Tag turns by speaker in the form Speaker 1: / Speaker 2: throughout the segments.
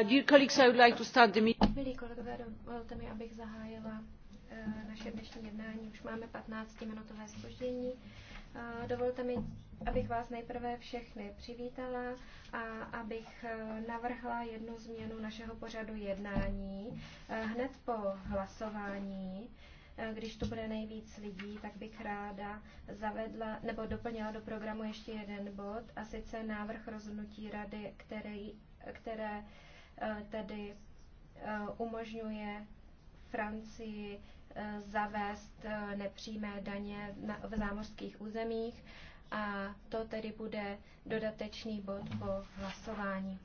Speaker 1: Uh, Milí kolegové, dovolte mi, abych zahájila uh, naše dnešní jednání. Už máme 15-minutové spoždění. Uh, dovolte mi, abych vás nejprve všechny přivítala a abych navrhla jednu změnu našeho pořadu jednání. Hned po hlasování když tu bude nejvíc lidí, tak bych ráda zavedla nebo doplnila do programu ještě jeden bod, a sice návrh rozhodnutí rady, který, které Eh, tedy eh, umožňuje Francii eh, zavést nepřímé daně v zámořských územích a to tedy bude dodatečný bod po hlasování.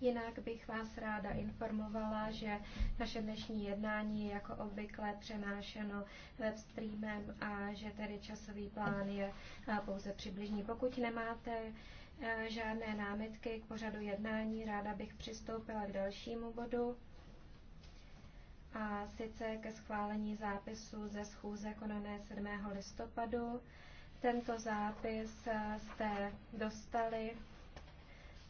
Speaker 1: Jinak bych vás ráda informovala, že naše dnešní jednání je jako obvykle přenášeno web streamem a že tedy časový plán je pouze přibližný. Pokud nemáte Eh, žádné námitky k pořadu jednání, ráda bych přistoupila k dalšímu bodu a sice ke schválení zápisu ze schůze konané 7. listopadu. Tento zápis eh, jste dostali,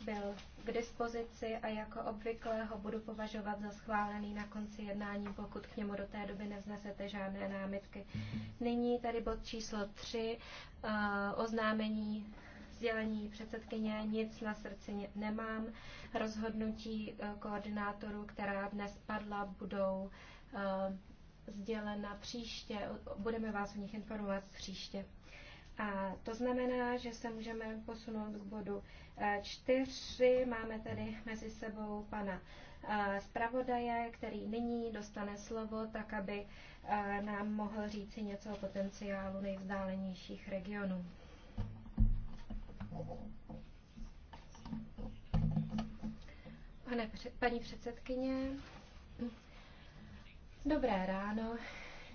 Speaker 1: byl k dispozici a jako obvykle ho budu považovat za schválený na konci jednání, pokud k němu do té doby nevznesete žádné námitky. Nyní tady bod číslo 3, eh, oznámení sdělení předsedkyně nic na srdci nemám. Rozhodnutí eh, koordinátorů, která dnes padla, budou eh, sdělena příště. Budeme vás o nich informovat příště. A to znamená, že se můžeme posunout k bodu eh, čtyři. Máme tady mezi sebou pana zpravodaje, který nyní dostane slovo, tak aby nám mohl říci něco o potenciálu nejvzdálenějších regionů. Pane, paní předsedkyně, dobré ráno.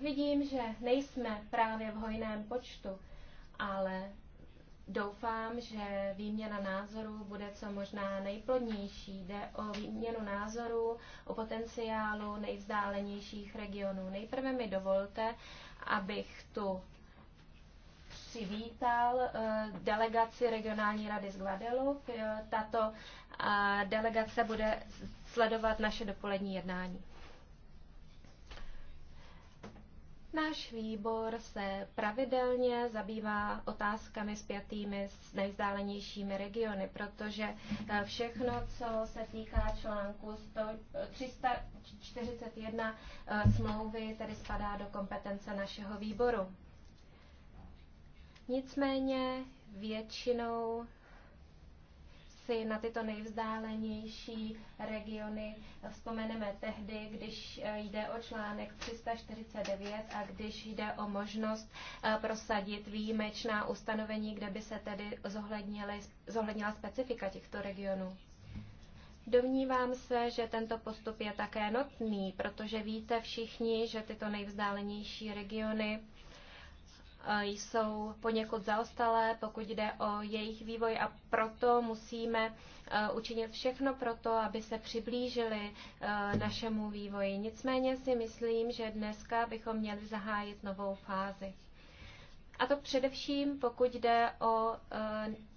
Speaker 1: Vidím, že nejsme právě v hojném počtu, ale doufám, že výměna názorů bude co možná nejplodnější. Jde o výměnu názorů, o potenciálu nejvzdálenějších regionů. Nejprve mi dovolte, abych tu přivítal eh, delegaci regionální rady z Guadeloupe. Eh, tato eh, delegace bude sledovat naše dopolední jednání. Náš výbor se pravidelně zabývá otázkami spjatými s nejvzdálenějšími regiony, protože všechno, co se týká článku 100, 341 smlouvy, tedy spadá do kompetence našeho výboru. Nicméně většinou si na tyto nejvzdálenější regiony vzpomeneme tehdy, když eh, jde o článek 349 a když jde o možnost eh, prosadit výjimečná ustanovení, kde by se tedy zohlednila specifika těchto regionů. Domnívám se, že tento postup je také notný, protože víte všichni, že tyto nejvzdálenější regiony Eh, jsou poněkud zaostalé, pokud jde o jejich vývoj a proto musíme eh, učinit všechno pro to, aby se přiblížili eh, našemu vývoji. Nicméně si myslím, že dneska bychom měli zahájit novou fázi. A to především, pokud jde o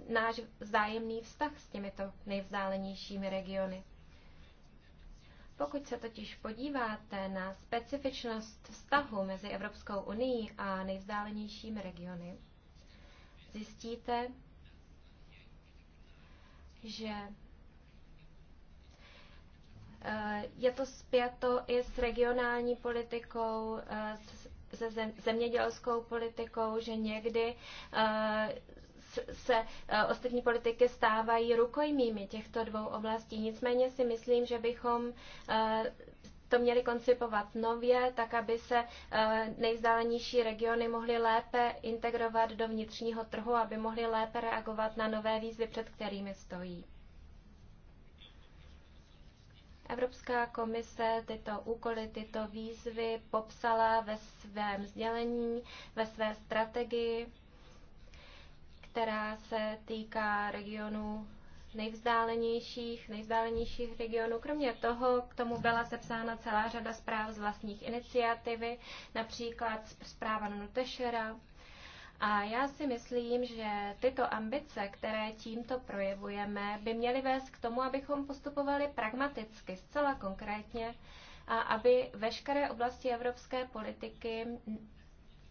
Speaker 1: náš vzájemný vztah s těmito nejvzdálenějšími regiony. Pokud se totiž podíváte na specifičnost vztahu mezi Evropskou unii a nejvzdálenějšími regiony, zjistíte, že eh, je to zpěto i s regionální politikou, eh, se zemědělskou politikou, že někdy eh, se eh, ostatní politiky stávají rukojmími těchto dvou oblastí. Nicméně si myslím, že bychom eh, to měli koncipovat nově, tak aby se eh, nejvzdálenější regiony mohly lépe integrovat do vnitřního trhu, aby mohly lépe reagovat na nové výzvy, před kterými stojí. Evropská komise tyto úkoly, tyto výzvy popsala ve svém sdělení, ve své strategii která se týká regionů nejvzdálenějších, nejvzdálenějších regionů. Kromě toho k tomu byla sepsána celá řada zpráv z vlastních iniciativy, například zpráva Nutešera. A já si myslím, že tyto ambice, které tímto projevujeme, by měly vést k tomu, abychom postupovali pragmaticky, zcela konkrétně, a aby veškeré oblasti evropské politiky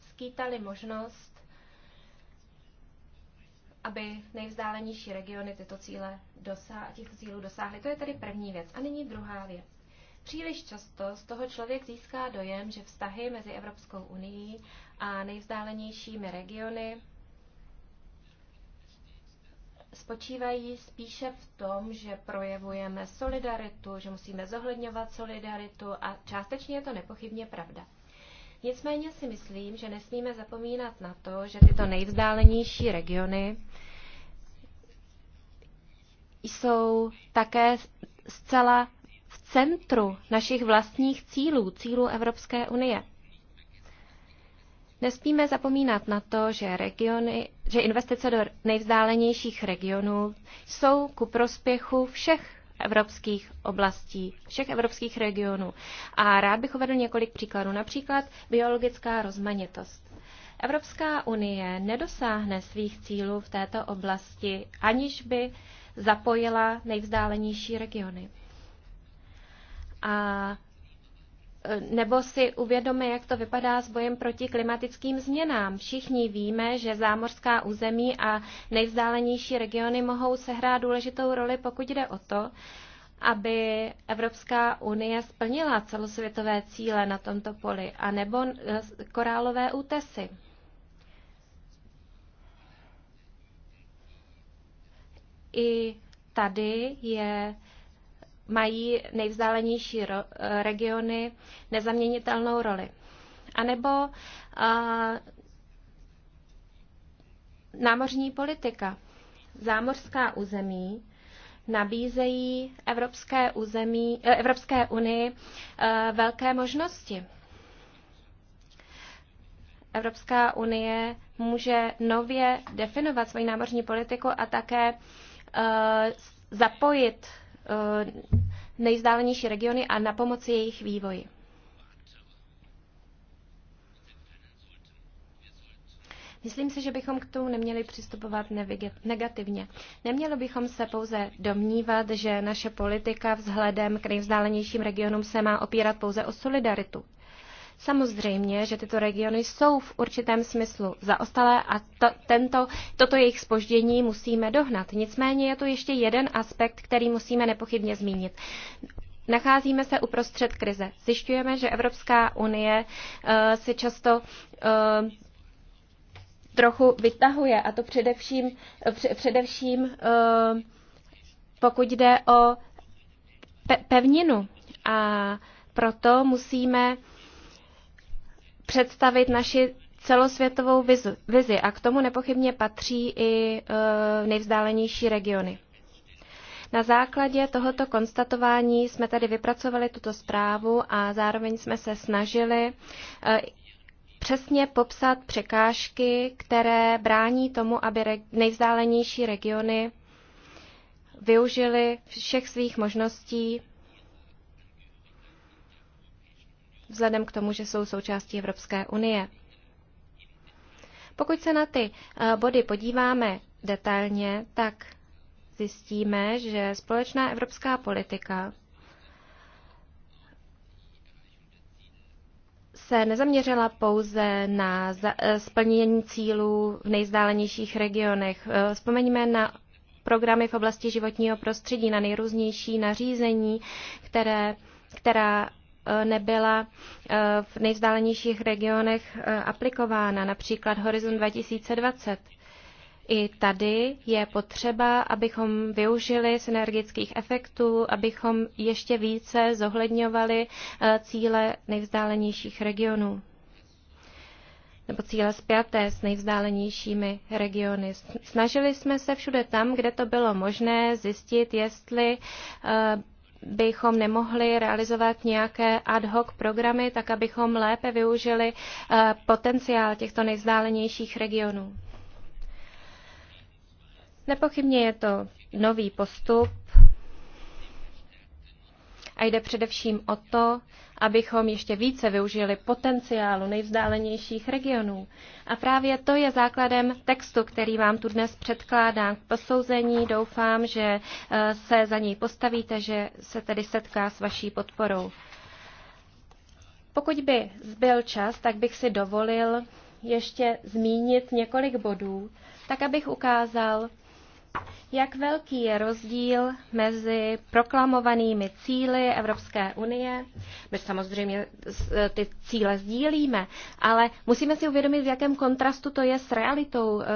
Speaker 1: skýtaly možnost aby nejvzdálenější regiony tyto cíle dosáhly, těchto cílů dosáhly. To je tedy první věc. A nyní druhá věc. Příliš často z toho člověk získá dojem, že vztahy mezi Evropskou unii a nejvzdálenějšími regiony spočívají spíše v tom, že projevujeme solidaritu, že musíme zohledňovat solidaritu a částečně je to nepochybně pravda. Nicméně si myslím, že nesmíme zapomínat na to, že tyto nejvzdálenější regiony jsou také zcela v centru našich vlastních cílů, cílů Evropské unie. Nesmíme zapomínat na to, že, regiony, že investice do nejvzdálenějších regionů jsou ku prospěchu všech evropských oblastí, všech evropských regionů. A rád bych uvedl několik příkladů, například biologická rozmanitost. Evropská unie nedosáhne svých cílů v této oblasti, aniž by zapojila nejvzdálenější regiony. A nebo si uvědomí, jak to vypadá s bojem proti klimatickým změnám. Všichni víme, že zámořská území a nejvzdálenější regiony mohou sehrát důležitou roli, pokud jde o to, aby Evropská unie splnila celosvětové cíle na tomto poli, a nebo eh, korálové útesy. I tady je mají nejvzdálenější eh, regiony nezaměnitelnou roli. A nebo eh, námořní politika. Zámořská území nabízejí Evropské, území, eh, Evropské unii velké možnosti. Evropská unie může nově definovat svoji námořní politiku a také zapojit Eh, nejvzdálenější regiony a na pomoci jejich vývoji. Myslím si, že bychom k tomu neměli přistupovat negativně. Neměli bychom se pouze domnívat, že naše politika vzhledem k nejvzdálenějším regionům se má opírat pouze o solidaritu. Samozřejmě, že tyto regiony jsou v určitém smyslu zaostalé a to, tento, toto jejich spoždění musíme dohnat. Nicméně je tu ještě jeden aspekt, který musíme nepochybně zmínit. Nacházíme se uprostřed krize. Zjišťujeme, že Evropská unie uh, si často uh, trochu vytahuje, a to především, především uh, pokud jde o pe- pevninu. A proto musíme představit naši celosvětovou vizu, vizi a k tomu nepochybně patří i e, nejvzdálenější regiony. Na základě tohoto konstatování jsme tady vypracovali tuto zprávu a zároveň jsme se snažili e, přesně popsat překážky, které brání tomu, aby nejvzdálenější regiony využili všech svých možností vzhledem k tomu, že jsou součástí Evropské unie. Pokud se na ty eh, body podíváme detailně, tak zjistíme, že společná evropská politika se nezaměřila pouze na eh, splnění cílů v nejzdálenějších regionech. Eh, vzpomeňme na programy v oblasti životního prostředí, na nejrůznější nařízení, které, která Eh, nebyla eh, v nejvzdálenějších regionech eh, aplikována, například Horizon 2020. I tady je potřeba, abychom využili synergických efektů, abychom ještě více zohledňovali cíle nejvzdálenějších regionů nebo cíle zpěté s nejvzdálenějšími regiony. Snažili jsme se všude tam, kde to bylo možné, zjistit, jestli bychom nemohli realizovat nějaké ad hoc programy, tak abychom lépe využili eh, potenciál těchto nejzdálenějších regionů. Nepochybně je to nový postup, a jde především o to, abychom ještě více využili potenciálu nejvzdálenějších regionů. A právě to je základem textu, který vám tu dnes předkládám k posouzení. Doufám, že eh, se za něj postavíte, že se tedy setká s vaší podporou. Pokud by zbyl čas, tak bych si dovolil ještě zmínit několik bodů, tak abych ukázal, jak velký je rozdíl mezi proklamovanými cíly Evropské unie? My samozřejmě e, ty cíle sdílíme, ale musíme si uvědomit, v jakém kontrastu to je s realitou e,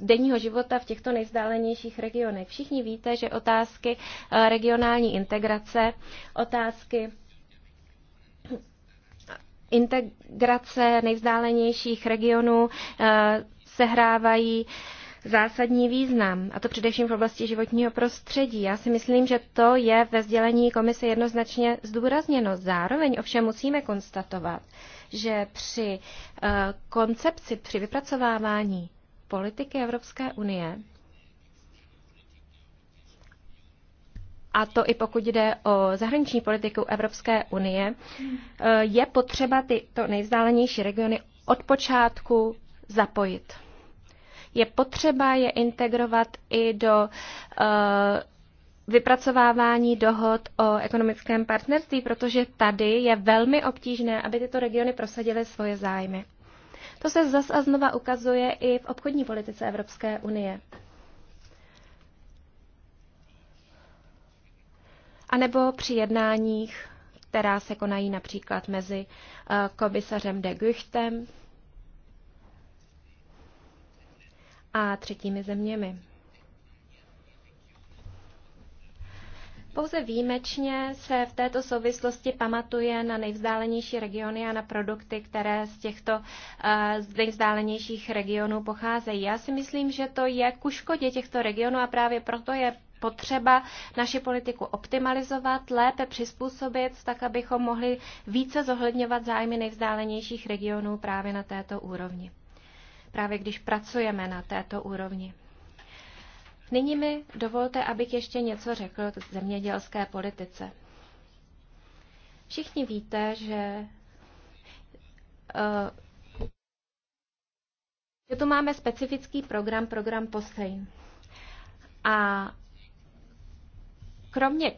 Speaker 1: denního života v těchto nejzdálenějších regionech. Všichni víte, že otázky e, regionální integrace, otázky integrace nejvzdálenějších regionů sehrávají uh, zásadní význam, a to především v oblasti životního prostředí. Já si myslím, že to je ve sdělení komise jednoznačně zdůrazněno. Zároveň ovšem musíme konstatovat, že při eh, koncepci, při vypracovávání politiky Evropské unie, a to i pokud jde o zahraniční politiku Evropské unie, eh, je potřeba tyto nejvzdálenější regiony od počátku zapojit. Je potřeba je integrovat i do eh, vypracovávání dohod o ekonomickém partnerství, protože tady je velmi obtížné, aby tyto regiony prosadily svoje zájmy. To se zas a znova ukazuje i v obchodní politice Evropské unie. A nebo při jednáních, která se konají například mezi eh, komisařem de Guchtem a třetími zeměmi. Pouze výjimečně se v této souvislosti pamatuje na nejvzdálenější regiony a na produkty, které z těchto eh, z nejvzdálenějších regionů pocházejí. Já si myslím, že to je ku škodě těchto regionů a právě proto je potřeba naši politiku optimalizovat, lépe přizpůsobit, tak abychom mohli více zohledňovat zájmy nejvzdálenějších regionů právě na této úrovni právě když pracujeme na této úrovni. Nyní mi dovolte, abych ještě něco řekl k zemědělské politice. Všichni víte, že, eh, že tu máme specifický program, program POSEIN. A kromě,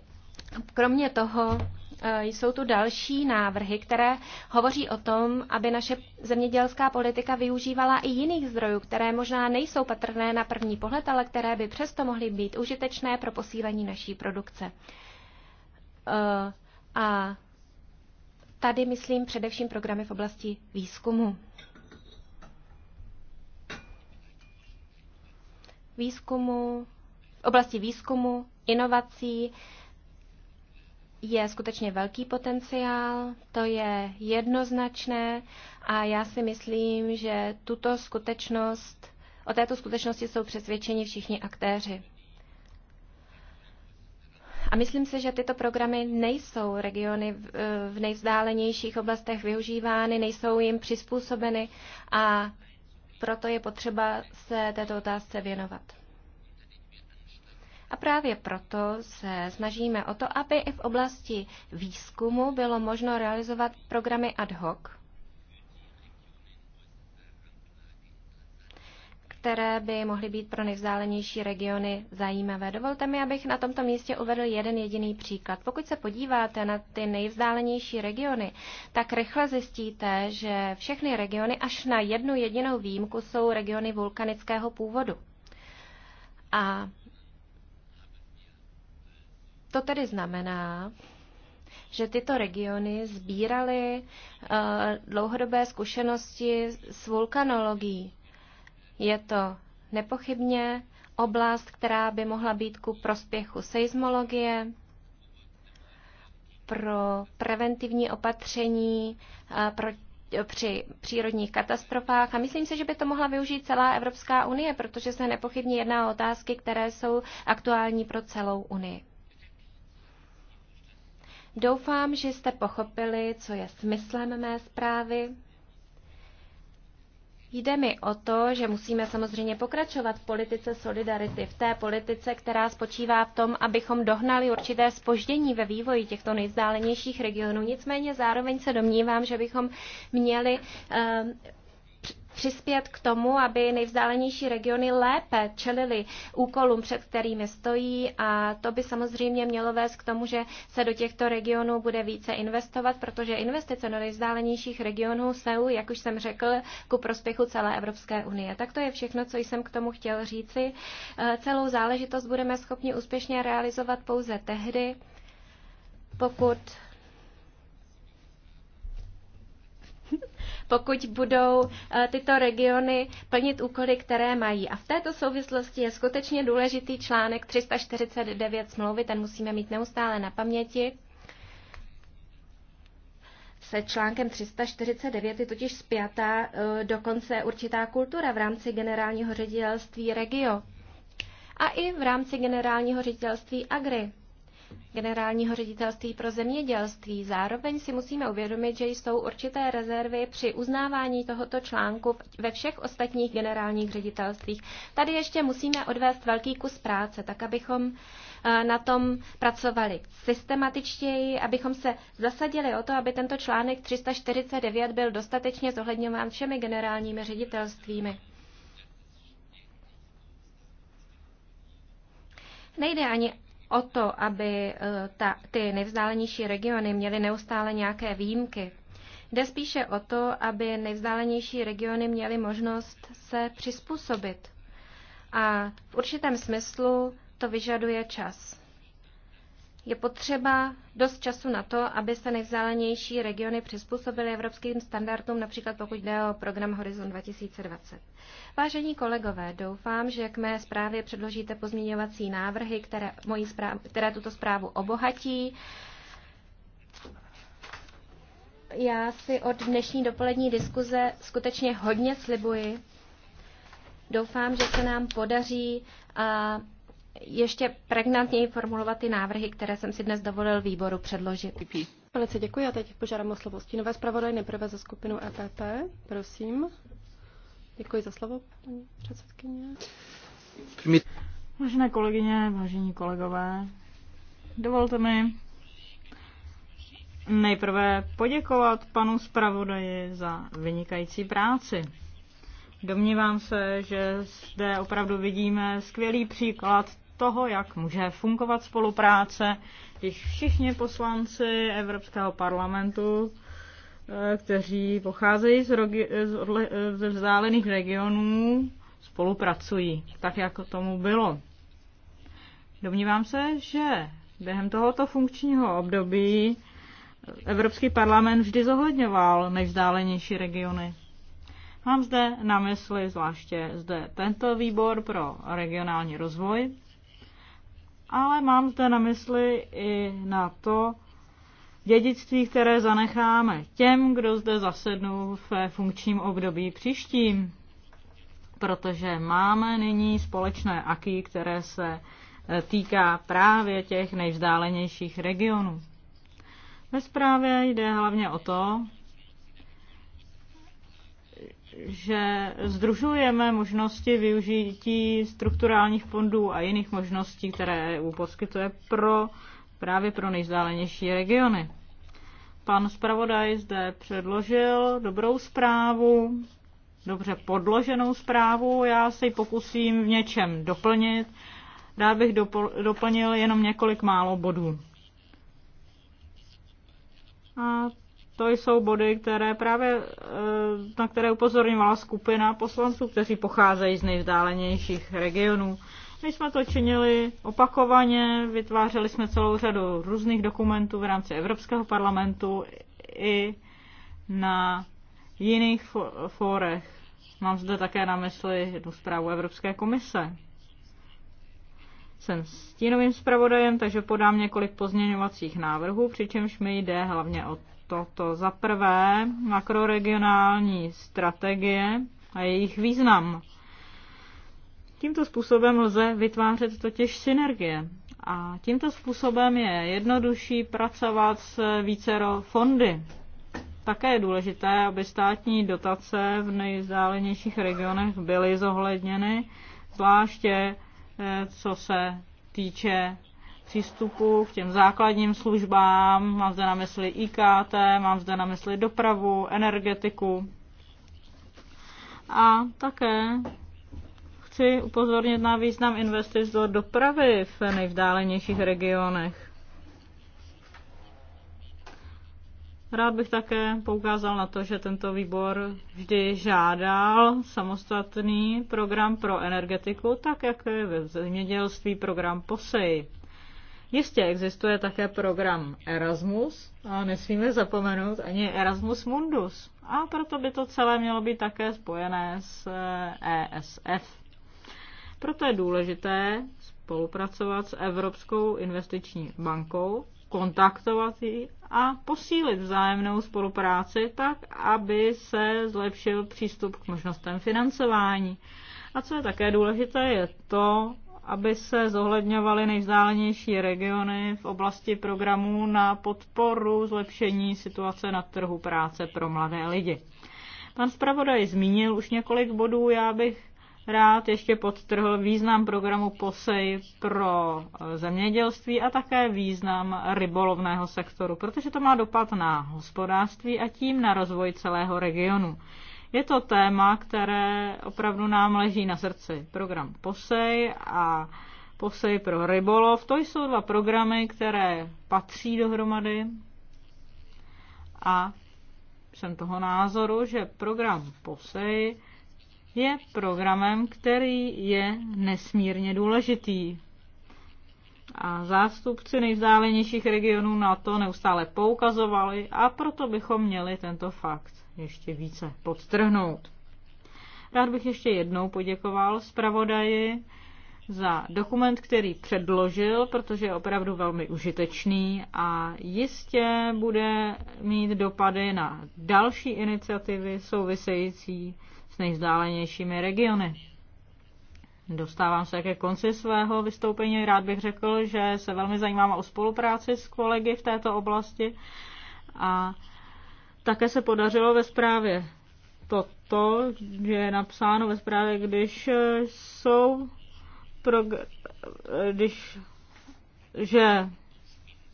Speaker 1: kromě toho Eh, jsou tu další návrhy, které hovoří o tom, aby naše zemědělská politika využívala i jiných zdrojů, které možná nejsou patrné na první pohled, ale které by přesto mohly být užitečné pro posílení naší produkce. Eh, a tady myslím především programy v oblasti výzkumu. Výzkumu, v oblasti výzkumu, inovací, je skutečně velký potenciál, to je jednoznačné a já si myslím, že tuto skutečnost, o této skutečnosti jsou přesvědčeni všichni aktéři. A myslím si, že tyto programy nejsou regiony v nejvzdálenějších oblastech využívány, nejsou jim přizpůsobeny a proto je potřeba se této otázce věnovat. A právě proto se snažíme o to, aby i v oblasti výzkumu bylo možno realizovat programy ad hoc, které by mohly být pro nejvzdálenější regiony zajímavé. Dovolte mi, abych na tomto místě uvedl jeden jediný příklad. Pokud se podíváte na ty nejvzdálenější regiony, tak rychle zjistíte, že všechny regiony až na jednu jedinou výjimku jsou regiony vulkanického původu. A to tedy znamená, že tyto regiony sbíraly eh, dlouhodobé zkušenosti s vulkanologií. Je to nepochybně oblast, která by mohla být ku prospěchu seismologie, pro preventivní opatření eh, pro, při přírodních katastrofách. A myslím si, že by to mohla využít celá Evropská unie, protože se nepochybně jedná o otázky, které jsou aktuální pro celou unii. Doufám, že jste pochopili, co je smyslem mé zprávy. Jde mi o to, že musíme samozřejmě pokračovat v politice solidarity, v té politice, která spočívá v tom, abychom dohnali určité spoždění ve vývoji těchto nejvzdálenějších regionů. Nicméně zároveň se domnívám, že bychom měli eh, přispět k tomu, aby nejvzdálenější regiony lépe čelili úkolům, před kterými stojí a to by samozřejmě mělo vést k tomu, že se do těchto regionů bude více investovat, protože investice do nejvzdálenějších regionů jsou, jak už jsem řekl, ku prospěchu celé Evropské unie. Tak to je všechno, co jsem k tomu chtěl říci. Eh, celou záležitost budeme schopni úspěšně realizovat pouze tehdy, pokud pokud budou eh, tyto regiony plnit úkoly, které mají. A v této souvislosti je skutečně důležitý článek 349 smlouvy, ten musíme mít neustále na paměti. Se článkem 349 je totiž zpětá eh, dokonce určitá kultura v rámci generálního ředitelství regio a i v rámci generálního ředitelství Agri generálního ředitelství pro zemědělství. Zároveň si musíme uvědomit, že jsou určité rezervy při uznávání tohoto článku ve všech ostatních generálních ředitelstvích. Tady ještě musíme odvést velký kus práce, tak abychom eh, na tom pracovali systematičtěji, abychom se zasadili o to, aby tento článek 349 byl dostatečně zohledňován všemi generálními ředitelstvími. Nejde ani o to, aby e, ta, ty nejvzdálenější regiony měly neustále nějaké výjimky. Jde spíše o to, aby nejvzdálenější regiony měly možnost se přizpůsobit. A v určitém smyslu to vyžaduje čas. Je potřeba dost času na to, aby se nejvzdálenější regiony přizpůsobily evropským standardům, například pokud jde o program Horizon 2020. Vážení kolegové, doufám, že k mé zprávě předložíte pozměňovací návrhy, které, moji zpráv, které tuto zprávu obohatí. Já si od dnešní dopolední diskuze skutečně hodně slibuji. Doufám, že se nám podaří a ještě pregnantněji formulovat ty návrhy, které jsem si dnes dovolil výboru předložit. Velice děkuji a teď požádám o slovo stínové zpravodaj nejprve
Speaker 2: za skupinu EPP. Prosím. Děkuji za slovo, paní předsedkyně.
Speaker 3: Vážené kolegyně, vážení kolegové, dovolte mi nejprve poděkovat panu zpravodaji za vynikající práci. Domnívám se, že zde opravdu vidíme skvělý příklad toho, jak může fungovat spolupráce, když všichni poslanci Evropského parlamentu, eh, kteří pocházejí z, rogi- z eh, vzdálených regionů, spolupracují, tak jako tomu bylo. Domnívám se, že během tohoto funkčního období Evropský parlament vždy zohledňoval nejvzdálenější regiony. Mám zde na mysli zvláště zde tento výbor pro regionální rozvoj, ale mám zde na mysli i na to dědictví, které zanecháme těm, kdo zde zasednou v funkčním období příštím, protože máme nyní společné aky, které se eh, týká právě těch nejvzdálenějších regionů. Ve zprávě jde hlavně o to, že združujeme možnosti využití strukturálních fondů a jiných možností, které EU poskytuje pro, právě pro nejzdálenější regiony. Pan zpravodaj zde předložil dobrou zprávu, dobře podloženou zprávu. Já se ji pokusím v něčem doplnit. Rád bych doplnil jenom několik málo bodů. A to jsou body, které právě, eh, na které upozorňovala skupina poslanců, kteří pocházejí z nejvzdálenějších regionů. My jsme to činili opakovaně, vytvářeli jsme celou řadu různých dokumentů v rámci Evropského parlamentu i na jiných fórech. Mám zde také na mysli jednu zprávu Evropské komise. Jsem stínovým zpravodajem, takže podám několik pozměňovacích návrhů, přičemž mi jde hlavně o toto. Za prvé makroregionální strategie a jejich význam. Tímto způsobem lze vytvářet totiž synergie. A tímto způsobem je jednodušší pracovat s vícero fondy. Také je důležité, aby státní dotace v nejzálenějších regionech byly zohledněny, zvláště eh, co se týče přístupu k těm základním službám, mám zde na mysli IKT, mám zde na mysli dopravu, energetiku. A také chci upozornit na význam investic do dopravy v nejvzdálenějších regionech. Rád bych také poukázal na to, že tento výbor vždy žádal samostatný program pro energetiku, tak jak je ve zemědělství program POSEJ. Jistě existuje také program Erasmus a nesmíme zapomenout ani Erasmus Mundus. A proto by to celé mělo být také spojené s ESF. Eh, e proto je důležité spolupracovat s Evropskou investiční bankou, kontaktovat ji a posílit vzájemnou spolupráci tak, aby se zlepšil přístup k možnostem financování. A co je také důležité, je to, aby se zohledňovaly nejvzdálenější regiony v oblasti programů na podporu zlepšení situace na trhu práce pro mladé lidi. Pan zpravodaj zmínil už několik bodů, já bych rád ještě podtrhl význam programu POSEJ pro eh, zemědělství a také význam rybolovného sektoru, protože to má dopad na hospodářství a tím na rozvoj celého regionu. Je to téma, které opravdu nám leží na srdci. Program POSEJ a POSEJ pro rybolov, to jsou dva programy, které patří dohromady. A jsem toho názoru, že program POSEJ je programem, který je nesmírně důležitý. A zástupci nejvzdálenějších regionů na to neustále poukazovali a proto bychom měli tento fakt ještě více podtrhnout. Rád bych ještě jednou poděkoval zpravodaji za dokument, který předložil, protože je opravdu velmi užitečný a jistě bude mít dopady na další iniciativy související s nejvzdálenějšími regiony. Dostávám se ke konci svého vystoupení. Rád bych řekl, že se velmi zajímám o spolupráci s kolegy v této oblasti a také se podařilo ve zprávě toto, že je napsáno ve zprávě, když eh, jsou pro, eh, když, že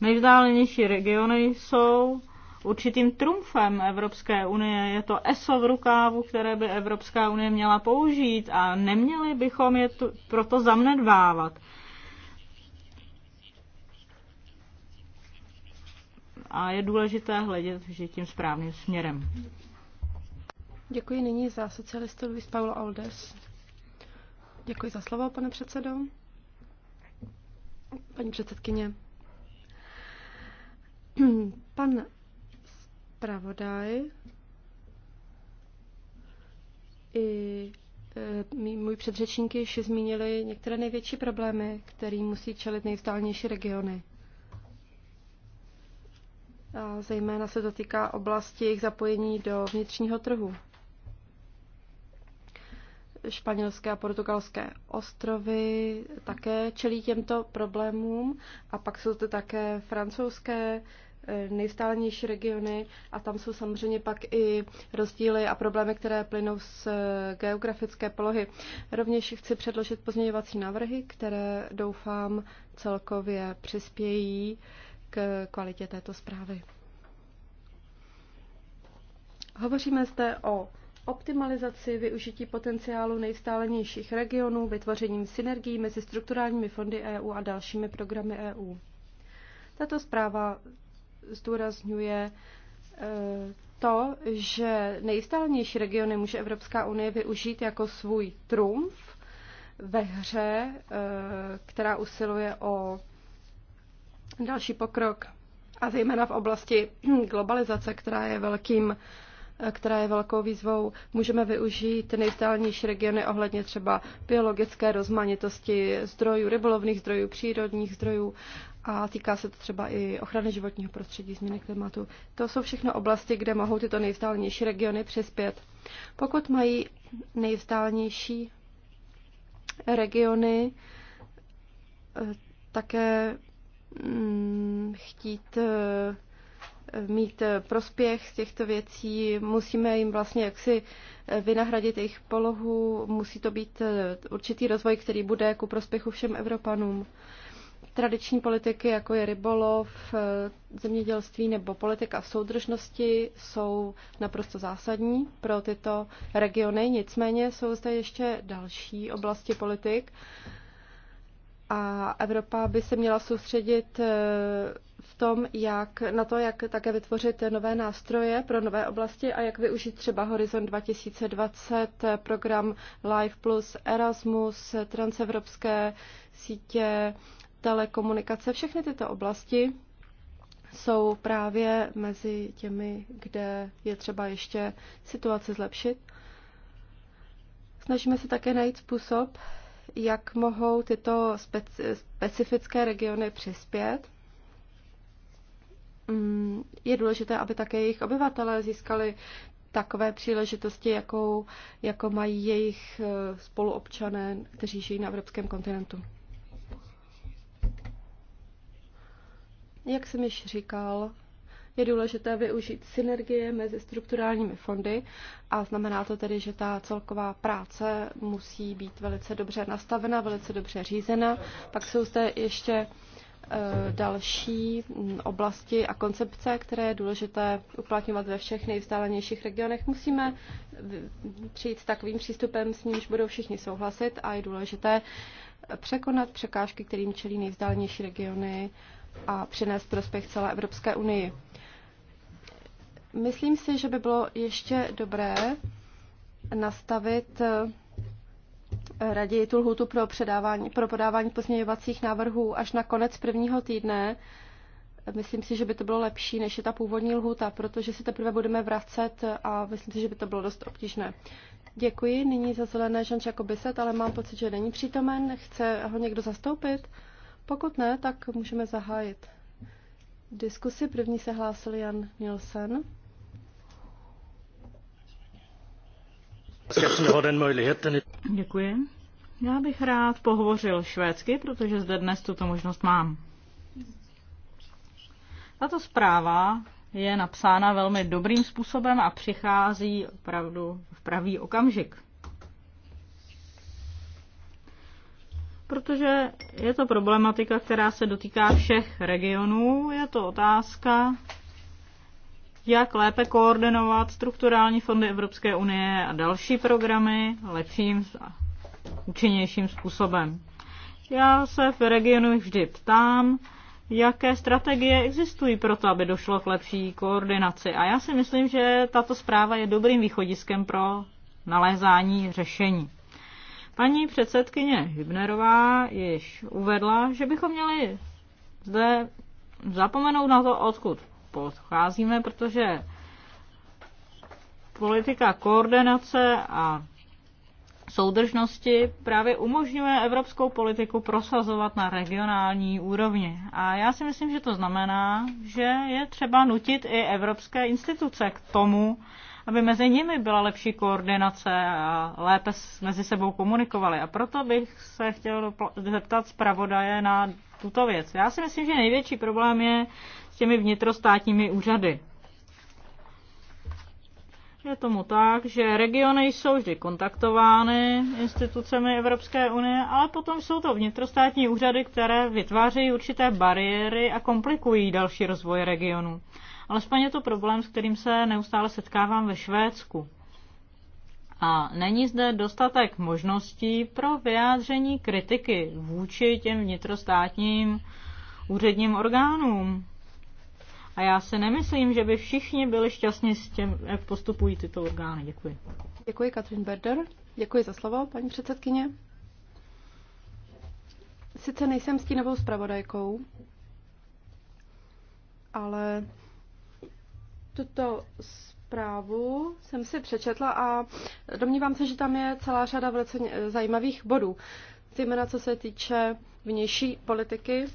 Speaker 3: nejvzdálenější regiony jsou určitým trumfem Evropské unie. Je to ESO v rukávu, které by Evropská unie měla použít a neměli bychom je tu, proto zamnedbávat. a je důležité hledět vždy tím správným směrem.
Speaker 2: Děkuji nyní za socialistu Luis Paulo Aldes. Děkuji za slovo, pane předsedo. Paní předsedkyně. Pan zpravodaj i e, můj předřečník již zmínili některé největší problémy, kterým musí čelit nejvzdálnější regiony. A zejména se to týká oblasti jejich zapojení do vnitřního trhu. Španělské a portugalské ostrovy také čelí těmto problémům a pak jsou to také francouzské eh, nejvzdálenější regiony a tam jsou samozřejmě pak i rozdíly a problémy, které plynou z eh, geografické polohy. Rovněž chci předložit pozměňovací návrhy, které doufám celkově přispějí k kvalitě této zprávy. Hovoříme zde o optimalizaci využití potenciálu nejvstálenějších regionů, vytvořením synergií mezi strukturálními fondy EU a dalšími programy EU. Tato zpráva zdůrazňuje e, to, že nejvstálenější regiony může Evropská unie využít jako svůj trumf ve hře, e, která usiluje o další pokrok a zejména v oblasti globalizace, která je velkým která je velkou výzvou, můžeme využít nejstálnější regiony ohledně třeba biologické rozmanitosti zdrojů, rybolovných zdrojů, přírodních zdrojů a týká se to třeba i ochrany životního prostředí, změny klimatu. To jsou všechno oblasti, kde mohou tyto nejvzdálenější regiony přispět. Pokud mají nejvzdálenější regiony eh, také Mm, chtít eh, mít eh, prospěch z těchto věcí, musíme jim vlastně jaksi eh, vynahradit jejich polohu, musí to být určitý rozvoj, který bude ku prospěchu všem Evropanům. Tradiční politiky, jako je rybolov, zemědělství nebo politika soudržnosti, jsou naprosto zásadní pro tyto regiony. Nicméně jsou zde ještě další oblasti politik, a Evropa by se měla soustředit eh, v tom, jak, na to, jak také vytvořit nové nástroje pro nové oblasti a jak využít třeba Horizon 2020, eh, program Life Plus, Erasmus, eh, transevropské sítě, telekomunikace. Všechny tyto oblasti jsou právě mezi těmi, kde je třeba ještě situaci zlepšit. Snažíme se také najít způsob, jak mohou tyto speci- specifické regiony přispět. Mm, je důležité, aby také jejich obyvatelé získali takové příležitosti, jakou, jako mají jejich eh, spoluobčané, kteří žijí na evropském kontinentu. Jak jsem již říkal, je důležité využít synergie mezi strukturálními fondy a znamená to tedy, že ta celková práce musí být velice dobře nastavena, velice dobře řízena. Pak jsou zde ještě e, další oblasti a koncepce, které je důležité uplatňovat ve všech nejvzdálenějších regionech. Musíme přijít s takovým přístupem, s nímž budou všichni souhlasit a je důležité překonat překážky, kterým čelí nejvzdálenější regiony a přinést prospěch celé Evropské unii. Myslím si, že by bylo ještě dobré nastavit eh, raději tu lhutu pro, předávání, pro podávání pozměňovacích návrhů až na konec prvního týdne. Myslím si, že by to bylo lepší, než je ta původní lhuta, protože si teprve budeme vracet a myslím si, že by to bylo dost obtížné. Děkuji. Nyní za zelené jako byset, ale mám pocit, že není přítomen. Chce ho někdo zastoupit? Pokud ne, tak můžeme zahájit diskusi. První se hlásil Jan Nielsen.
Speaker 3: Děkuji. Já bych rád pohovořil švédsky, protože zde dnes tuto možnost mám. Tato zpráva je napsána velmi dobrým způsobem a přichází opravdu v pravý okamžik. Protože je to problematika, která se dotýká všech regionů, je to otázka, jak lépe koordinovat strukturální fondy Evropské unie a další programy lepším a účinnějším způsobem. Já se v regionu vždy ptám, jaké strategie existují pro to, aby došlo k lepší koordinaci. A já si myslím, že tato zpráva je dobrým východiskem pro nalézání řešení. Paní předsedkyně Hybnerová již uvedla, že bychom měli zde zapomenout na to, odkud podcházíme, protože politika koordinace a soudržnosti právě umožňuje evropskou politiku prosazovat na regionální úrovni. A já si myslím, že to znamená, že je třeba nutit i evropské instituce k tomu, aby mezi nimi byla lepší koordinace a lépe mezi sebou komunikovali. A proto bych se chtěl zeptat zpravodaje na tuto věc. Já si myslím, že největší problém je s těmi vnitrostátními úřady. Je tomu tak, že regiony jsou vždy kontaktovány institucemi Evropské unie, ale potom jsou to vnitrostátní úřady, které vytvářejí určité bariéry a komplikují další rozvoj regionu. Ale je to problém, s kterým se neustále setkávám ve Švédsku. A není zde dostatek možností pro vyjádření kritiky vůči těm vnitrostátním úředním orgánům. A já se nemyslím, že by všichni byli šťastní s tím, jak postupují tyto orgány. Děkuji.
Speaker 2: Děkuji, Katrin Berder. Děkuji za slovo, paní předsedkyně. Sice nejsem stínovou zpravodajkou, ale tuto zprávu jsem si přečetla a domnívám se, že tam je celá řada velice zajímavých bodů, zejména co se týče vnější politiky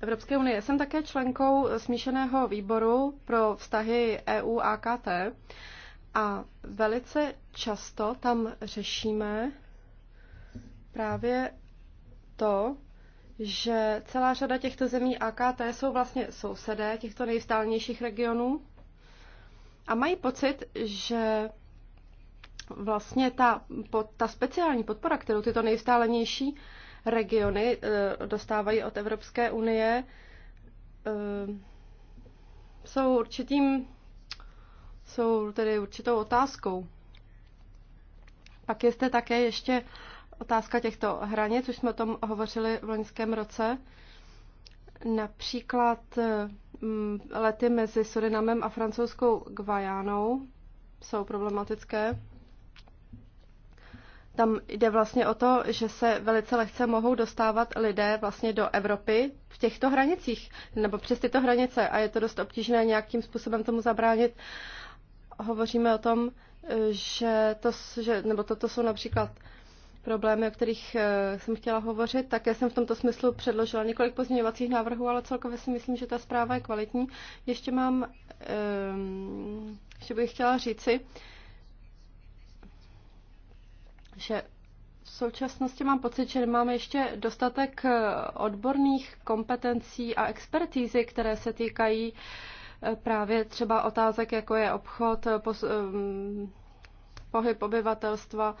Speaker 2: Evropské unie. Jsem také členkou smíšeného výboru pro vztahy EU a KT a velice často tam řešíme právě to, že celá řada těchto zemí AKT jsou vlastně sousedé těchto nejvzdálnějších regionů a mají pocit, že vlastně ta, ta speciální podpora, kterou tyto nejvzdálenější regiony eh, dostávají od Evropské unie, eh, jsou určitým, jsou tedy určitou otázkou. Pak je zde také ještě otázka těchto hranic, už jsme o tom hovořili v loňském roce. Například eh, lety mezi Surinamem a francouzskou Gvajánou jsou problematické. Tam jde vlastně o to, že se velice lehce mohou dostávat lidé vlastně do Evropy v těchto hranicích nebo přes tyto hranice a je to dost obtížné nějakým způsobem tomu zabránit. Hovoříme o tom, že, to, že nebo toto jsou například problémy, o kterých eh, jsem chtěla hovořit. já jsem v tomto smyslu předložila několik pozměňovacích návrhů, ale celkově si myslím, že ta zpráva je kvalitní. Ještě mám, ehm, ještě bych chtěla říci, že v současnosti mám pocit, že nemáme ještě dostatek eh, odborných kompetencí a expertízy, které se týkají eh, právě třeba otázek, jako je obchod, eh, pohyb obyvatelstva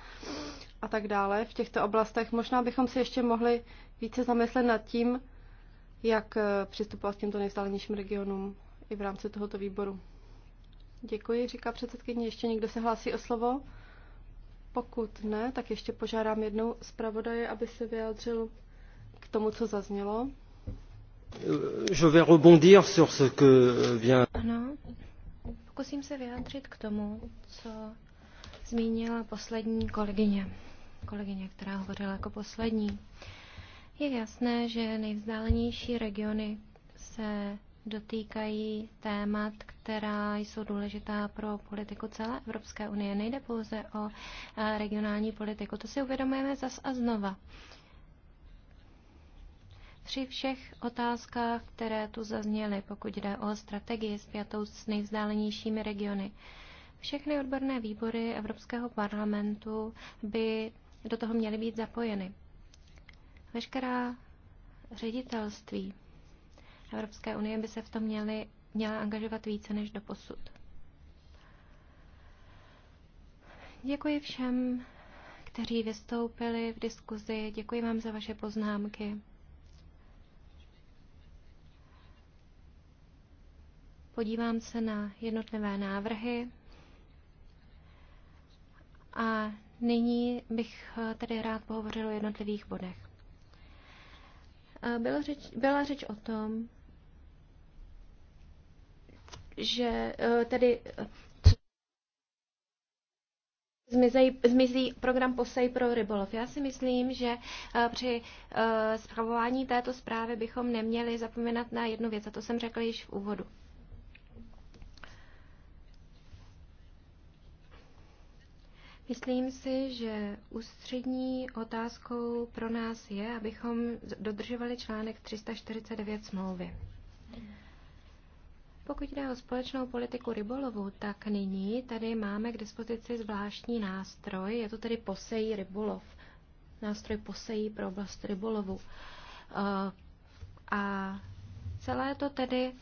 Speaker 2: a tak dále v těchto oblastech. Možná bychom si ještě mohli více zamyslet nad tím, jak přistupovat k těmto nejvzdálenějším regionům i v rámci tohoto výboru. Děkuji, říká předsedkyně. Ještě někdo se hlásí o slovo? Pokud ne, tak ještě požádám jednou zpravodaje, aby se vyjádřil k tomu, co zaznělo.
Speaker 3: Je vais
Speaker 1: rebondir sur ce que vient... Ano, pokusím se vyjádřit k tomu, co zmínila poslední kolegyně. Kolegyně, která hovořila jako poslední. Je jasné, že nejvzdálenější regiony se dotýkají témat, která jsou důležitá pro politiku celé Evropské unie. Nejde pouze o eh, regionální politiku. To si uvědomujeme zas a znova. Při všech otázkách, které tu zazněly, pokud jde o strategii zpětou s nejvzdálenějšími regiony, všechny odborné výbory Evropského parlamentu by do toho měly být zapojeny. Veškerá ředitelství Evropské unie by se v tom měly, měla angažovat více než do posud. Děkuji všem, kteří vystoupili v diskuzi. Děkuji vám za vaše poznámky. Podívám se na jednotlivé návrhy. A nyní bych tedy rád pohovořil o jednotlivých bodech. Byla řeč, byla řeč o tom, že eh, tedy eh, Zmizí, zmizí program POSEJ pro rybolov. Já si myslím, že eh, při zpravování této zprávy bychom neměli zapomínat na jednu věc, a to jsem řekla již v úvodu. Myslím si, že ústřední otázkou pro nás je, abychom dodržovali článek 349 smlouvy. Pokud jde o společnou politiku rybolovu, tak nyní tady máme k dispozici zvláštní nástroj, je to tedy posejí rybolov, nástroj posejí pro oblast rybolovu. Eh, a celé to tedy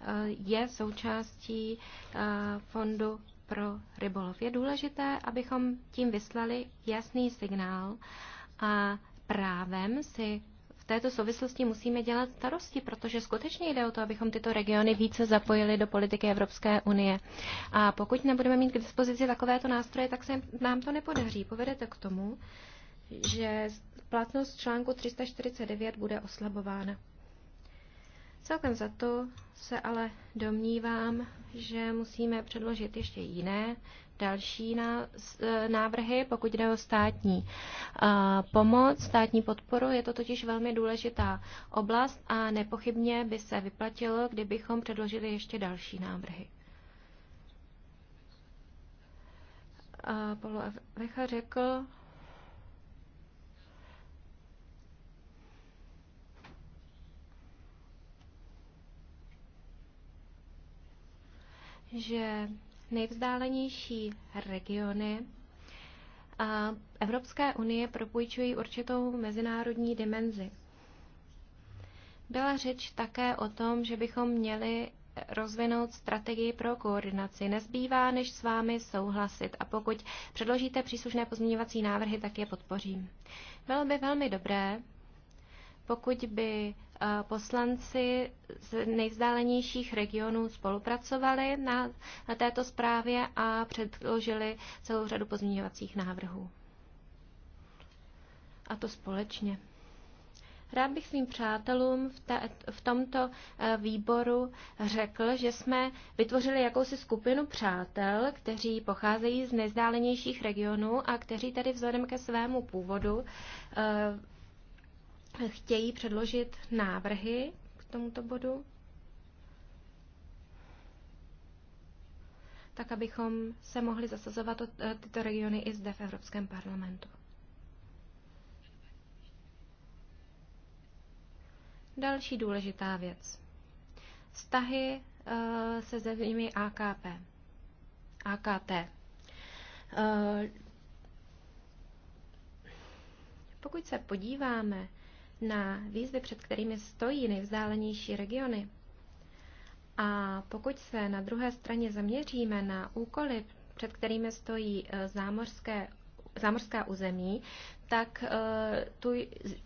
Speaker 1: eh, je součástí eh, fondu pro rybolov. Je důležité, abychom tím vyslali jasný signál a právem si této souvislosti musíme dělat starosti, protože skutečně jde o to, abychom tyto regiony více zapojili do politiky Evropské unie. A pokud nebudeme mít k dispozici takovéto nástroje, tak se nám to nepodaří. Povedete k tomu, že platnost článku 349 bude oslabována. Celkem za to se ale domnívám, že musíme předložit ještě jiné další e, návrhy, pokud jde o státní e, pomoc, státní podporu. Je to totiž velmi důležitá oblast a nepochybně by se vyplatilo, kdybychom předložili ještě další návrhy. Polo Vecha řekl, že nejvzdálenější regiony a Evropské unie propůjčují určitou mezinárodní dimenzi. Byla řeč také o tom, že bychom měli rozvinout strategii pro koordinaci. Nezbývá, než s vámi souhlasit a pokud předložíte příslušné pozměňovací návrhy, tak je podpořím. Bylo by velmi dobré, pokud by poslanci z nejvzdálenějších regionů spolupracovali na, na této zprávě a předložili celou řadu pozměňovacích návrhů. A to společně. Rád bych svým přátelům v, ta, v tomto eh, výboru řekl, že jsme vytvořili jakousi skupinu přátel, kteří pocházejí z nejzdálenějších regionů a kteří tady vzhledem ke svému původu eh, chtějí předložit návrhy k tomuto bodu, tak abychom se mohli zasazovat o e, tyto regiony i zde v Evropském parlamentu. Další důležitá věc. Vztahy e, se zeměmi AKP. AKT. E, pokud se podíváme na výzvy, před kterými stojí nejvzdálenější regiony, a pokud se na druhé straně zaměříme na úkoly, před kterými stojí e, zámořské, zámořská území, tak e, tu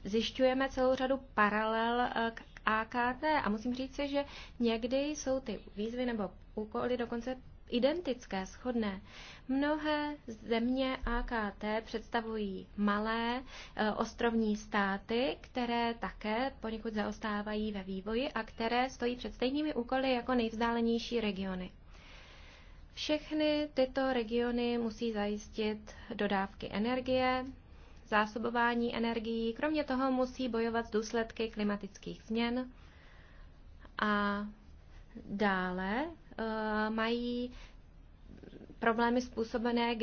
Speaker 1: zjišťujeme celou řadu paralel e, k AKT a musím říct že někdy jsou ty výzvy nebo úkoly dokonce identické, shodné. Mnohé země AKT představují malé e, ostrovní státy, které také poněkud zaostávají ve vývoji a které stojí před stejnými úkoly jako nejvzdálenější regiony. Všechny tyto regiony musí zajistit dodávky energie, zásobování energií, kromě toho musí bojovat s důsledky klimatických změn a dále Eh, mají problémy způsobené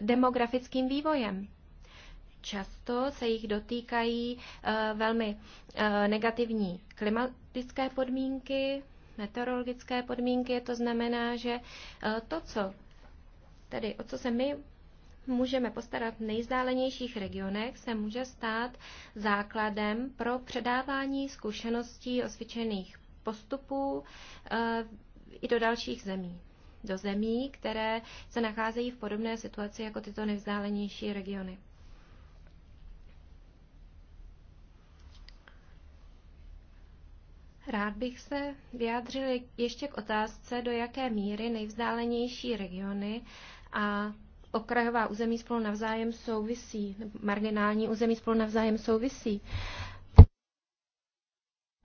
Speaker 1: demografickým vývojem. Často se jich dotýkají eh, velmi eh, negativní klimatické podmínky, meteorologické podmínky. To znamená, že to, co tedy o co se my můžeme postarat v nejzdálenějších regionech, se může stát základem pro předávání zkušeností osvědčených postupů i do dalších zemí. Do zemí, které se nacházejí v podobné situaci jako tyto nevzdálenější regiony. Rád bych se vyjádřil ještě k otázce, do jaké míry nejvzdálenější regiony a okrajová území spolu navzájem souvisí, marginální území spolu navzájem souvisí.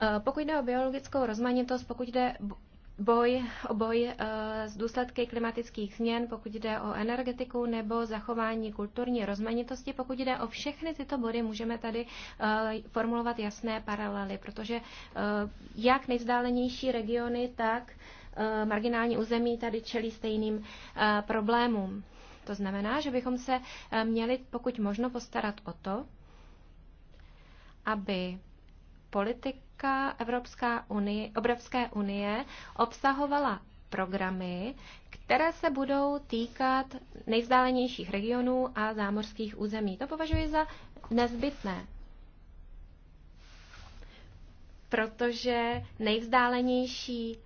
Speaker 1: Eh, pokud jde o biologickou rozmanitost, pokud jde boj, o boj eh, s důsledky klimatických změn, pokud jde o energetiku nebo zachování kulturní rozmanitosti. Pokud jde o všechny tyto body, můžeme tady eh, formulovat jasné paralely, protože eh, jak nejvzdálenější regiony, tak marginální území tady čelí stejným problémům. To znamená, že bychom se měli pokud možno postarat o to, aby politika Evropská unie, Evropské unie obsahovala programy, které se budou týkat nejvzdálenějších regionů a zámořských území. To považuji za nezbytné, protože nejvzdálenější eh,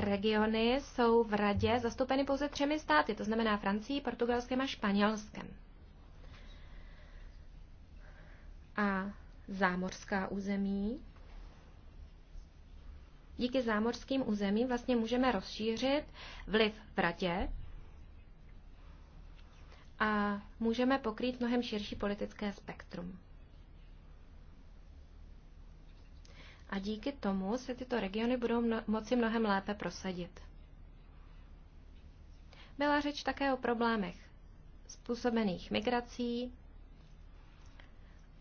Speaker 1: regiony jsou v radě zastoupeny pouze třemi státy, to znamená Francií, Portugalskem a Španělskem. A zámořská území. Díky zámořským územím vlastně můžeme rozšířit vliv v radě a můžeme pokrýt mnohem širší politické spektrum. A díky tomu se tyto regiony budou mno- moci mnohem lépe prosadit. Byla řeč také o problémech způsobených migrací,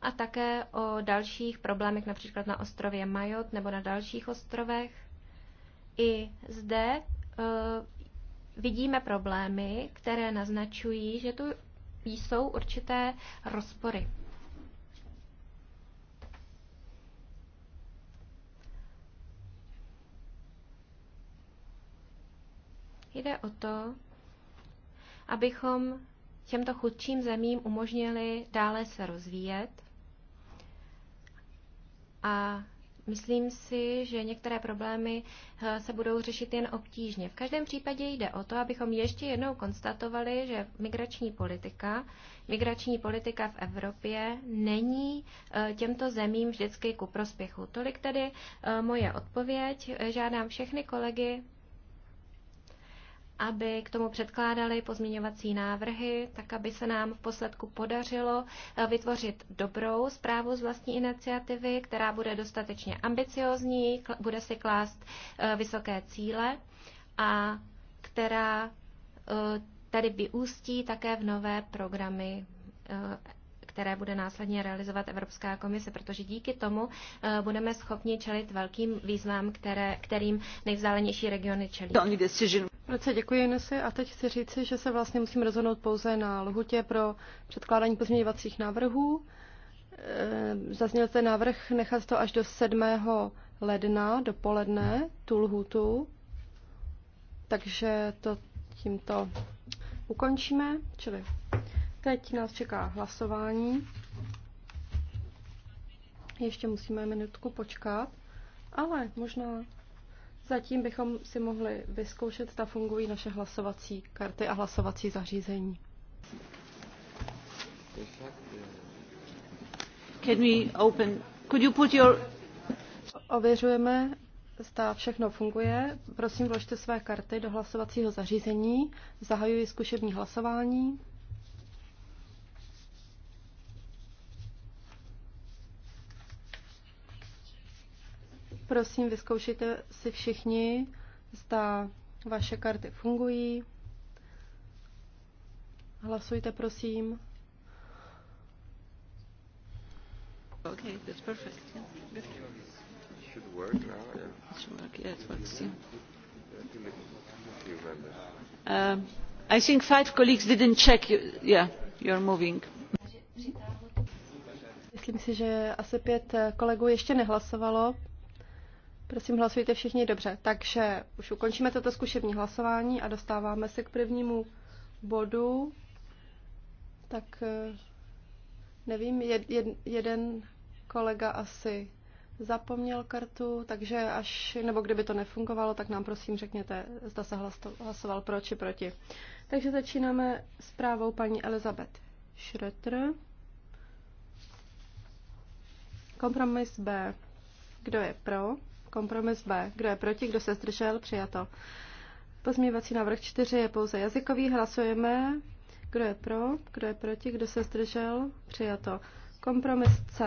Speaker 1: a také o dalších problémech, například na ostrově Majot nebo na dalších ostrovech. I zde eh, vidíme problémy, které naznačují, že tu jsou určité rozpory. Jde o to, abychom těmto chudším zemím umožnili dále se rozvíjet a Myslím si, že některé problémy eh, se budou řešit jen obtížně. V každém případě jde o to, abychom ještě jednou konstatovali, že migrační politika, migrační politika v Evropě není eh, těmto zemím vždycky ku prospěchu. Tolik tedy eh, moje odpověď. Žádám všechny kolegy aby k tomu předkládali pozměňovací návrhy, tak aby se nám v posledku podařilo eh, vytvořit dobrou zprávu z vlastní iniciativy, která bude dostatečně ambiciozní, bude si klást eh, vysoké cíle a která eh, tady vyústí také v nové programy které bude následně realizovat Evropská komise, protože díky tomu budeme schopni čelit velkým výzvám, které, kterým nejvzdálenější regiony čelí. Velice děkuji, Nesi.
Speaker 2: A teď chci říci, že se vlastně musím rozhodnout pouze na lhutě pro předkládání pozměňovacích návrhů. E, zazněl ten návrh nechat to až do 7. ledna dopoledne, tu lhutu. Takže to tímto ukončíme, čili teď nás čeká hlasování. Ještě musíme minutku počkat, ale možná Zatím bychom si mohli vyzkoušet, zda fungují naše hlasovací karty a hlasovací zařízení. Can we open? Could you put your... Ověřujeme, zda všechno funguje. Prosím, vložte své karty do hlasovacího zařízení. Zahajuji zkušební hlasování. Prosím, vyzkoušejte si všichni, zda vaše karty fungují. Hlasujte, prosím.
Speaker 1: Okay, that's perfect. Yeah. Good.
Speaker 4: Should work now,
Speaker 5: yeah. It should work, yeah, it works, yeah.
Speaker 3: Um, I think five colleagues didn't check you. Yeah, you're moving.
Speaker 2: Myslím si, že asi pět kolegů ještě nehlasovalo. Prosím, hlasujte všichni dobře. Takže už ukončíme toto zkušební hlasování a dostáváme se k prvnímu bodu. Tak eh, nevím, jed, jed, jeden kolega asi zapomněl kartu, takže až, nebo kdyby to nefungovalo, tak nám prosím řekněte, zda se hlasoval pro či proti. Takže začínáme s právou paní Elizabeth Schröter. Kompromis B. Kdo je pro? Kompromis B. Kdo je proti, kdo se zdržel? Přijato. Pozměňovací návrh 4 je pouze jazykový. Hlasujeme. Kdo je pro, kdo je proti, kdo se zdržel? Přijato. Kompromis C,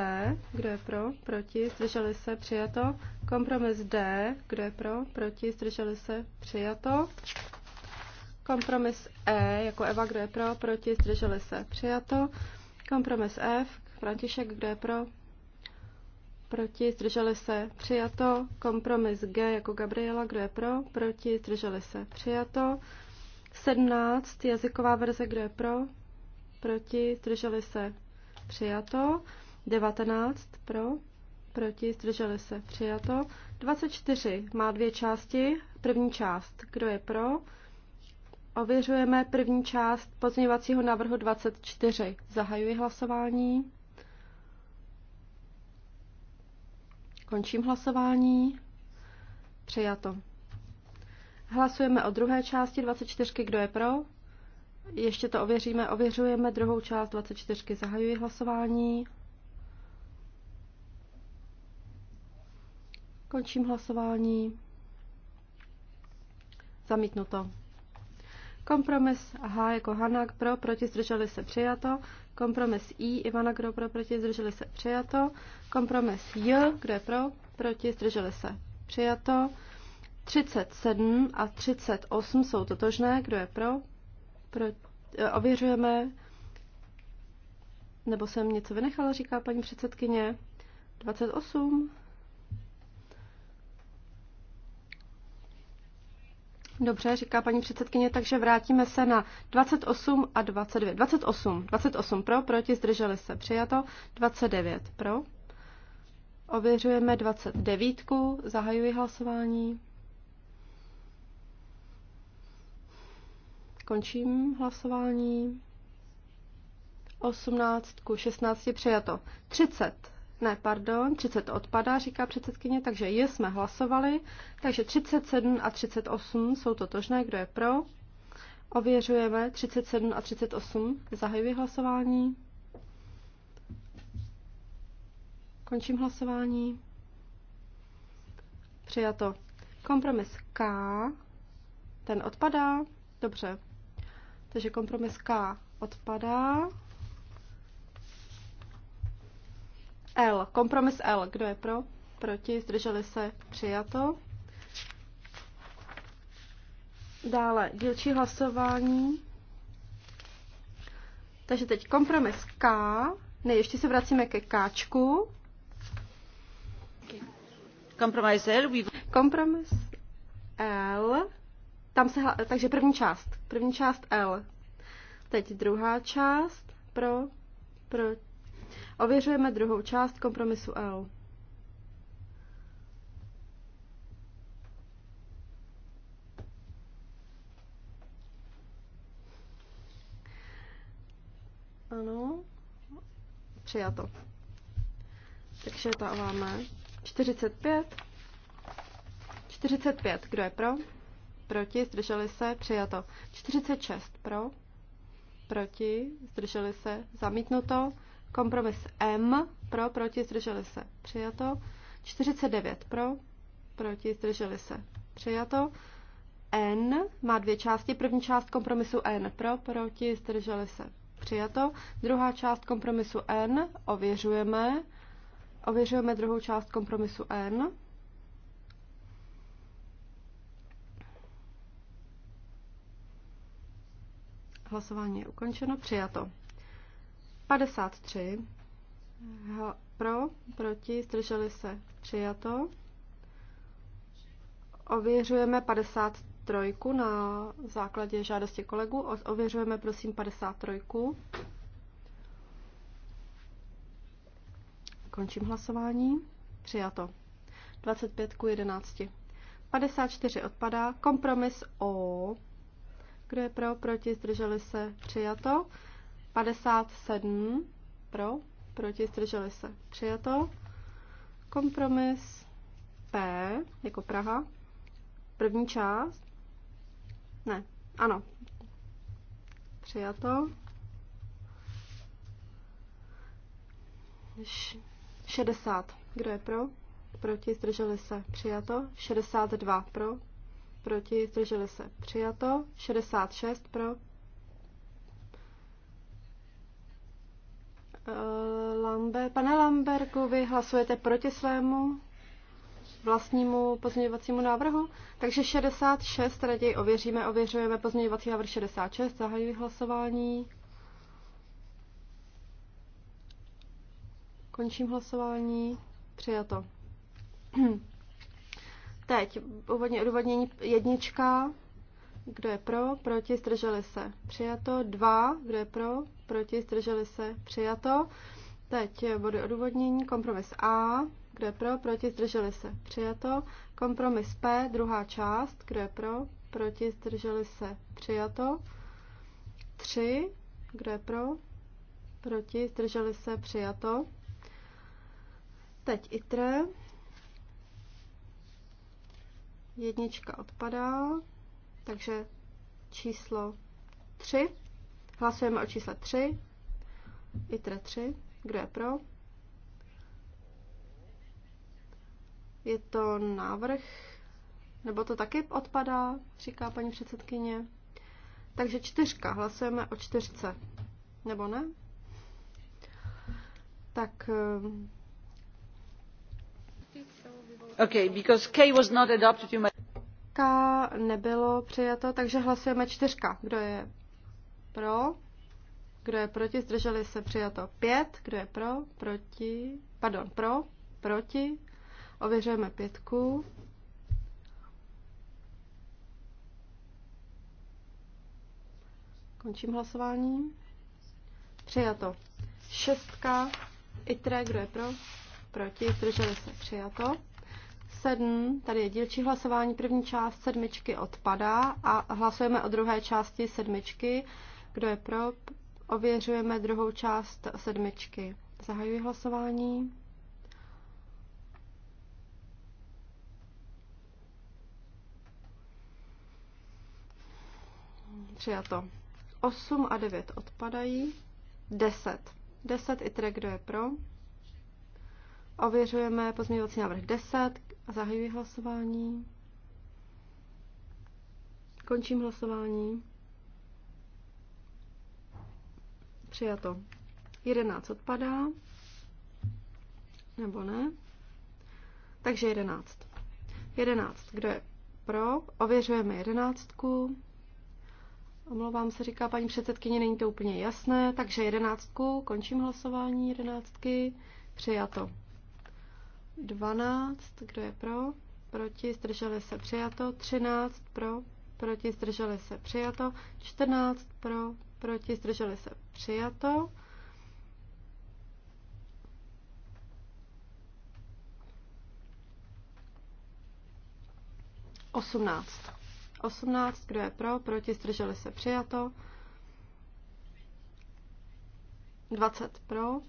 Speaker 2: kdo je pro, proti, zdrželi se, přijato. Kompromis D, kdo je pro, proti, zdrželi se, přijato. Kompromis E, jako Eva, kdo je pro, proti, zdrželi se, přijato. Kompromis F, František, kdo je pro, proti, zdrželi se, přijato. Kompromis G jako Gabriela, kdo je pro, proti, zdrželi se, přijato. 17, jazyková verze, kdo je pro, proti, zdrželi se, přijato. 19, pro, proti, zdrželi se, přijato. 24, má dvě části, první část, kdo je pro, Ověřujeme první část pozměňovacího návrhu 24. Zahajuji hlasování. Končím hlasování. Přijato. Hlasujeme o druhé části 24. Kdo je pro? Ještě to ověříme. Ověřujeme druhou část 24. Zahajuji hlasování. Končím hlasování. Zamítnuto. Kompromis H jako Hanák pro, proti zdrželi se přijato. Kompromis I Ivana, kdo pro, proti, zdrželi se, přijato. Kompromis J, kdo je pro, proti, zdrželi se, přijato. 37 a 38 jsou totožné, kdo je pro, pro eh, ověřujeme, nebo jsem něco vynechala, říká paní předsedkyně. 28. Dobře, říká paní předsedkyně, takže vrátíme se na 28 a 29. 28, 28 pro, proti, zdrželi se, přijato, 29 pro. Ověřujeme 29, zahajuji hlasování. Končím hlasování. 18 ku 16 přijato. 30 ne, pardon, 30 odpadá, říká předsedkyně, takže je jsme hlasovali. Takže 37 a 38 jsou totožné, kdo je pro. Ověřujeme 37 a 38. Zahajuji hlasování. Končím hlasování. Přijato. Kompromis K. Ten odpadá. Dobře. Takže kompromis K odpadá. L. Kompromis L. Kdo je pro? Proti? Zdrželi se? Přijato. Dále dílčí hlasování. Takže teď kompromis K. Ne, ještě se vracíme ke Kčku.
Speaker 3: Kompromis L.
Speaker 2: Kompromis L. Tam se, takže první část. První část L. Teď druhá část. Pro, proti Ověřujeme druhou část kompromisu L. Ano, přijato. Takže máme. 45. 45, kdo je pro? Proti, zdrželi se, přijato. 46 pro, proti, zdrželi se, zamítnuto. Kompromis M pro, proti, zdrželi se, přijato. 49 pro, proti, zdrželi se, přijato. N má dvě části. První část kompromisu N pro, proti, zdrželi se, přijato. Druhá část kompromisu N ověřujeme. Ověřujeme druhou část kompromisu N. Hlasování je ukončeno, přijato. 53 pro, proti, zdrželi se, přijato. Ověřujeme 53 na základě žádosti kolegů. Ověřujeme prosím 53. Končím hlasování. Přijato. 25 ku 11. 54 odpadá. Kompromis O. Kdo je pro, proti, zdrželi se, přijato. 57 pro, proti, zdrželi se. Přijato. Kompromis P, jako Praha. První část. Ne, ano. Přijato. 60. Kdo je pro? Proti, zdrželi se. Přijato. 62 pro. Proti, zdrželi se. Přijato. 66 pro Eh, Lambe, pane Lamberku, vy hlasujete proti svému vlastnímu pozměňovacímu návrhu. Takže 66, raději ověříme, ověřujeme pozměňovací návrh 66, zahajuji hlasování. Končím hlasování. Přijato. Teď úvodně odůvodnění jednička. Kdo je pro? Proti? Zdrželi se. Přijato. Dva. Kdo je pro? proti, zdrželi se, přijato. Teď body odůvodnění, kompromis A, kdo je pro, proti, zdrželi se, přijato. Kompromis P, druhá část, kdo je pro, proti, zdrželi se, přijato. 3, kdo je pro, proti, zdrželi se, přijato. Teď ITRE. Jednička odpadá, takže číslo 3. Hlasujeme o čísle 3. ITRE 3. Kdo je pro? Je to návrh, nebo to taky odpadá, říká paní předsedkyně. Takže čtyřka, hlasujeme o čtyřce, nebo ne? Tak... Eh,
Speaker 3: okay, because K was not adopted, you might...
Speaker 2: K nebylo přijato, takže hlasujeme čtyřka. Kdo je pro? Kdo je proti? Zdrželi se přijato 5. Kdo je pro? Proti? Pardon, pro? Proti? Ověřujeme pětku. Končím hlasování. Přijato. Šestka. ITRE, kdo je pro? Proti, zdrželi se. Přijato. Sedm. Tady je dílčí hlasování. První část sedmičky odpadá a hlasujeme o druhé části sedmičky. Kdo je pro? Ověřujeme druhou část sedmičky. Zahajuji hlasování. Přijato. 8 a 9 odpadají. 10. 10 i track, kdo je pro. Ověřujeme pozměňovací návrh 10 zahajuji hlasování. Končím hlasování. Přijato. 11 odpadá. Nebo ne? Takže 11. 11. Kdo je pro? Ověřujeme 11. Omlouvám se, říká paní předsedkyně, není to úplně jasné. Takže 11. končím hlasování 11. Přijato. 12. Kdo je pro? Proti, zdrželi se, přijato. 13. Pro, proti, zdrželi se, přijato. 14. Pro, proti, zdrželi se přijato. Osmnáct. Osmnáct, kdo je pro, proti, zdrželi se přijato. Dvacet pro,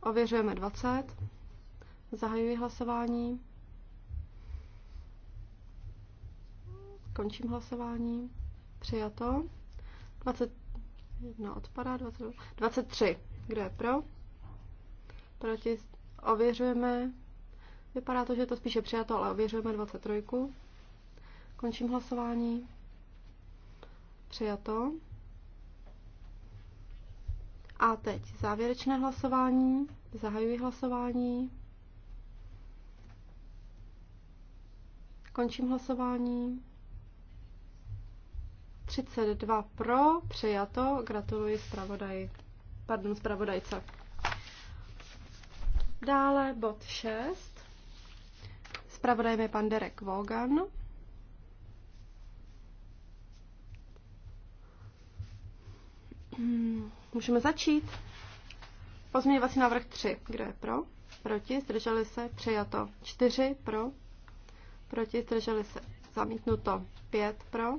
Speaker 2: ověřujeme dvacet. Zahajuji hlasování. Končím hlasování. Přijato. 20 Jedna no, odpadá, 23. Kdo je pro? Proti ověřujeme. Vypadá to, že je to spíše přijato, ale ověřujeme 23. Končím hlasování. Přijato. A teď závěrečné hlasování. Zahajuji hlasování. Končím hlasování. 32 pro, přejato, gratuluji zpravodaji. Pardon, zpravodajce. Dále bod 6. Zpravodajem je pan Derek Vogan. Můžeme začít. Pozměňovací návrh 3. Kdo je pro? Proti? Zdrželi se? Přijato. 4. Pro? Proti? Zdrželi se? Zamítnuto. 5. Pro?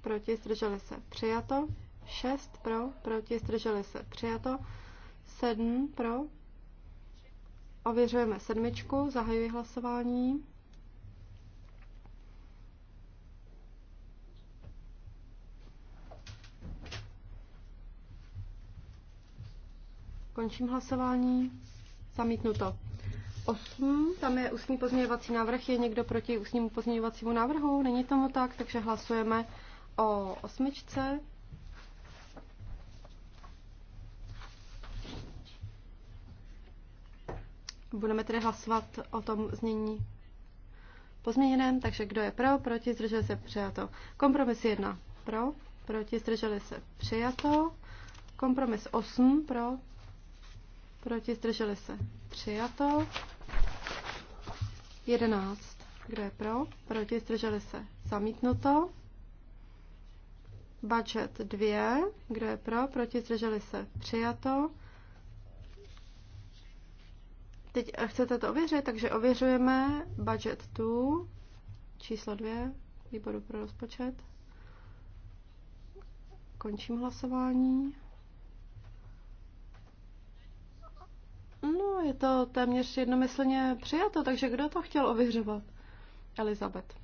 Speaker 2: proti, zdrželi se, přijato. 6 pro, proti, zdrželi se, přijato. 7 pro. Ověřujeme sedmičku, zahajuji hlasování. Končím hlasování. Zamítnuto. 8. Tam je ústní pozměňovací návrh. Je někdo proti ústnímu pozměňovacímu návrhu? Není tomu tak, takže hlasujeme o osmičce. Budeme tedy hlasovat o tom znění pozměněném, takže kdo je pro, proti, zdrželi se, přijato. Kompromis 1 pro, proti, zdrželi se, přijato. Kompromis 8 pro, proti, zdrželi se, přijato. 11. Kdo je pro? Proti, zdrželi se. Zamítnuto. Budget 2, kdo je pro, proti, zdrželi se, přijato. Teď eh, chcete to ověřit, takže ověřujeme budget 2, číslo 2, výboru pro rozpočet. Končím hlasování. No, je to téměř jednomyslně přijato, takže kdo to chtěl ověřovat? Elizabeth.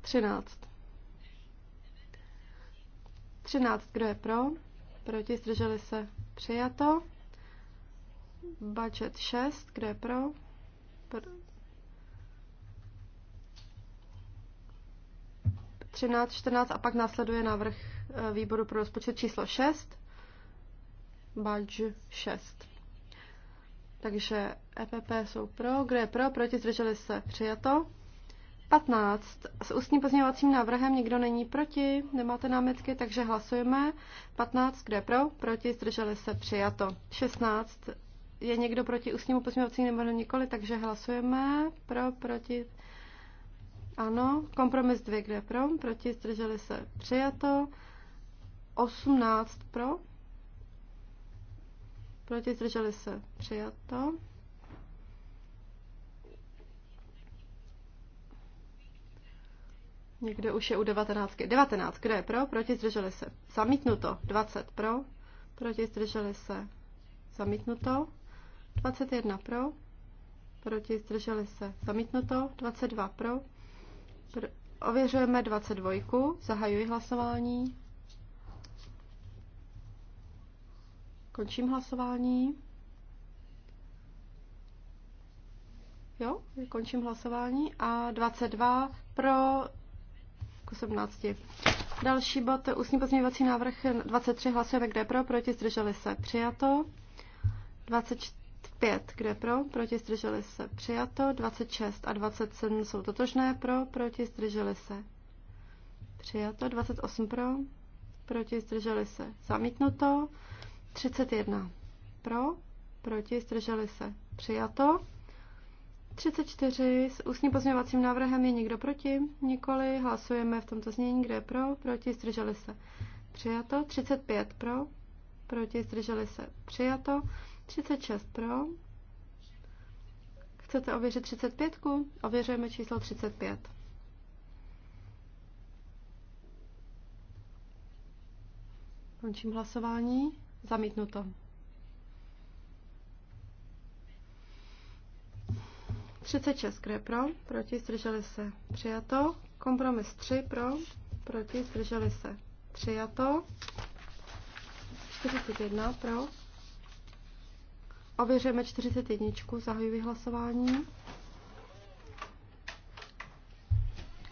Speaker 2: 13. 13, kdo je pro? Proti, zdrželi se, přijato. Budget 6, kdo je pro? pro? 13, 14 a pak následuje návrh eh, výboru pro rozpočet číslo 6. Budget 6. Takže EPP jsou pro, kdo je pro, proti, zdrželi se, přijato. 15. S ústním pozměňovacím návrhem nikdo není proti, nemáte námitky, takže hlasujeme. 15. Kdo je pro? Proti, zdrželi se, přijato. 16. Je někdo proti ústnímu pozměňovacímu návrhu? Nikoli, takže hlasujeme. Pro, proti, ano. Kompromis 2. Kdo je pro? Proti, zdrželi se, přijato. 18. Pro. Proti, zdrželi se, přijato. Někde už je u 19. 19. Kdo je pro? Proti zdrželi se. Zamítnuto. 20 pro. Proti zdrželi se. Zamítnuto. 21 pro. Proti zdrželi se. Zamítnuto. 22 pro. pro. Ověřujeme 22. Zahajuji hlasování. Končím hlasování. Jo, končím hlasování. A 22 pro 18. Další bod, ústní pozměňovací návrh 23, hlasujeme kde pro, proti zdrželi se, přijato. 25, kde pro, proti zdrželi se, přijato. 26 a 27 jsou totožné, pro, proti zdrželi se, přijato. 28 pro, proti zdrželi se, zamítnuto. 31 pro, proti zdrželi se, přijato. 34 s ústním pozměňovacím návrhem je někdo proti? Nikoli. Hlasujeme v tomto znění. kde je pro? Proti? Zdrželi se. Přijato. 35 pro. Proti? Zdrželi se. Přijato. 36 pro. Chcete ověřit 35? Ověřujeme číslo 35. Končím hlasování. Zamítnuto. 36, kdo pro? Proti, zdrželi se. Přijato. Kompromis 3 pro? Proti, zdrželi se. Přijato. 41 pro. Ověřujeme 41. Zahajuji hlasování.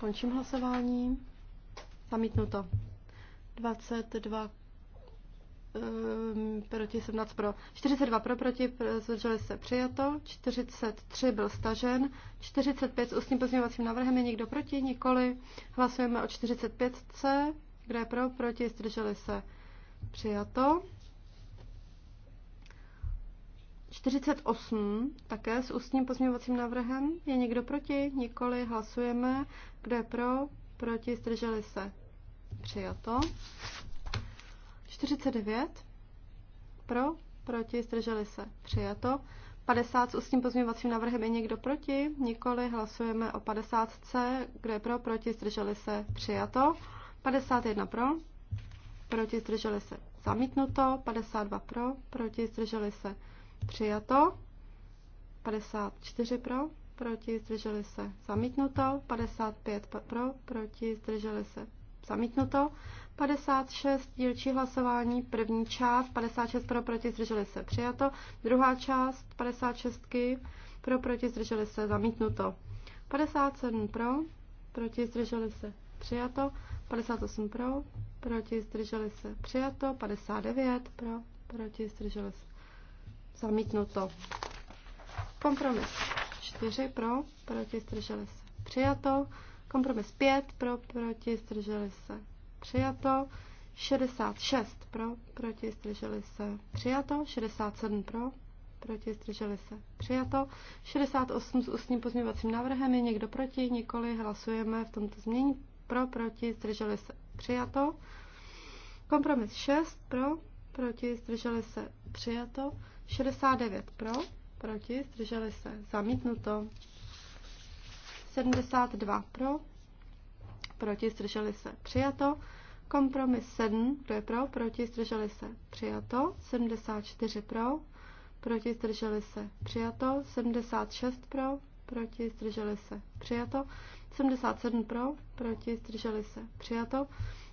Speaker 2: Končím hlasování. Zamítnuto. 22 Ehm, proti 17 pro. 42 pro, proti, zdrželi se přijato, 43 byl stažen, 45 s ústním pozměňovacím návrhem je někdo proti, nikoli. Hlasujeme o 45C, kde je pro, proti, zdrželi se přijato. 48 také s ústním pozměňovacím návrhem. Je někdo proti? Nikoli. Hlasujeme. Kdo je pro? Proti? Zdrželi se. Přijato. 49 pro, proti, zdrželi se, přijato. 50 s ústním pozměňovacím návrhem je někdo proti? Nikoli, hlasujeme o 50C. Kdo je pro, proti, zdrželi se, přijato. 51 pro, proti, zdrželi se, zamítnuto. 52 pro, proti, zdrželi se, přijato. 54 pro, proti, zdrželi se, zamítnuto. 55 pro, proti, zdrželi se, zamítnuto. 56 dílčí hlasování, první část, 56 pro, proti, zdrželi se, přijato. Druhá část, 56 pro, proti, zdrželi se, zamítnuto. 57 pro, proti, zdrželi se, přijato. 58 pro, proti, zdrželi se, přijato. 59 pro, proti, zdrželi se, zamítnuto. Kompromis 4 pro, proti, zdrželi se, přijato. Kompromis 5 pro, proti, zdrželi se, přijato, 66 pro, proti zdrželi se přijato, 67 pro, proti zdrželi se přijato, 68 s ústním pozměňovacím návrhem, je někdo proti, nikoli, hlasujeme v tomto změní, pro, proti zdrželi se přijato, kompromis 6 pro, proti zdrželi se přijato, 69 pro, proti zdrželi se zamítnuto, 72 pro, proti, zdrželi se, přijato. Kompromis 7, kdo je pro, proti, zdrželi se, přijato. 74 pro, proti, zdrželi se, přijato. 76 pro, proti, zdrželi se, přijato. 77 pro, proti, zdrželi se, přijato.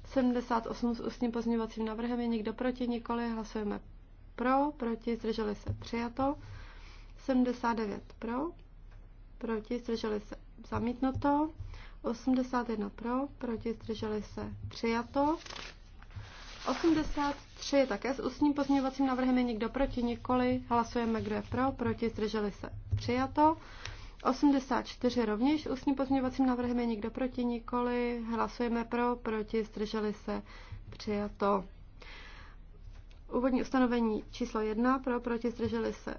Speaker 2: 78 s ústním pozměňovacím návrhem je někdo proti, nikoli, hlasujeme pro, proti, zdrželi se, přijato. 79 pro, proti, zdrželi se, zamítnuto. 81 pro, proti zdrželi se přijato. 83 také s ústním pozměňovacím návrhem je nikdo proti, nikoli. Hlasujeme, kdo je pro, proti zdrželi se přijato. 84 rovněž s ústním pozměňovacím návrhem je nikdo proti, nikoli. Hlasujeme pro, proti zdrželi se přijato. Úvodní ustanovení číslo 1 pro, proti zdrželi se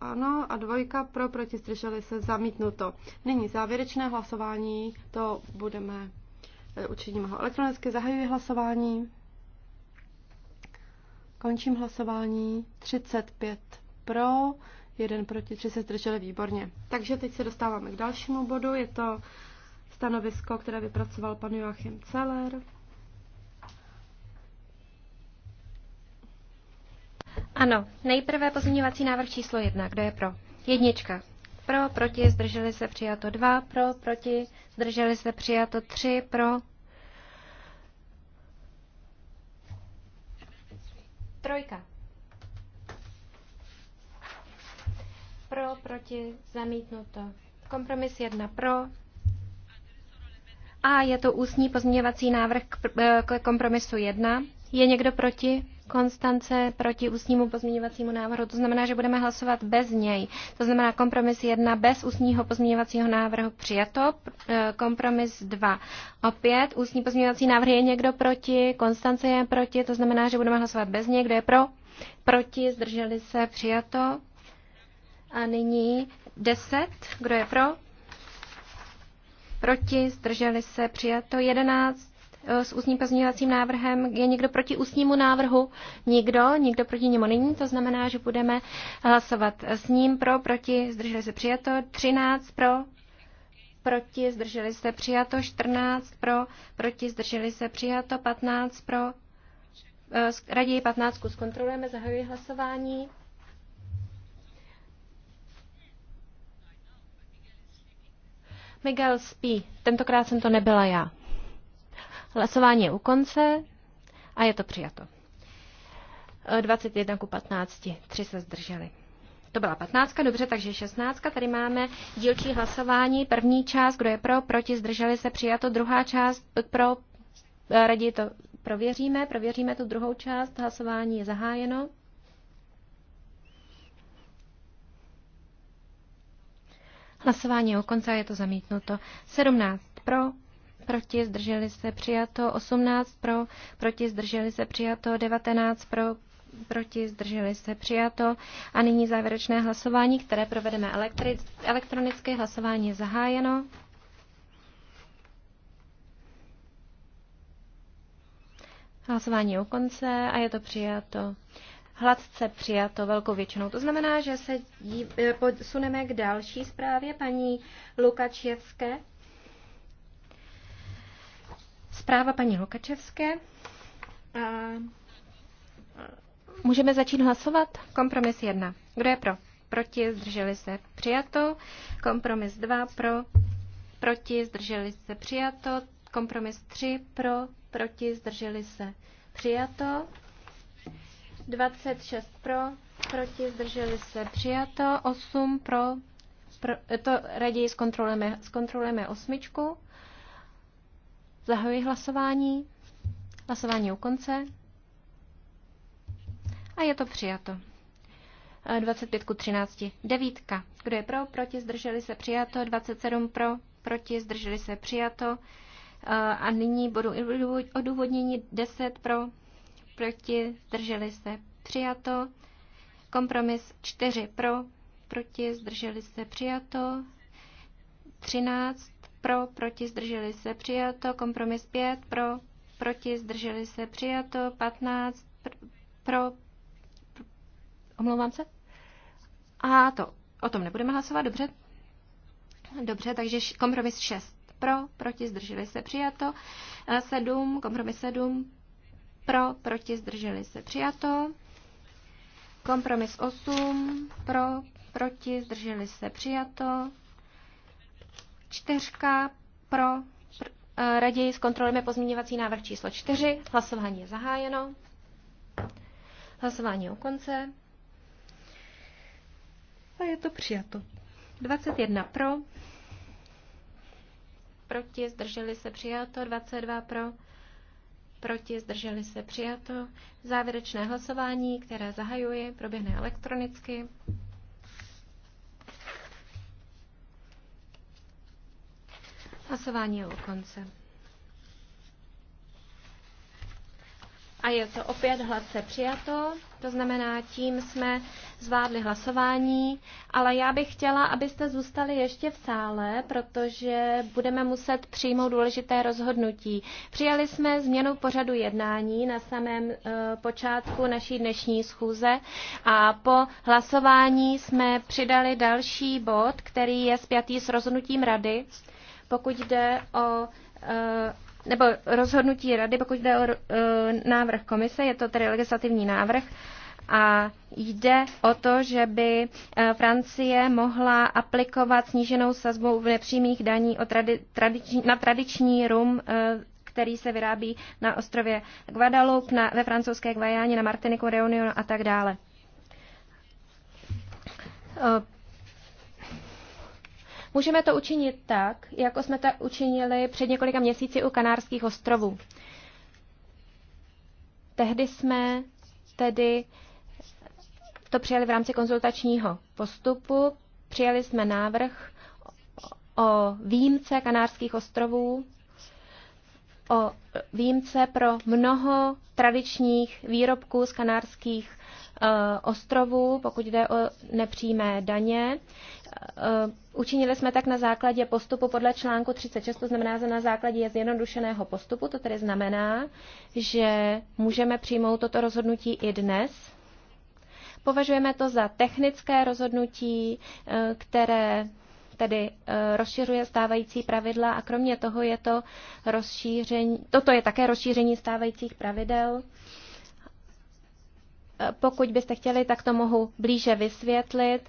Speaker 2: ano a dvojka pro, proti zdrželi se zamítnuto. Nyní závěrečné hlasování, to budeme, eh, učiníme ho elektronicky, zahajuji hlasování. Končím hlasování. 35 pro, jeden proti, tři se zdrželi výborně. Takže teď se dostáváme k dalšímu bodu. Je to stanovisko, které vypracoval pan Joachim Celer.
Speaker 1: Ano, nejprve pozměňovací návrh číslo jedna. Kdo je pro? Jednička. Pro, proti, zdrželi se přijato dva, pro, proti, zdrželi se přijato tři, pro. Trojka. Pro, proti, zamítnuto. Kompromis jedna pro. A je to ústní pozměňovací návrh k kompromisu jedna. Je někdo proti? Konstance proti ústnímu pozměňovacímu návrhu, to znamená, že budeme hlasovat bez něj. To znamená kompromis 1 bez ústního pozměňovacího návrhu přijato, eh, kompromis 2 opět. Ústní pozměňovací návrh je někdo proti, Konstance je proti, to znamená, že budeme hlasovat bez něj. Kdo je pro? Proti, zdrželi se, přijato. A nyní 10, kdo je pro? Proti, zdrželi se, přijato. 11, s ústním pozměňovacím návrhem. Je někdo proti ústnímu návrhu? Nikdo, nikdo proti němu není, to znamená, že budeme hlasovat s ním pro, proti, zdrželi se přijato, 13 pro, proti, zdrželi se přijato, 14 pro, proti, zdrželi se přijato, 15 pro, eh, raději 15 zkontrolujeme, zahajuji hlasování. Miguel spí. Tentokrát jsem to nebyla já. Hlasování je u konce a je to přijato. 21 eh, ku 15, 3 se zdrželi. To byla 15, dobře, takže 16. Tady máme dílčí hlasování. První část, kdo je pro, proti, zdrželi se, přijato. Druhá část, pro, eh, raději to prověříme. Prověříme tu druhou část. Hlasování je zahájeno. Hlasování u konce je to zamítnuto. 17 pro, proti, zdrželi se přijato 18 pro, proti, zdrželi se přijato 19 pro, proti, zdrželi se přijato. A nyní závěrečné hlasování, které provedeme elektronické elektronicky. Hlasování je zahájeno. Hlasování je u konce a je to přijato hladce přijato velkou většinou. To znamená, že se eh, posuneme k další zprávě paní Lukačevské. Zpráva paní Lukačevské. A můžeme začít hlasovat? Kompromis 1. Kdo je pro? Proti, zdrželi se, přijato. Kompromis 2, pro, proti, zdrželi se, přijato. Kompromis 3, pro, proti, zdrželi se, přijato. 26 pro, proti, zdrželi se, přijato. 8 pro, pro to raději zkontrolujeme, zkontrolujeme osmičku. Zahajuji hlasování. Hlasování u konce. A je to přijato. 25 eh, ku 13. Devítka. Kdo je pro, proti, zdrželi se přijato. 27 pro, proti, zdrželi se přijato. Eh, a nyní bodu odůvodnění 10 pro, proti, zdrželi se přijato. Kompromis 4 pro, proti, zdrželi se přijato. 13 pro, proti, zdrželi se, přijato. Kompromis 5, pro, proti, zdrželi se, přijato. 15, pr- pro, pr- omlouvám se. A to, o tom nebudeme hlasovat, dobře? Dobře, takže š, kompromis 6, pro, proti, zdrželi se, přijato. 7, kompromis 7, pro, proti, zdrželi se, přijato. Kompromis 8, pro, proti, zdrželi se, přijato. Čtyřka pro, pr, eh, raději zkontrolujeme pozměňovací návrh číslo čtyři. Hlasování je zahájeno. Hlasování je u konce. A je to přijato. 21 pro, proti, zdrželi se přijato, 22 pro, proti, zdrželi se přijato. Závěrečné hlasování, které zahajuje, proběhne elektronicky. Hlasování je u konce. A je to opět hladce přijato, to znamená, tím jsme zvládli hlasování, ale já bych chtěla, abyste zůstali ještě v sále, protože budeme muset přijmout důležité rozhodnutí. Přijali jsme změnu pořadu jednání na samém uh, počátku naší dnešní schůze a po hlasování jsme přidali další bod, který je spjatý s rozhodnutím rady pokud jde o eh, nebo rozhodnutí rady, pokud jde o eh, návrh komise, je to tedy legislativní návrh, a jde o to, že by eh, Francie mohla aplikovat sníženou sazbu v nepřímých daní o tradi, tradiční, na tradiční rum který se vyrábí na ostrově Guadeloupe, na, ve francouzské Guajáně, na Martiniku, Reunion a tak dále. Můžeme to učinit tak, jako jsme to učinili před několika měsíci u Kanárských ostrovů. Tehdy jsme tedy to přijali v rámci konzultačního postupu. Přijali jsme návrh o výjimce Kanárských ostrovů, o výjimce pro mnoho tradičních výrobků z Kanárských eh, ostrovů, pokud jde o nepřímé daně. Eh, učinili jsme tak na základě postupu podle článku 36, to znamená že na základě zjednodušeného postupu. To tedy znamená, že můžeme přijmout toto rozhodnutí i dnes. Považujeme to za technické rozhodnutí, eh, které tedy eh, rozšiřuje stávající pravidla a kromě toho je to rozšíření, toto je také rozšíření stávajících pravidel pokud byste chtěli, tak to mohu blíže vysvětlit.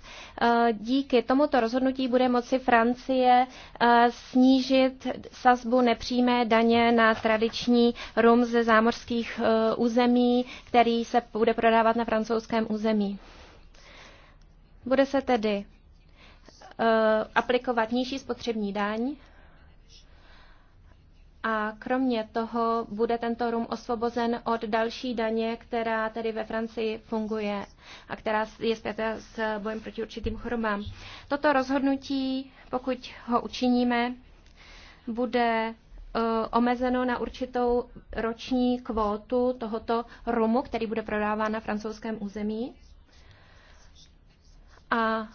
Speaker 1: Eh, díky tomuto rozhodnutí bude moci Francie eh, snížit sazbu nepřímé daně na tradiční rum ze zámořských eh, území, který se bude prodávat na francouzském území. Bude se tedy aplikovat nižší spotřební daň a kromě toho bude tento rum osvobozen od další daně, která tedy ve Francii funguje a která je zpěta s bojem proti určitým chorobám. Toto rozhodnutí, pokud ho učiníme, bude eh, omezeno na určitou roční kvótu tohoto rumu, který bude prodáván na francouzském území. A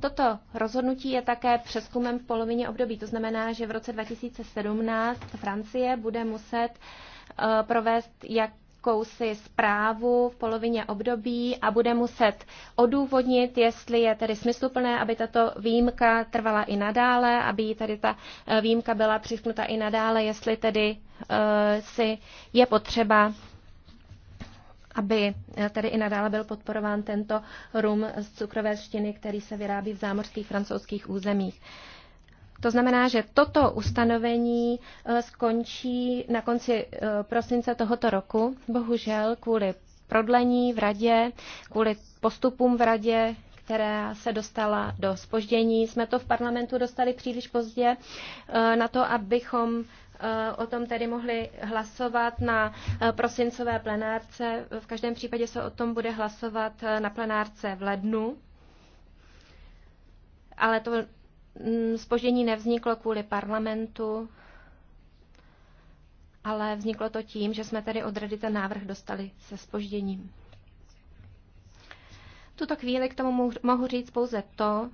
Speaker 1: Toto rozhodnutí je také přeskumem v polovině období. To znamená, že v roce 2017 Francie bude muset eh, provést jak jakousi zprávu v polovině období a bude muset odůvodnit, jestli je tedy smysluplné, aby tato výjimka trvala i nadále, aby tady ta eh, výjimka byla přichnuta i nadále, jestli tedy uh, si je potřeba aby eh, tady i nadále byl podporován tento rum z cukrové štiny, který se vyrábí v zámořských francouzských územích. To znamená, že toto ustanovení eh, skončí na konci eh, prosince tohoto roku. Bohužel kvůli prodlení v radě, kvůli postupům v radě, která se dostala do spoždění. Jsme to v parlamentu dostali příliš pozdě na to, abychom Eh, o tom tedy mohli hlasovat na eh, prosincové plenárce. V každém případě se o tom bude hlasovat eh, na plenárce v lednu. Ale to spoždění mm, nevzniklo kvůli parlamentu, ale vzniklo to tím, že jsme tedy od Rady ten návrh dostali se spožděním. Tuto chvíli k tomu mohu říct pouze to,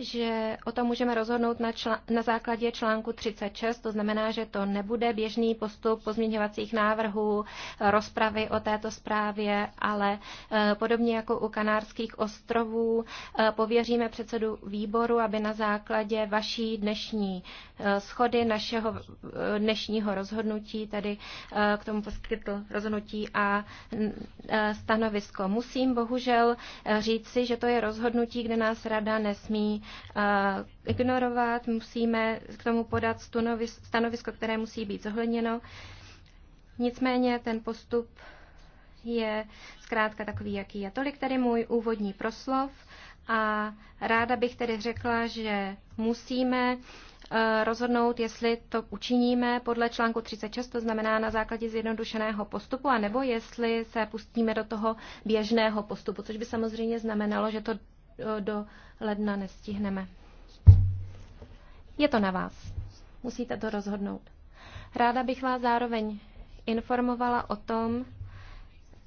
Speaker 1: že o tom můžeme rozhodnout na, čl- na základě článku 36, to znamená, že to nebude běžný postup pozměňovacích návrhů, rozpravy o této zprávě, ale eh, podobně jako u Kanárských ostrovů eh, pověříme předsedu výboru, aby na základě vaší dnešní eh, schody, našeho dnešního rozhodnutí, tedy k tomu poskytl rozhodnutí a stanovisko. Musím bohužel říci, že to je rozhodnutí, kde nás rada nesmí ignorovat, musíme k tomu podat stanovisko, které musí být zohledněno. Nicméně ten postup je zkrátka takový, jaký je. Tolik tedy můj úvodní proslov a ráda bych tedy řekla, že musíme eh, rozhodnout, jestli to učiníme podle článku 36, to znamená na základě zjednodušeného postupu, anebo jestli se pustíme do toho běžného postupu, což by samozřejmě znamenalo, že to do ledna nestihneme. Je to na vás. Musíte to rozhodnout. Ráda bych vás zároveň informovala o tom,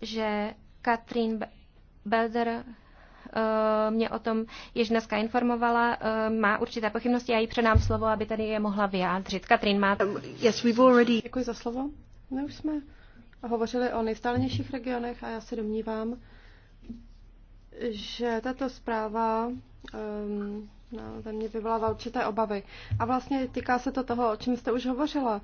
Speaker 1: že Katrin Belder eh, mě o tom již dneska informovala, eh, má určité pochybnosti, já jí předám slovo, aby tady je mohla vyjádřit. Katrin má... Um, yes, we've already... Děkuji za slovo.
Speaker 2: My už jsme hovořili o nejstálenějších regionech a já se domnívám, že tato zpráva um, no, ve mně vyvolává určité obavy. A vlastně týká se to toho, o čem jste už hovořila.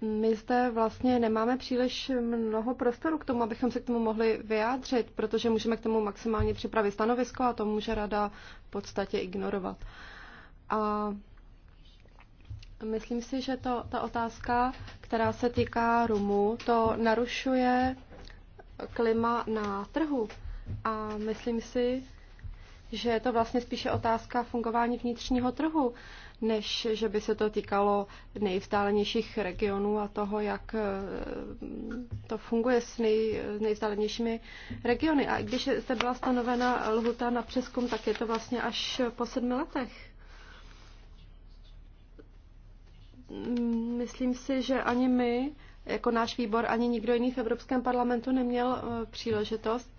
Speaker 2: My zde vlastně nemáme příliš mnoho prostoru k tomu, abychom se k tomu mohli vyjádřit, protože můžeme k tomu maximálně připravit stanovisko a to může rada v podstatě ignorovat. A myslím si, že to, ta otázka, která se týká rumu, to narušuje klima na trhu a myslím si, že je to vlastně spíše otázka fungování vnitřního trhu, než že by se to týkalo nejvzdálenějších regionů a toho, jak eh, to funguje s nej, nejvzdálenějšími regiony. A i když zde byla stanovena lhuta na přeskum, tak je to vlastně až po sedmi letech. Myslím si, že ani my, jako náš výbor, ani nikdo jiný v Evropském parlamentu neměl eh, příležitost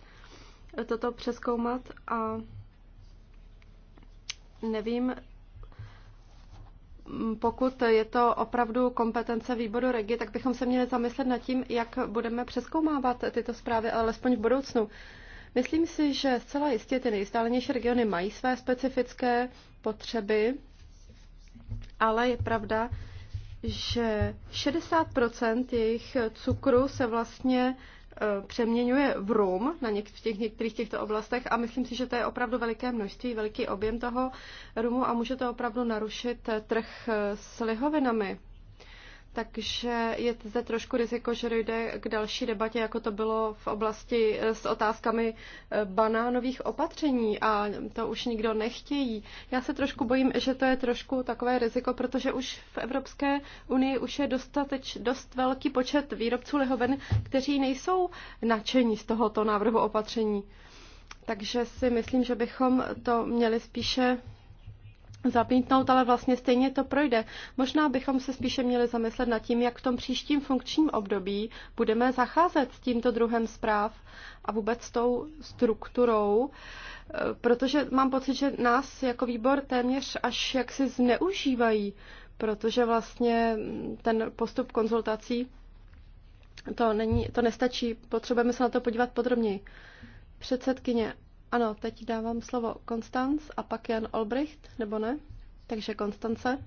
Speaker 2: toto přeskoumat a nevím, pokud je to opravdu kompetence výboru regi, tak bychom se měli zamyslet nad tím, jak budeme přeskoumávat tyto zprávy, alespoň v budoucnu. Myslím si, že zcela jistě ty nejstálenější regiony mají své specifické potřeby, ale je pravda, že 60 jejich cukru se vlastně Eh, přeměňuje v rum na něk- v těch některých těchto oblastech a myslím si, že to je opravdu veliké množství, veliký objem toho rumu a může to opravdu narušit trh eh, s lihovinami takže je zde trošku riziko, že dojde k další debatě, jako to bylo v oblasti eh, s otázkami eh, banánových opatření a to už nikdo nechtějí. Já se trošku bojím, že to je trošku takové riziko, protože už v Evropské unii už je dostateč, dost velký počet výrobců lihoven, kteří nejsou nadšení z tohoto návrhu opatření. Takže si myslím, že bychom to měli spíše zapítnout, ale vlastně stejně to projde. Možná bychom se spíše měli zamyslet nad tím, jak v tom příštím funkčním období budeme zacházet s tímto druhem zpráv a vůbec s tou strukturou, eh, protože mám pocit, že nás jako výbor téměř až jaksi zneužívají, protože vlastně ten postup konzultací to, není, to nestačí, potřebujeme se na to podívat podrobněji. Předsedkyně, ano, teď dávám slovo Konstanc a pak Jan Olbricht, nebo ne? Takže Konstance,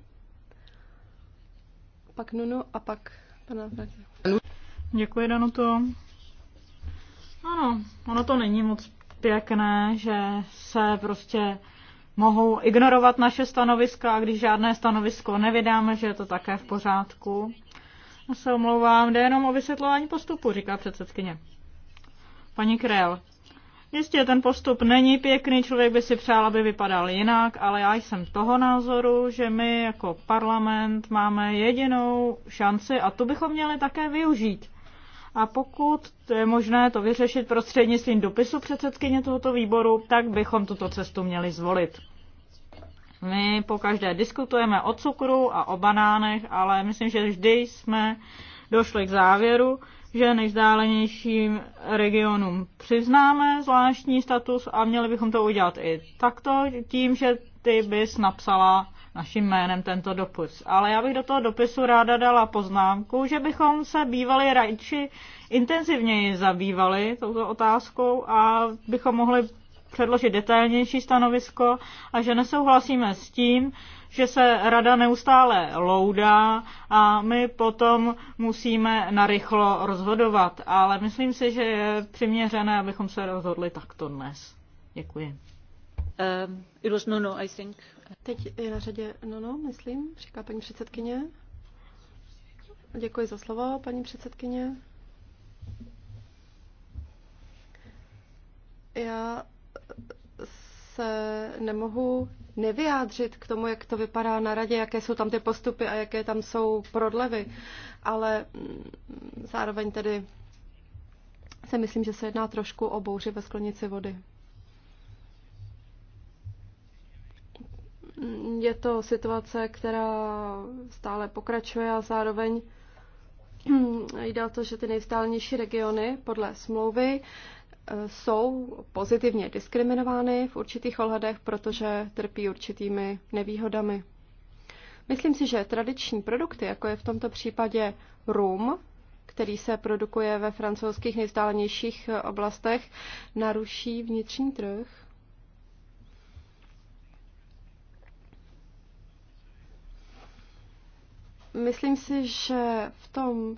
Speaker 2: pak Nunu a pak pana
Speaker 3: Děkuji, Danuto. Ano, ono to není moc pěkné, že se prostě mohou ignorovat naše stanoviska a když žádné stanovisko nevydáme, že je to také v pořádku. Já se omlouvám, jde jenom o vysvětlování postupu, říká předsedkyně. Paní Krel, Jistě ten postup není pěkný, člověk by si přál, aby vypadal jinak, ale já jsem toho názoru, že my jako parlament máme jedinou šanci a tu bychom měli také využít. A pokud je možné to vyřešit prostřednictvím dopisu předsedkyně tohoto výboru, tak bychom tuto cestu měli zvolit. My po každé diskutujeme o cukru a o banánech, ale myslím, že vždy jsme došli k závěru, že nejzdálenějším regionům přiznáme zvláštní status a měli bychom to udělat i takto, tím, že ty bys napsala naším jménem tento dopis. Ale já bych do toho dopisu ráda dala poznámku, že bychom se bývali radši intenzivněji zabývali touto otázkou a bychom mohli předložit detailnější stanovisko a že nesouhlasíme s tím, že se rada neustále loudá a my potom musíme narychlo rozhodovat. Ale myslím si, že je přiměřené, abychom se rozhodli takto dnes. Děkuji. Uh, um, it was Nuno, I think.
Speaker 2: Teď je na řadě Nuno, myslím, říká paní předsedkyně. Děkuji za slovo, paní předsedkyně. Já se nemohu nevyjádřit k tomu, jak to vypadá na radě, jaké jsou tam ty postupy a jaké tam jsou prodlevy, ale mm, zároveň tedy se myslím, že se jedná trošku o bouři ve sklenici vody. Mm, je to situace, která stále pokračuje a zároveň mm, jde o to, že ty nejvzdálenější regiony podle smlouvy jsou pozitivně diskriminovány v určitých ohledech, protože trpí určitými nevýhodami. Myslím si, že tradiční produkty, jako je v tomto případě rum, který se produkuje ve francouzských nejzdálenějších oblastech, naruší vnitřní trh. Myslím si, že v tom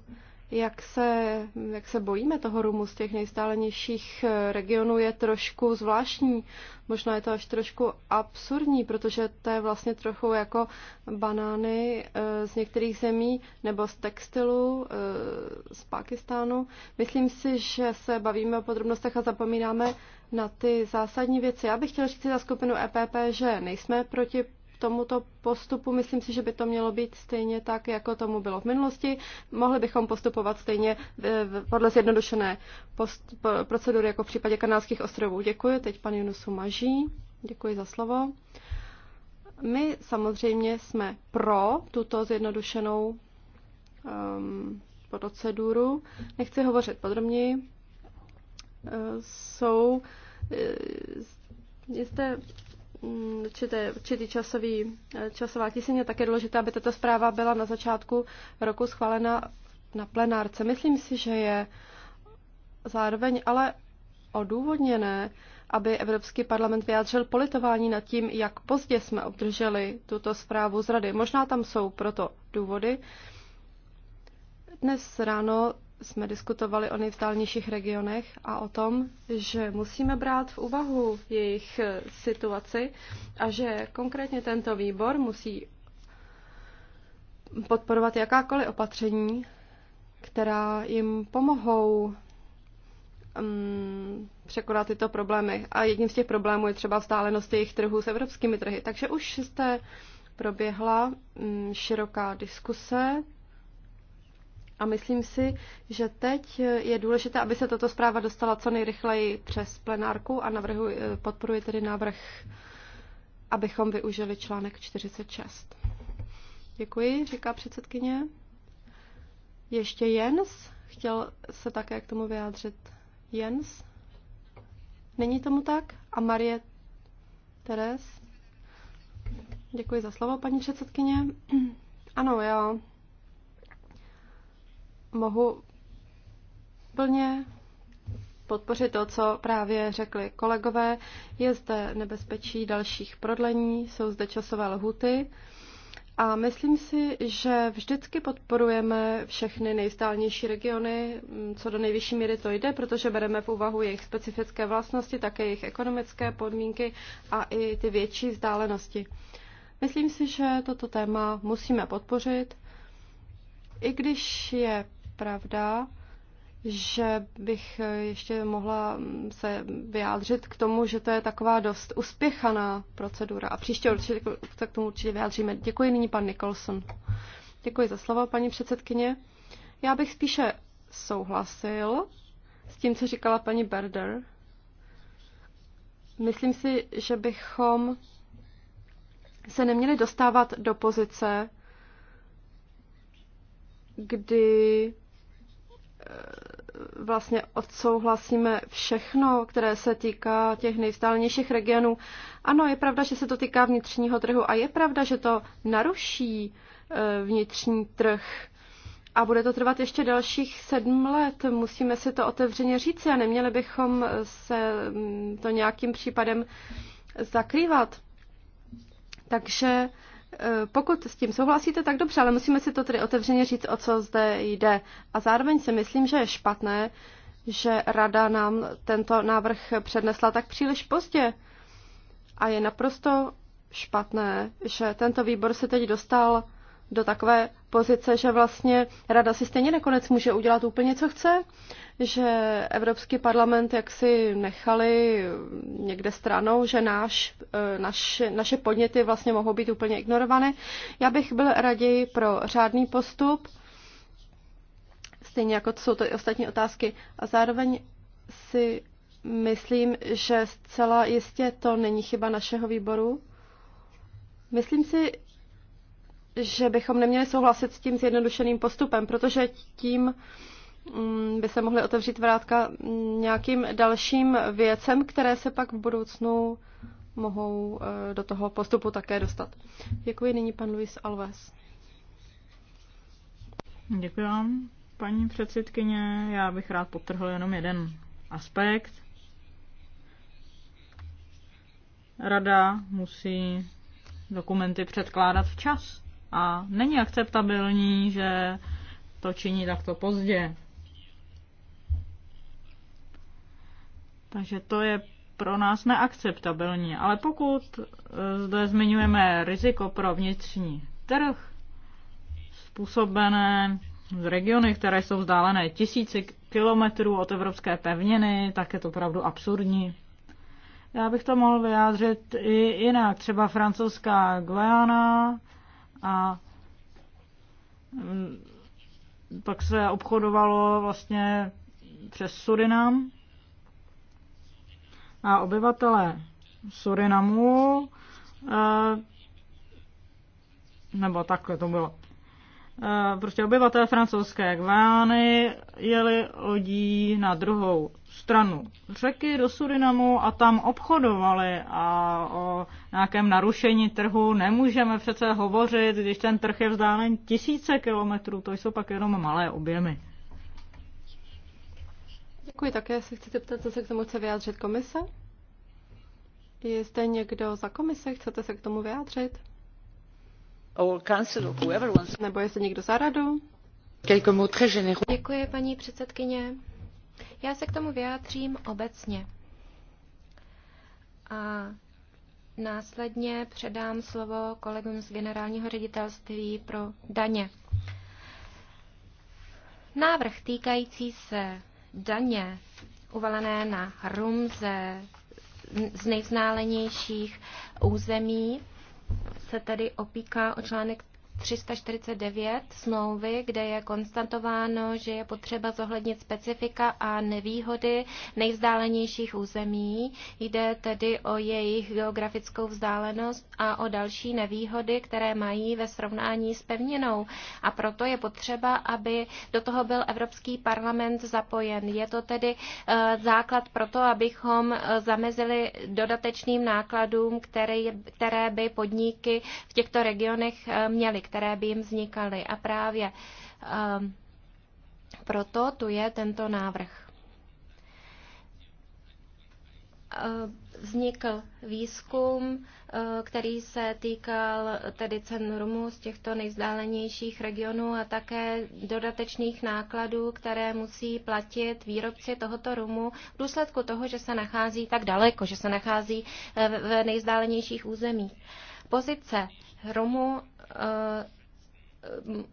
Speaker 2: jak se, jak se bojíme toho rumu z těch nejstálenějších eh, regionů, je trošku zvláštní. Možná je to až trošku absurdní, protože to je vlastně trochu jako banány eh, z některých zemí nebo z textilu eh, z Pakistánu. Myslím si, že se bavíme o podrobnostech a zapomínáme na ty zásadní věci. Já bych chtěla říct za skupinu EPP, že nejsme proti tomuto postupu. Myslím si, že by to mělo být stejně tak, jako tomu bylo v minulosti. Mohli bychom postupovat stejně eh, podle zjednodušené post- procedury, jako v případě kanálských ostrovů. Děkuji. Teď pan Junusu Maží. Děkuji za slovo. My samozřejmě jsme pro tuto zjednodušenou um, proceduru. Nechci hovořit podrobněji. Eh, jsou uh, eh, zde určité, určitý časový, časová tíseň je důležité, aby tato zpráva byla na začátku roku schválena na plenárce. Myslím si, že je zároveň ale odůvodněné, aby Evropský parlament vyjádřil politování nad tím, jak pozdě jsme obdrželi tuto zprávu z Rady. Možná tam jsou proto důvody. Dnes ráno jsme diskutovali o nejvzdálnějších regionech a o tom, že musíme brát v úvahu jejich eh, situaci a že konkrétně tento výbor musí podporovat jakákoliv opatření, která jim pomohou um, překonat tyto problémy. A jedním z těch problémů je třeba vzdálenost jejich trhů s evropskými trhy. Takže už jste proběhla um, široká diskuse a myslím si, že teď je důležité, aby se tato zpráva dostala co nejrychleji přes plenárku a navrhuji, podporuji tedy návrh, abychom využili článek 46. Děkuji, říká předsedkyně. Ještě Jens? Chtěl se také k tomu vyjádřit Jens? Není tomu tak? A Marie Teres? Děkuji za slovo, paní předsedkyně. Ano, jo mohu plně podpořit to, co právě řekli kolegové. Je zde nebezpečí dalších prodlení, jsou zde časové lhuty. A myslím si, že vždycky podporujeme všechny nejstálnější regiony, co do nejvyšší míry to jde, protože bereme v úvahu jejich specifické vlastnosti, také jejich ekonomické podmínky a i ty větší vzdálenosti. Myslím si, že toto téma musíme podpořit, i když je pravda, že bych ještě mohla se vyjádřit k tomu, že to je taková dost uspěchaná procedura. A příště určitě, se k tomu určitě vyjádříme. Děkuji nyní pan Nicholson. Děkuji za slovo, paní předsedkyně. Já bych spíše souhlasil s tím, co říkala paní Berder. Myslím si, že bychom se neměli dostávat do pozice, kdy Eh, vlastně odsouhlasíme všechno, které se týká těch nejvzdálenějších regionů. Ano, je pravda, že se to týká vnitřního trhu a je pravda, že to naruší eh, vnitřní trh. A bude to trvat ještě dalších sedm let. Musíme si to otevřeně říci a neměli bychom se mm, to nějakým případem zakrývat. Takže Eh, pokud s tím souhlasíte, tak dobře, ale musíme si to tedy otevřeně říct, o co zde jde. A zároveň si myslím, že je špatné, že Rada nám tento návrh přednesla tak příliš pozdě. A je naprosto špatné, že tento výbor se teď dostal do takové pozice, že vlastně rada si stejně nakonec může udělat úplně, co chce, že Evropský parlament jak si nechali někde stranou, že náš, e, naš, naše podněty vlastně mohou být úplně ignorovány. Já bych byl raději pro řádný postup, stejně jako jsou to i ostatní otázky. A zároveň si myslím, že zcela jistě to není chyba našeho výboru. Myslím si, že bychom neměli souhlasit s tím zjednodušeným postupem, protože tím mm, by se mohly otevřít vrátka nějakým dalším věcem, které se pak v budoucnu mohou eh, do toho postupu také dostat. Děkuji nyní
Speaker 3: pan Luis Alves. Děkuji vám, paní předsedkyně. Já bych rád potrhl jenom jeden aspekt. Rada musí dokumenty předkládat včas a není akceptabilní, že to činí takto pozdě. Takže to je pro nás neakceptabilní. Ale pokud e, zde zmiňujeme riziko pro vnitřní trh, způsobené z regiony, které jsou vzdálené tisíci kilometrů od evropské pevniny, tak je to opravdu absurdní. Já bych to mohl vyjádřit i jinak. Třeba francouzská Guiana a mm, pak se obchodovalo vlastně přes Surinam a obyvatelé Surinamu e, nebo takhle to bylo. E, prostě obyvatelé francouzské Gvány jeli lodí na druhou stranu řeky do Surinamu a tam obchodovali a o nějakém narušení trhu nemůžeme přece hovořit, když ten trh je vzdálen tisíce kilometrů, to jsou pak jenom malé objemy.
Speaker 2: Děkuji také, se chci zeptat, co se k tomu chce vyjádřit komise? Je zde někdo za komise, chcete se k tomu vyjádřit?
Speaker 3: Or council, whoever
Speaker 1: wants. Nebo jestli někdo za radu? Děkuji, paní předsedkyně. Já se k tomu vyjádřím obecně. A následně předám slovo kolegům z generálního ředitelství pro daně. Návrh týkající se daně uvalené na rum ze, z nejználenějších území se tedy opíká o článek 349 smlouvy, kde je konstatováno, že je potřeba zohlednit specifika a nevýhody nejvzdálenějších území. Jde tedy o jejich geografickou vzdálenost a o další nevýhody, které mají ve srovnání s pevninou. A proto je potřeba, aby do toho byl Evropský parlament zapojen. Je to tedy eh, základ pro to, abychom eh, zamezili dodatečným nákladům, které by podniky v těchto regionech eh, měly které by jim vznikaly. A právě um, proto tu je tento návrh. Ehm, vznikl výzkum, ehm, který se týkal tedy cen rumu z těchto nejvzdálenějších regionů a také dodatečných nákladů, které musí platit výrobci tohoto rumu v důsledku toho, že se nachází tak daleko, že se nachází eh, v nejvzdálenějších územích. Pozice rumu Eh,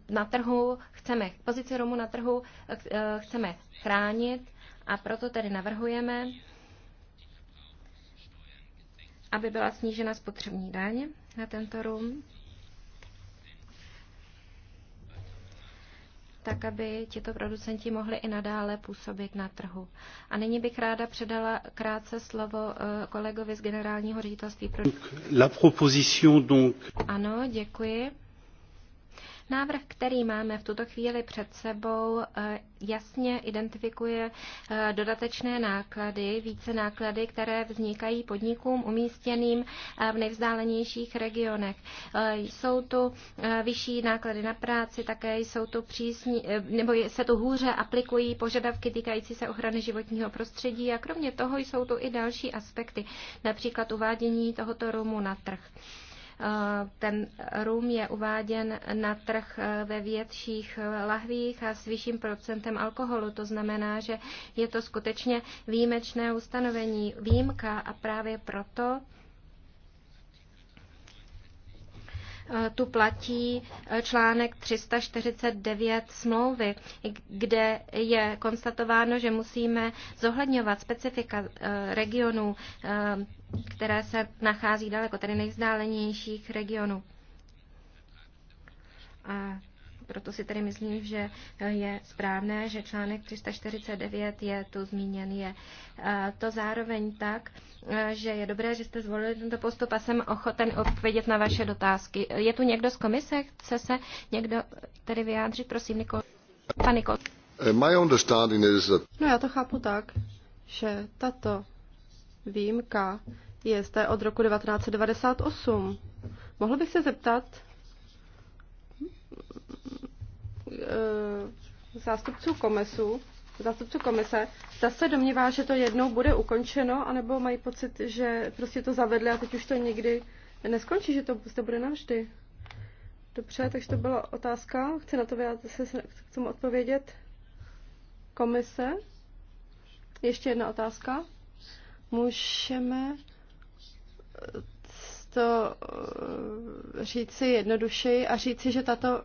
Speaker 1: na trhu, chceme pozici Romů na trhu eh, chceme chránit a proto tedy navrhujeme, aby byla snížena spotřební daň na tento rum. tak aby tito producenti mohli i nadále působit na trhu. A nyní bych ráda předala krátce slovo eh, kolegovi z generálního ředitelství.
Speaker 5: La proposition donc.
Speaker 1: Ano, děkuji. Návrh, který máme v tuto chvíli před sebou, eh, jasně identifikuje eh, dodatečné náklady, více náklady, které vznikají podnikům umístěným eh, v nejvzdálenějších regionech. Jsou tu vyšší náklady na práci, také jsou tu přísní, nebo se tu hůře aplikují požadavky týkající se ochrany životního prostředí a kromě toho jsou tu i další aspekty, například uvádění tohoto rumu na trh. Eh, ten rum je uváděn na trh eh, ve větších eh, lahvích a s vyšším procentem alkoholu. To znamená, že je to skutečně výjimečné ustanovení, výjimka a právě proto Eh, tu platí eh, článek 349 smlouvy, kde je konstatováno, že musíme zohledňovat specifika eh, regionů, které se nachází daleko, tedy nejvzdálenějších regionů. A proto si tedy myslím, že eh, je správné, že článek 349 je tu zmíněn. Je eh, to zároveň tak, eh, že je dobré, že jste zvolili tento postup a jsem ochoten odpovědět na vaše dotázky. Je tu někdo z komise? Chce se někdo tedy vyjádřit? Prosím, Nikol. Pan Nikol.
Speaker 5: My understanding is that...
Speaker 1: No já to chápu tak, že tato výjimka
Speaker 2: je zde od roku 1998. Mohl bych se zeptat, Eh, zástupců komesu, zástupců komise, zda se domnívá, že to jednou bude ukončeno, anebo mají pocit, že prostě to zavedli a teď už to nikdy neskončí, že to, prostě bude navždy. Dobře, takže to byla otázka. Chci na to vyjádřit, se k tomu odpovědět. Komise. Ještě jedna otázka. Můžeme to eh, říci jednodušeji a říci, že tato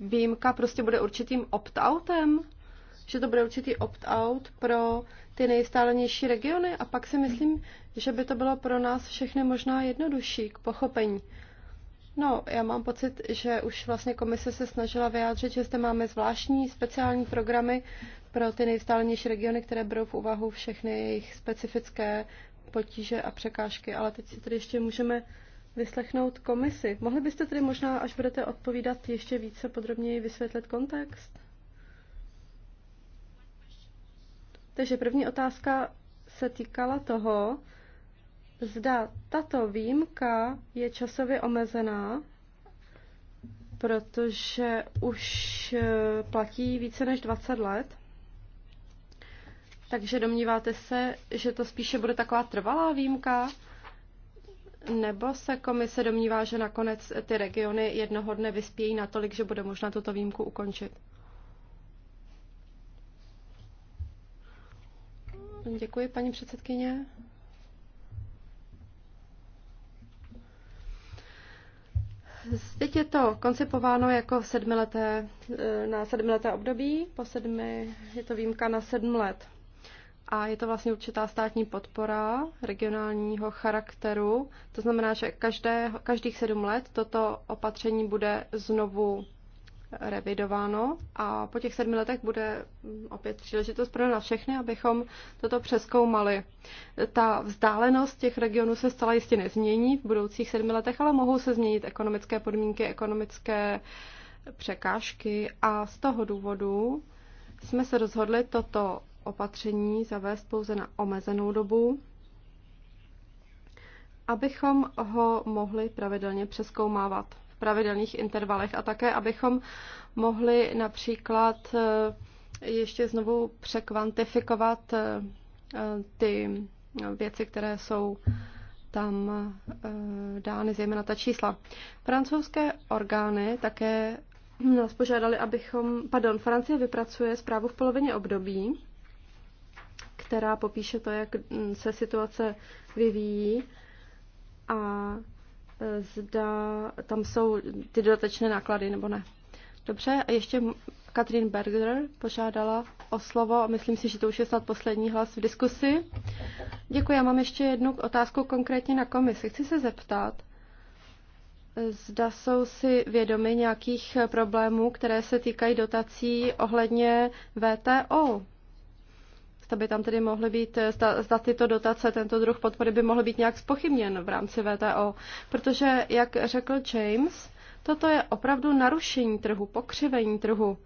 Speaker 2: výjimka prostě bude určitým opt-outem? Že to bude určitý opt-out pro ty nejstálenější regiony? A pak si myslím, že by to bylo pro nás všechny možná jednodušší k pochopení. No, já mám pocit, že už vlastně komise se snažila vyjádřit, že zde máme zvláštní speciální programy pro ty nejvzdálenější regiony, které berou v úvahu všechny jejich specifické potíže a překážky. Ale teď si tady ještě můžeme vyslechnout komisi. Mohli byste tedy možná, až budete odpovídat, ještě více podrobněji vysvětlit kontext? Takže první otázka se týkala toho, zda tato výjimka je časově omezená, protože už eh, platí více než 20 let. Takže domníváte se, že to spíše bude taková trvalá výjimka, nebo se komise domnívá, že nakonec ty regiony jednoho dne vyspějí natolik, že bude možná tuto výjimku ukončit? Děkuji, paní předsedkyně. Teď je to koncipováno jako sedmileté, eh, na sedmileté období, po sedmi je to výjimka na sedm let a je to vlastně určitá státní podpora regionálního charakteru. To znamená, že každé, každých sedm let toto opatření bude znovu revidováno a po těch sedmi letech bude opět příležitost pro nás všechny, abychom toto přeskoumali. Ta vzdálenost těch regionů se zcela jistě nezmění v budoucích sedmi letech, ale mohou se změnit ekonomické podmínky, ekonomické překážky a z toho důvodu jsme se rozhodli toto opatření zavést pouze na omezenou dobu, abychom ho mohli pravidelně přeskoumávat v pravidelných intervalech a také, abychom mohli například eh, ještě znovu překvantifikovat eh, ty věci, které jsou tam eh, dány, zejména ta čísla. Francouzské orgány také nás požádali, abychom, pardon, Francie vypracuje zprávu v polovině období která popíše to, jak mm, se situace vyvíjí a e, zda tam jsou ty dodatečné náklady nebo ne. Dobře, a ještě Katrin Berger požádala o slovo a myslím si, že to už je snad poslední hlas v diskusi. Děkuji, já mám ještě jednu otázku konkrétně na komisi. Chci se zeptat, zda jsou si vědomi nějakých problémů, které se týkají dotací ohledně VTO zda by tam tedy mohly být, zda, zda tyto dotace, tento druh podpory by mohl být nějak spochybněn v rámci VTO. Protože, jak řekl James, toto je opravdu narušení trhu, pokřivení trhu.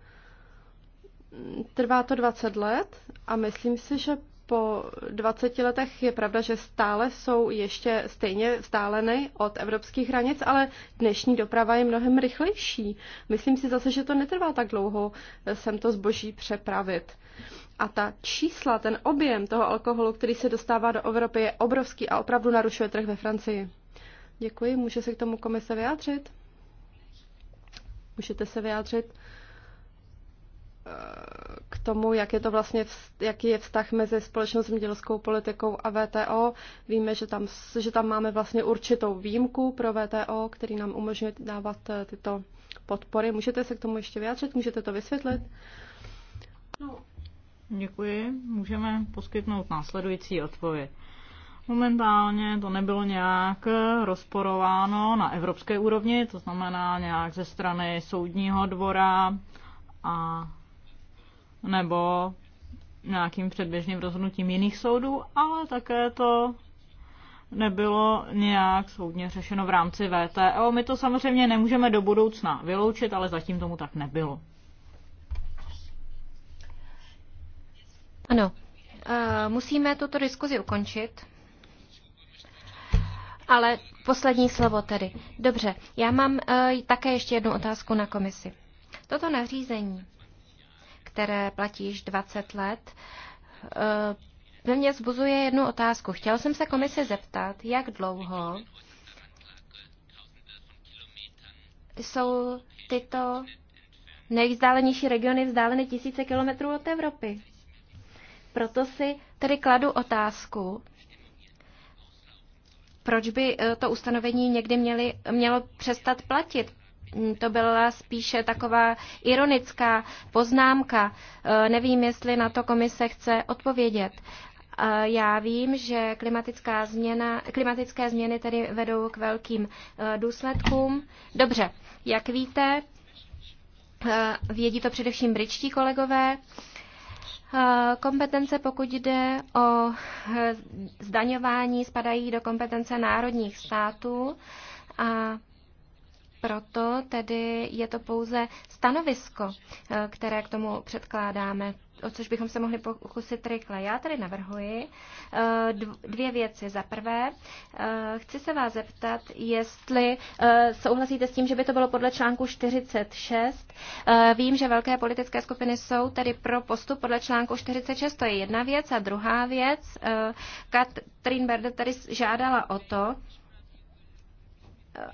Speaker 2: Trvá to 20 let a myslím si, že po 20 letech je pravda, že stále jsou ještě stejně vzdáleny od evropských hranic, ale dnešní doprava je mnohem rychlejší. Myslím si zase, že to netrvá tak dlouho eh, sem to zboží přepravit. A ta čísla, ten objem toho alkoholu, který se dostává do Evropy, je obrovský a opravdu narušuje trh ve Francii. Děkuji. Může se k tomu komise vyjádřit? Můžete se vyjádřit? k tomu, jak je to vlastně, jaký je vztah mezi společnou zemědělskou politikou a VTO. Víme, že tam, že tam máme vlastně určitou výjimku pro VTO, který nám umožňuje dávat eh, tyto podpory. Můžete se k tomu ještě vyjádřit? Můžete to vysvětlit?
Speaker 3: No. Děkuji. Můžeme poskytnout následující odpověď. Momentálně to nebylo nějak eh, rozporováno na evropské úrovni, to znamená nějak ze strany soudního dvora a nebo nějakým předběžným rozhodnutím jiných soudů, ale také to nebylo nějak soudně řešeno v rámci VTO. My to samozřejmě nemůžeme do budoucna vyloučit, ale zatím tomu tak nebylo.
Speaker 1: Ano, eh, musíme tuto diskuzi ukončit. Ale poslední slovo tedy. Dobře, já mám eh, také ještě jednu otázku na komisi. Toto nařízení které platí již 20 let, eh, ve mně zbuzuje jednu otázku. Chtěl jsem se Komise zeptat, jak dlouho jsou tyto nejvzdálenější regiony vzdáleny tisíce kilometrů od Evropy. Proto si tedy kladu otázku, proč by eh, to ustanovení někdy měli, mělo přestat platit? Mm, to byla spíše taková ironická poznámka. E, nevím, jestli na to komise chce odpovědět. E, já vím, že klimatická změna, klimatické změny tedy vedou k velkým e, důsledkům. Dobře, jak víte, vědí to především britští kolegové, Kompetence, pokud jde o zdaňování, spadají do kompetence národních států a proto tedy je to pouze stanovisko, eh, které k tomu předkládáme o což bychom se mohli pokusit rychle. Já tady navrhuji eh, dvě věci. Za prvé, eh, chci se vás zeptat, jestli souhlasíte s tím, že by to bylo podle článku 46. Vím, že velké politické skupiny jsou tedy pro postup podle článku 46. To je jedna věc. A druhá věc, Katrin Berde tady žádala o to,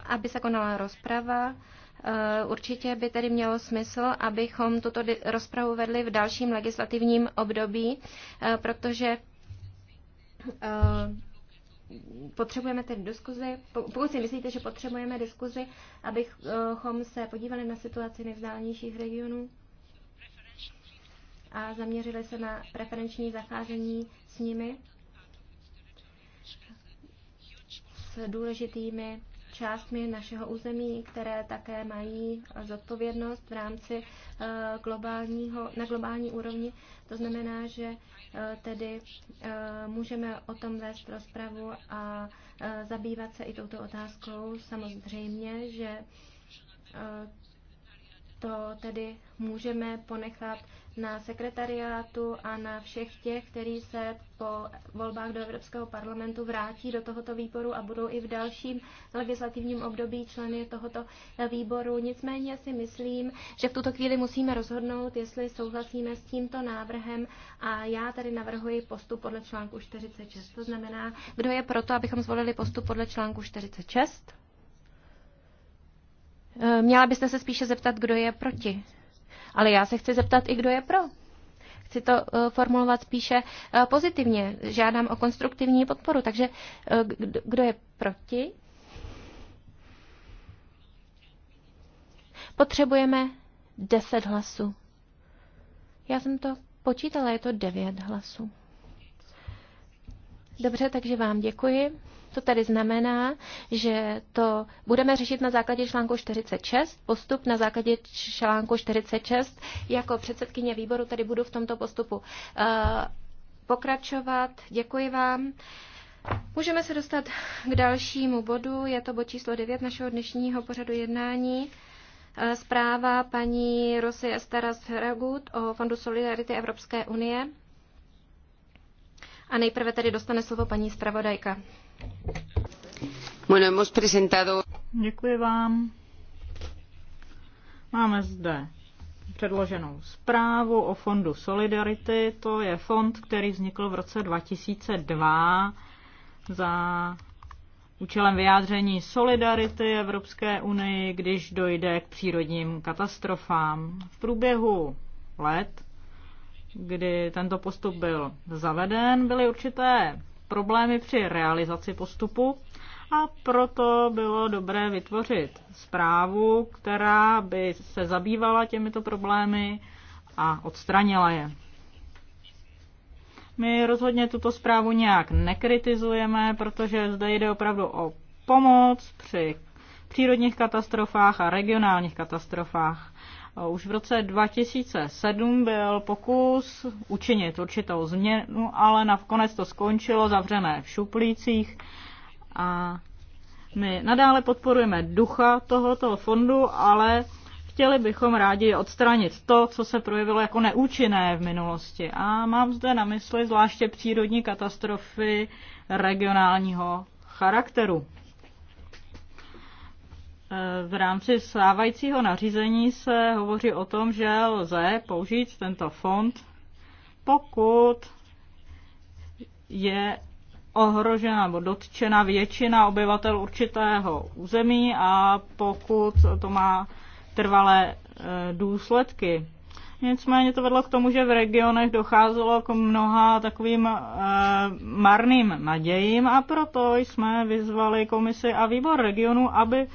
Speaker 1: aby se konala rozprava. Eh, určitě by tedy mělo smysl, abychom tuto rozpravu vedli v dalším legislativním období, eh, protože eh, potřebujeme tedy diskuzi, pokud si myslíte, že potřebujeme diskuzi, abychom se podívali na situaci nejvzdálenějších regionů a zaměřili se na preferenční zacházení s nimi, s důležitými částmi našeho území, které také mají zodpovědnost v rámci eh, globálního, na globální úrovni. To znamená, že eh, tedy eh, můžeme o tom vést rozpravu a zabývat se i touto otázkou. Samozřejmě, že to tedy můžeme ponechat na sekretariátu a na všech těch, kteří se po volbách do Evropského parlamentu vrátí do tohoto výboru a budou i v dalším legislativním období členy tohoto výboru. Nicméně si myslím, že v tuto chvíli musíme rozhodnout, jestli souhlasíme s tímto návrhem a já tady navrhuji postup podle článku 46. To znamená, kdo je proto, abychom zvolili postup podle článku 46? Eh, měla byste se spíše zeptat, kdo je proti. Ale já se chci zeptat i, kdo je pro. Chci to eh, formulovat spíše eh, pozitivně. Žádám o konstruktivní podporu. Takže kdo je proti? Potřebujeme 10 hlasů. Já jsem to počítala, je to 9 hlasů. Dobře, takže vám děkuji. To tedy znamená, že to budeme řešit na základě článku 46, postup na základě článku 46. Jako předsedkyně výboru tedy budu v tomto postupu eh, pokračovat. Děkuji vám. Můžeme se dostat k dalšímu bodu, je to bod číslo 9 našeho dnešního pořadu jednání. Eh, zpráva paní Rosy Estaras Ferragut o Fondu Solidarity Evropské unie. A nejprve tedy dostane slovo paní zpravodajka.
Speaker 3: Bueno, hemos presentado... Děkuji vám. Máme zde předloženou zprávu o fondu Solidarity. To je fond, který vznikl v roce 2002 za účelem vyjádření solidarity Evropské unii, když dojde k přírodním katastrofám. V průběhu let, kdy tento postup byl zaveden, byly určité problémy při realizaci postupu a proto bylo dobré vytvořit zprávu, která by se zabývala těmito problémy a odstranila je. My rozhodně tuto zprávu nějak nekritizujeme, protože zde jde opravdu o pomoc při přírodních katastrofách a regionálních katastrofách. Už v roce 2007 byl pokus učinit určitou změnu, ale nakonec to skončilo zavřené v šuplících a my nadále podporujeme ducha tohoto fondu, ale chtěli bychom rádi odstranit to, co se projevilo jako neúčinné v minulosti. A mám zde na mysli zvláště přírodní katastrofy regionálního charakteru v rámci stávajícího nařízení se hovoří o tom, že lze použít tento fond, pokud je ohrožena nebo dotčena většina obyvatel určitého území a pokud to má trvalé e, důsledky. Nicméně to vedlo k tomu, že v regionech docházelo k mnoha takovým e, marným nadějím a proto jsme vyzvali komisi a výbor regionu, aby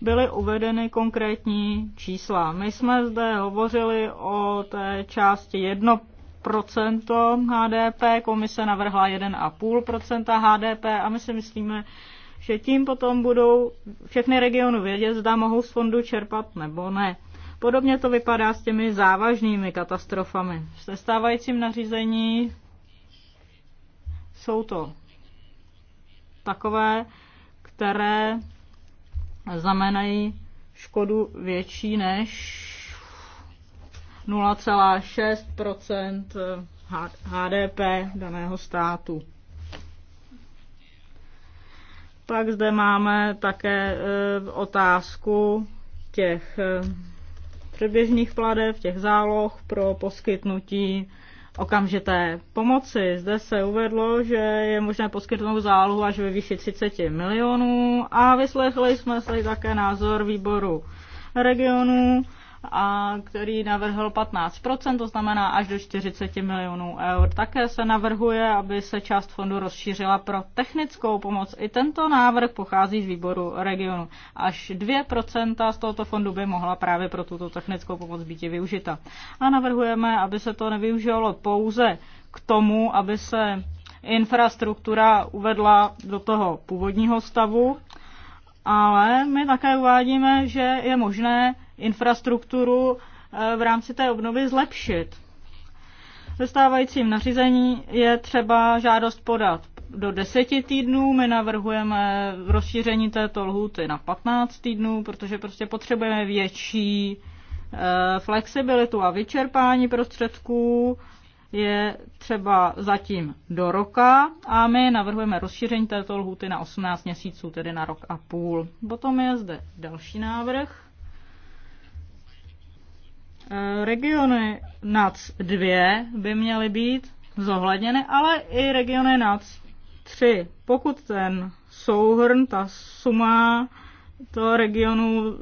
Speaker 3: byly uvedeny konkrétní čísla. My jsme zde hovořili o té části 1% HDP, komise navrhla 1,5% HDP a my si myslíme, že tím potom budou všechny regiony vědět, zda mohou z fondu čerpat nebo ne. Podobně to vypadá s těmi závažnými katastrofami. V stávajícím nařízení jsou to takové, které znamenají škodu větší než 0,6 eh, HDP daného státu. Pak zde máme také eh, otázku těch eh, předběžných pladeb, těch záloh pro poskytnutí okamžité pomoci. Zde se uvedlo, že je možné poskytnout zálohu až ve výši 30 milionů a vyslechli jsme se také názor výboru regionů a který navrhl 15%, to znamená až do 40 milionů eur. Také se navrhuje, aby se část fondu rozšířila pro technickou pomoc. I tento návrh pochází z výboru regionu. Až 2% z tohoto fondu by mohla právě pro tuto technickou pomoc být využita. A navrhujeme, aby se to nevyužívalo pouze k tomu, aby se infrastruktura uvedla do toho původního stavu, ale my také uvádíme, že je možné infrastrukturu eh, v rámci té obnovy zlepšit. Ve stávajícím nařízení je třeba žádost podat do deseti týdnů, my navrhujeme rozšíření této lhůty na 15 týdnů, protože prostě potřebujeme větší eh, flexibilitu a vyčerpání prostředků je třeba zatím do roka a my navrhujeme rozšíření této lhůty na 18 měsíců, tedy na rok a půl. Potom je zde další návrh, Eh, regiony NAC 2 by měly být zohledněny, ale i regiony NAC 3. Pokud ten souhrn, ta suma toho regionu eh,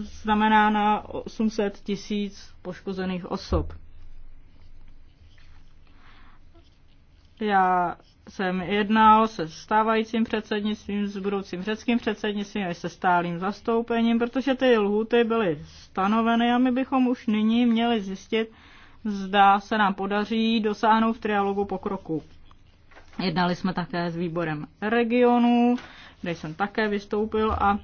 Speaker 3: znamená na 800 tisíc poškozených osob. Já jsem jednal se stávajícím předsednictvím, s budoucím řeckým předsednictvím a se stálým zastoupením, protože ty lhuty byly stanoveny a my bychom už nyní měli zjistit, zda se nám podaří dosáhnout v trialogu pokroku. Jednali jsme také s výborem regionů, kde jsem také vystoupil a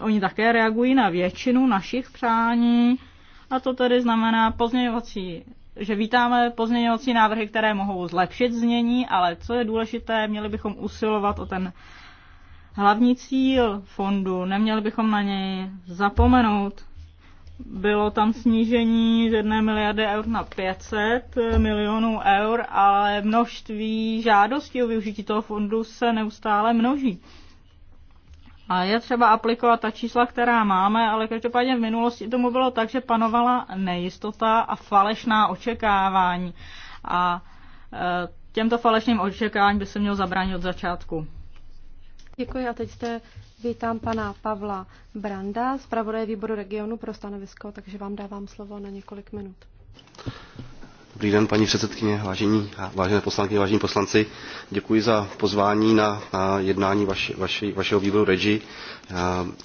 Speaker 3: oni také reagují na většinu našich přání a to tedy znamená pozměňovací že vítáme pozměňovací návrhy, které mohou zlepšit znění, ale co je důležité, měli bychom usilovat o ten hlavní cíl fondu, neměli bychom na něj zapomenout. Bylo tam snížení z jedné miliardy eur na 500 milionů eur, ale množství žádostí o využití toho fondu se neustále množí. A je třeba aplikovat ta čísla, která máme, ale každopádně v minulosti tomu bylo tak, že panovala nejistota a falešná očekávání. A e, těmto falešným očekáváním by se mělo zabránit od začátku.
Speaker 2: Děkuji a teď jste vítám pana Pavla Branda, zpravodaj výboru regionu pro stanovisko, takže vám dávám slovo na několik minut.
Speaker 5: Dobrý den, paní předsedkyně, vážení, vážené poslankyně, vážení poslanci. Děkuji za pozvání na, na jednání vaš, vaš, vašeho výboru REGI.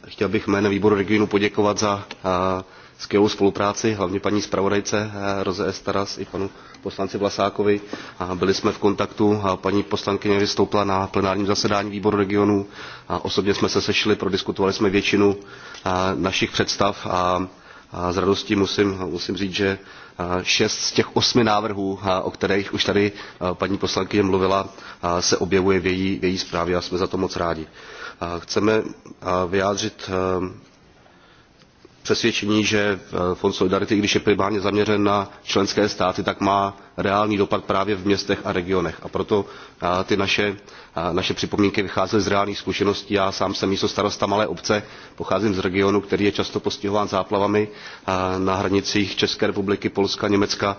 Speaker 5: Chtěl bych jménem výboru regionu poděkovat za skvělou spolupráci, hlavně paní zpravodajce Roze Estaras i panu poslanci Vlasákovi. Byli jsme v kontaktu, paní poslankyně vystoupila na plenárním zasedání výboru regionu. Osobně jsme se sešli, prodiskutovali jsme většinu našich představ a a s radostí musím, musím říct, že šest z těch osmi návrhů, o kterých už tady paní poslankyně mluvila, se objevuje v její, v její zprávě a jsme za to moc rádi. Chceme vyjádřit přesvědčení, že Fond Solidarity, když je primárně zaměřen na členské státy, tak má reálný dopad právě v městech a regionech. A proto ty naše, naše připomínky vycházely z reálných zkušeností. Já sám jsem místo starosta malé obce, pocházím z regionu, který je často postihován záplavami na hranicích České republiky, Polska, Německa.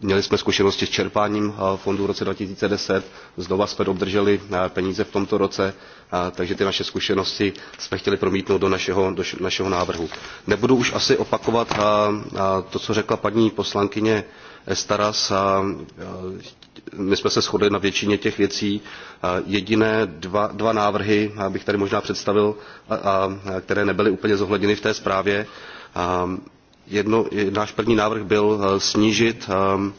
Speaker 5: Měli jsme zkušenosti s čerpáním fondů v roce 2010. Znova jsme obdrželi peníze v tomto roce, takže ty naše zkušenosti jsme chtěli promítnout do našeho, do našeho návrhu. Nebudu už asi opakovat to, co řekla paní poslankyně Estaras a my jsme se shodli na většině těch věcí. Jediné dva, dva návrhy bych tady možná představil, a, a, které nebyly úplně zohledněny v té zprávě. A, jedno, náš první návrh byl e, snížit e,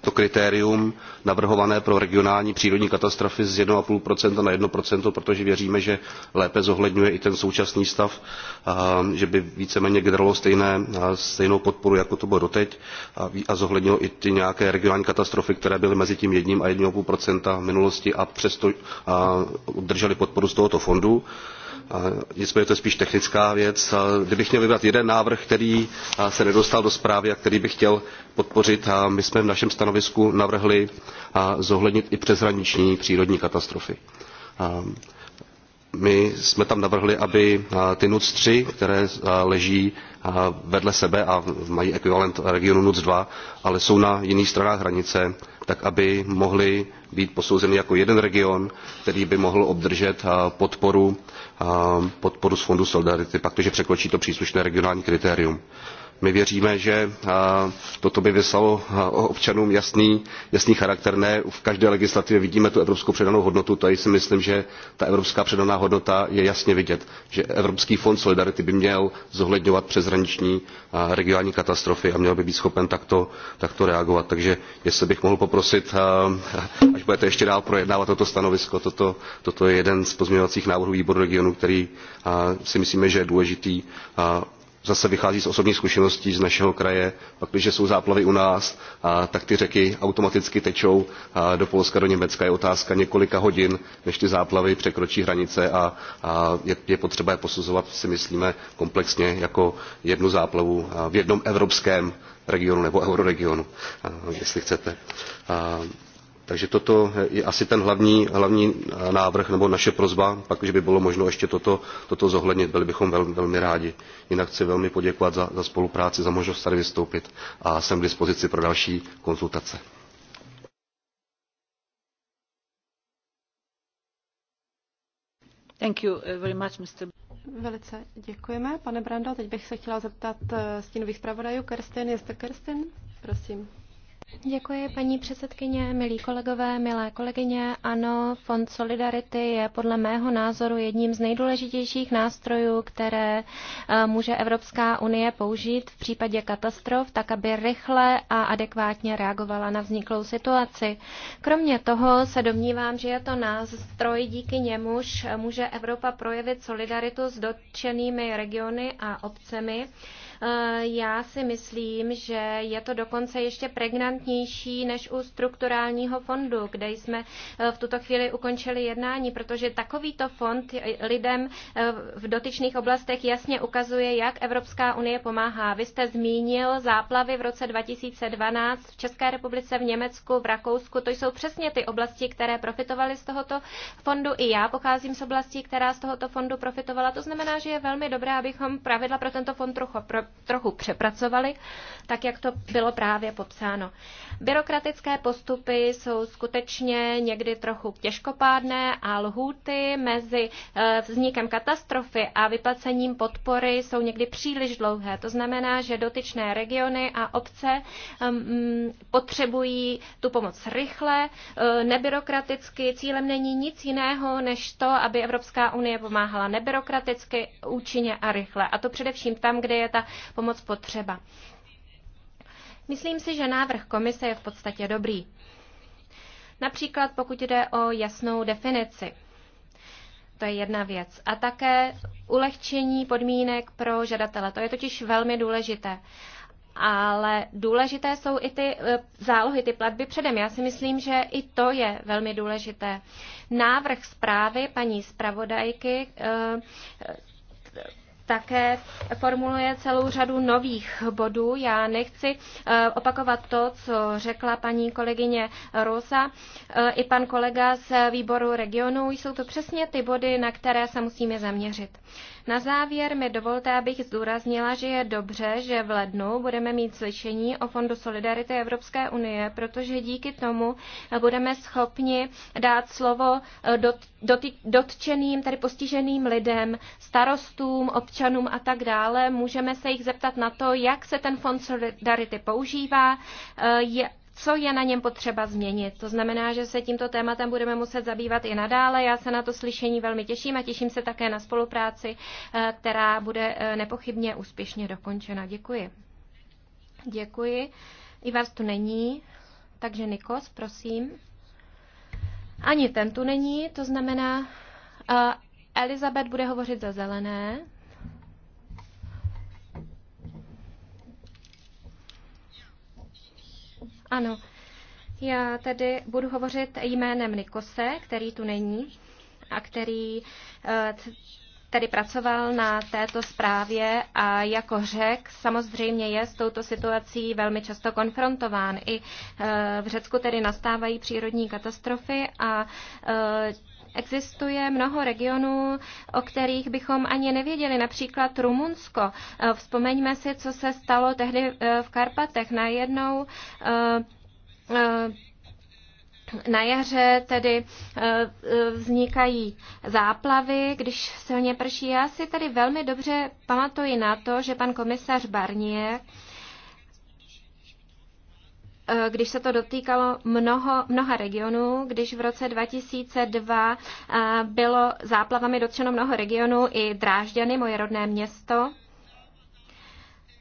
Speaker 5: to kritérium navrhované pro regionální přírodní katastrofy z one five na one protože věříme že lépe zohledňuje i ten současný stav že by víceméně generovalo stejné, stejnou podporu jako to bylo doteď a, a zohlednilo i ty nějaké regionální katastrofy které byly mezi tím jedním a one five v minulosti a přesto obdržely podporu z tohoto fondu nicméně to je spíš technická věc. Kdybych měl vybrat jeden návrh, který se nedostal do zprávy a který bych chtěl podpořit, my jsme v našem stanovisku navrhli zohlednit i přeshraniční přírodní katastrofy. My jsme tam navrhli, aby ty NUC 3, které leží vedle sebe a mají ekvivalent regionu NUC 2, ale jsou na jiných stranách hranice, tak aby mohly být posouzeny jako jeden region, který by mohl obdržet podporu, podporu z Fondu Solidarity, pakliže překročí to příslušné regionální kritérium. My věříme, že toto by vyslalo občanům jasný, jasný charakter. Ne v každé legislativě vidíme tu evropskou předanou hodnotu. Tady si myslím, že ta evropská předaná hodnota je jasně vidět, že Evropský fond solidarity by měl zohledňovat přeshraniční regionální katastrofy a měl by být schopen takto, takto reagovat. Takže jestli bych mohl poprosit, až budete ještě dál projednávat toto stanovisko, toto, toto je jeden z pozměňovacích návrhů výboru regionu, který si myslíme, že je důležitý zase vychází z osobních zkušeností z našeho kraje, pak když jsou záplavy u nás, a, tak ty řeky automaticky tečou a, do Polska, do Německa. Je otázka několika hodin, než ty záplavy překročí hranice a, a je, je potřeba je posuzovat, si myslíme, komplexně jako jednu záplavu v jednom evropském regionu nebo euroregionu, jestli chcete. A, takže toto je asi ten hlavní, hlavní návrh nebo naše prozba. Pak, když by bylo možno ještě toto, toto zohlednit, byli bychom velmi, velmi rádi. Jinak chci velmi poděkovat za, za spolupráci, za možnost tady vystoupit a jsem k dispozici pro další konzultace.
Speaker 3: Thank you uh, very much, Mr. Velice
Speaker 2: děkujeme. Pane Brando, teď bych se chtěla zeptat eh, stínových zpravodajů. Kerstin, jste Kerstin? Prosím.
Speaker 1: Děkuji, paní předsedkyně, milí kolegové, milé kolegyně. Ano, Fond Solidarity je podle mého názoru jedním z nejdůležitějších nástrojů, které eh, může Evropská unie použít v případě katastrof, tak aby rychle a adekvátně reagovala na vzniklou situaci. Kromě toho se domnívám, že je to nástroj, díky němuž může Evropa projevit solidaritu s dotčenými regiony a obcemi. Eh, já si myslím, že je to dokonce ještě pregnantnější než u strukturálního fondu, kde jsme eh, v tuto chvíli ukončili jednání, protože takovýto fond eh, lidem v dotyčných oblastech jasně ukazuje, jak Evropská unie pomáhá. Vy jste zmínil záplavy v roce 2012 v České republice, v Německu, v Rakousku. To jsou přesně ty oblasti, které profitovaly z tohoto fondu. I já pocházím z oblasti, která z tohoto fondu profitovala. To znamená, že je velmi dobré, abychom pravidla pro tento fond trochu pro trochu přepracovali, tak jak to bylo právě popsáno. Byrokratické postupy jsou skutečně někdy trochu těžkopádné a lhůty mezi eh, vznikem katastrofy a vyplacením podpory jsou někdy příliš dlouhé. To znamená, že dotyčné regiony a obce mm, potřebují tu pomoc rychle, eh, nebyrokraticky. Cílem není nic jiného, než to, aby Evropská unie pomáhala nebyrokraticky, účinně a rychle. A to především tam, kde je ta pomoc potřeba. Myslím si, že návrh komise je v podstatě dobrý. Například pokud jde o jasnou definici. To je jedna věc. A také ulehčení podmínek pro žadatele. To je totiž velmi důležité. Ale důležité jsou i ty e, zálohy, ty platby předem. Já si myslím, že i to je velmi důležité. Návrh zprávy paní zpravodajky e, také formuluje celou řadu nových bodů. Já nechci eh, opakovat to, co řekla paní kolegyně Rosa eh, i pan kolega z výboru regionu. Jsou to přesně ty body, na které se musíme zaměřit. Na závěr mi dovolte, abych zdůraznila, že je dobře, že v lednu budeme mít slyšení o Fondu Solidarity Evropské unie, protože díky tomu budeme schopni dát slovo eh, dot, dot, dotčeným, tedy postiženým lidem, starostům, občanům a tak dále. Můžeme se jich zeptat na to, jak se ten Fond Solidarity používá, eh, je, co je na něm potřeba změnit. To znamená, že se tímto tématem budeme muset zabývat i nadále. Já se na to slyšení velmi těším a těším se také na spolupráci, eh, která bude eh, nepochybně úspěšně dokončena. Děkuji. Děkuji. I vás tu není, takže Nikos, prosím. Ani ten tu není, to znamená, eh, Elizabeth bude hovořit za zelené. Ano, já tedy budu hovořit jménem Nikose, který tu není a který eh, tady pracoval na této zprávě a jako řek samozřejmě je s touto situací velmi často konfrontován. I eh, v Řecku tedy nastávají přírodní katastrofy a eh, existuje mnoho regionů, o kterých bychom ani nevěděli, například Rumunsko. E, vzpomeňme si, co se stalo tehdy e, v Karpatech. Najednou e, na jaře tedy vznikají záplavy, když silně prší. Já si tady velmi dobře pamatuji na to, že pan komisař Barnier Eh, když se to dotýkalo mnoho, mnoha regionů, když v roce 2002 eh, bylo záplavami dotčeno mnoho regionů i Drážďany, moje rodné město,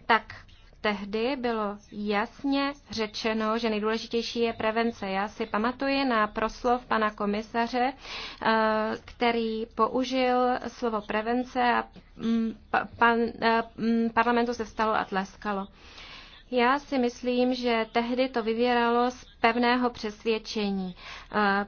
Speaker 1: tak tehdy bylo jasně řečeno, že nejdůležitější je prevence. Já si pamatuji na proslov pana komisaře, eh, který použil slovo prevence a mm, pan, mm, parlamentu se stalo a tleskalo. Já si myslím, že tehdy to vyvíralo z pevného přesvědčení. Eh,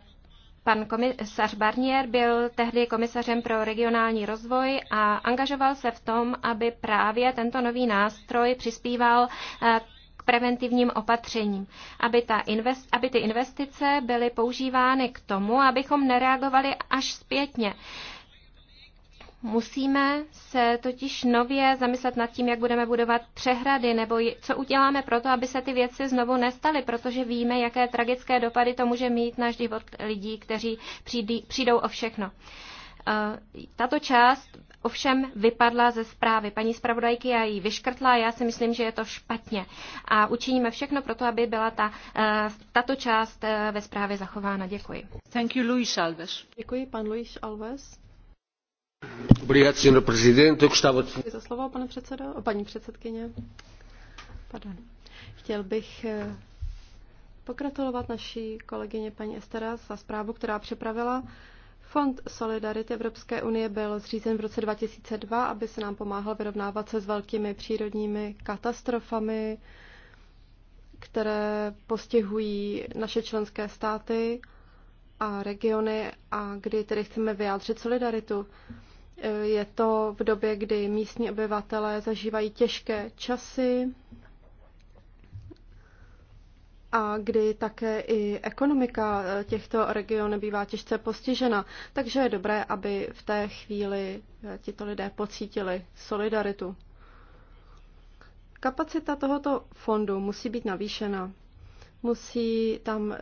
Speaker 1: pan komisař Barnier byl tehdy komisařem pro regionální rozvoj a angažoval se v tom, aby právě tento nový nástroj přispíval eh, k preventivním opatřením, aby, ta invest, aby ty investice byly používány k tomu, abychom nereagovali až zpětně. Musíme se totiž nově zamyslet nad tím, jak budeme budovat přehrady, nebo co uděláme pro to, aby se ty věci znovu nestaly, protože víme, jaké tragické dopady to může mít na život lidí, kteří přijdou o všechno. Eh, tato část ovšem vypadla ze zprávy. Paní zpravodajky já ji vyškrtla, já si myslím, že je to špatně. A učiníme všechno pro to, aby byla ta, eh, tato část eh, ve zprávě zachována. Děkuji. Thank you, Luis Alves. Děkuji, pan Luis Alves. Děkuji
Speaker 2: za slovo, pane předsedo, paní předsedkyně. Pardon. Chtěl bych eh, pokratulovat naší kolegyně paní Estera za zprávu, která připravila. Fond Solidarity Evropské unie byl zřízen v roce 2002, aby se nám pomáhal vyrovnávat se s velkými přírodními katastrofami, které postihují naše členské státy a regiony a kdy tedy chceme vyjádřit solidaritu. Eh, je to v době, kdy místní obyvatelé zažívají těžké časy a kdy také i ekonomika eh, těchto regionů bývá těžce postižena. Takže je dobré, aby v té chvíli eh, tito lidé pocítili solidaritu. Kapacita tohoto fondu musí být navýšena musí tam eh,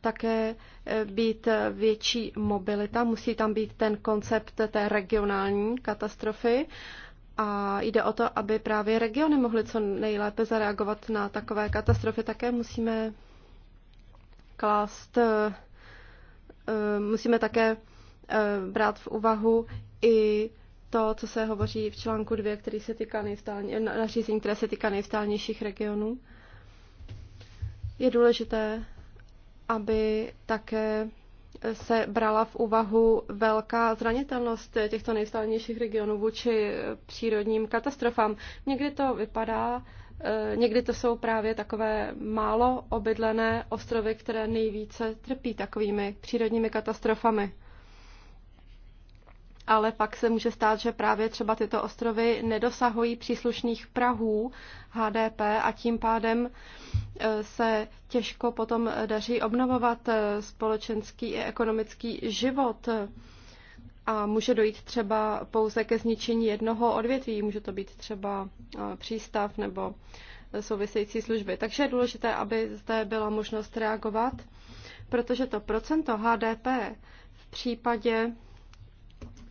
Speaker 2: také eh, být eh, větší mobilita, musí tam být ten koncept té regionální katastrofy a jde o to, aby právě regiony mohly co nejlépe zareagovat na takové katastrofy. Také musíme klást, musíme také brát v úvahu i to, co se hovoří v článku 2, který se týká nejvstální, nařízení, které se týká nejvstálnějších regionů. Je důležité, aby také se brala v úvahu velká zranitelnost těchto nejvzdálenějších regionů vůči přírodním katastrofám. Někdy to vypadá, eh, někdy to jsou právě takové málo obydlené ostrovy, které nejvíce trpí takovými přírodními katastrofami ale pak se může stát, že právě třeba tyto ostrovy nedosahují příslušných prahů HDP a tím pádem e, se těžko potom daří obnovovat e, společenský i ekonomický život a může dojít třeba pouze ke zničení jednoho odvětví, může to být třeba e, přístav nebo související služby. Takže je důležité, aby zde byla možnost reagovat, protože to procento HDP v případě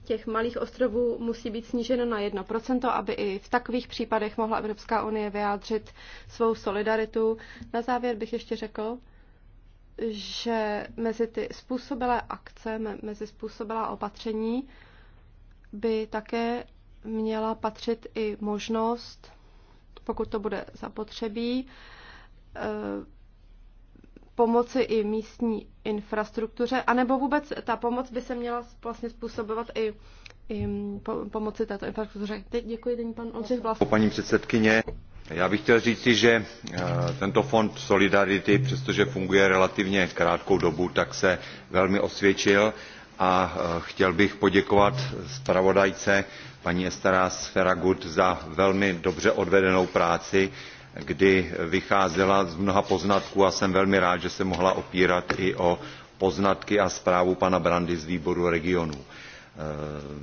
Speaker 2: těch malých ostrovů musí být sníženo na 1%, aby i v takových případech mohla Evropská unie vyjádřit svou solidaritu. Na závěr bych ještě řekl, že mezi ty způsobilé akce, mezi způsobilá opatření by také měla patřit i možnost, pokud to bude zapotřebí, eh, pomoci i místní infrastruktuře, anebo vůbec ta pomoc by se měla vlastně způsobovat i, i pomoci této infrastruktuře. Teď děkuji, denní pan Ondřej vlastně.
Speaker 4: Paní předsedkyně, já bych chtěl říci, že eh, tento fond Solidarity, přestože funguje relativně krátkou dobu, tak se velmi osvědčil a eh, chtěl bych poděkovat zpravodajce paní Estaras Feragut za velmi dobře odvedenou práci kdy vycházela z mnoha poznatků a jsem velmi rád, že se mohla opírat i o poznatky a zprávu pana Brandy z výboru regionů. E,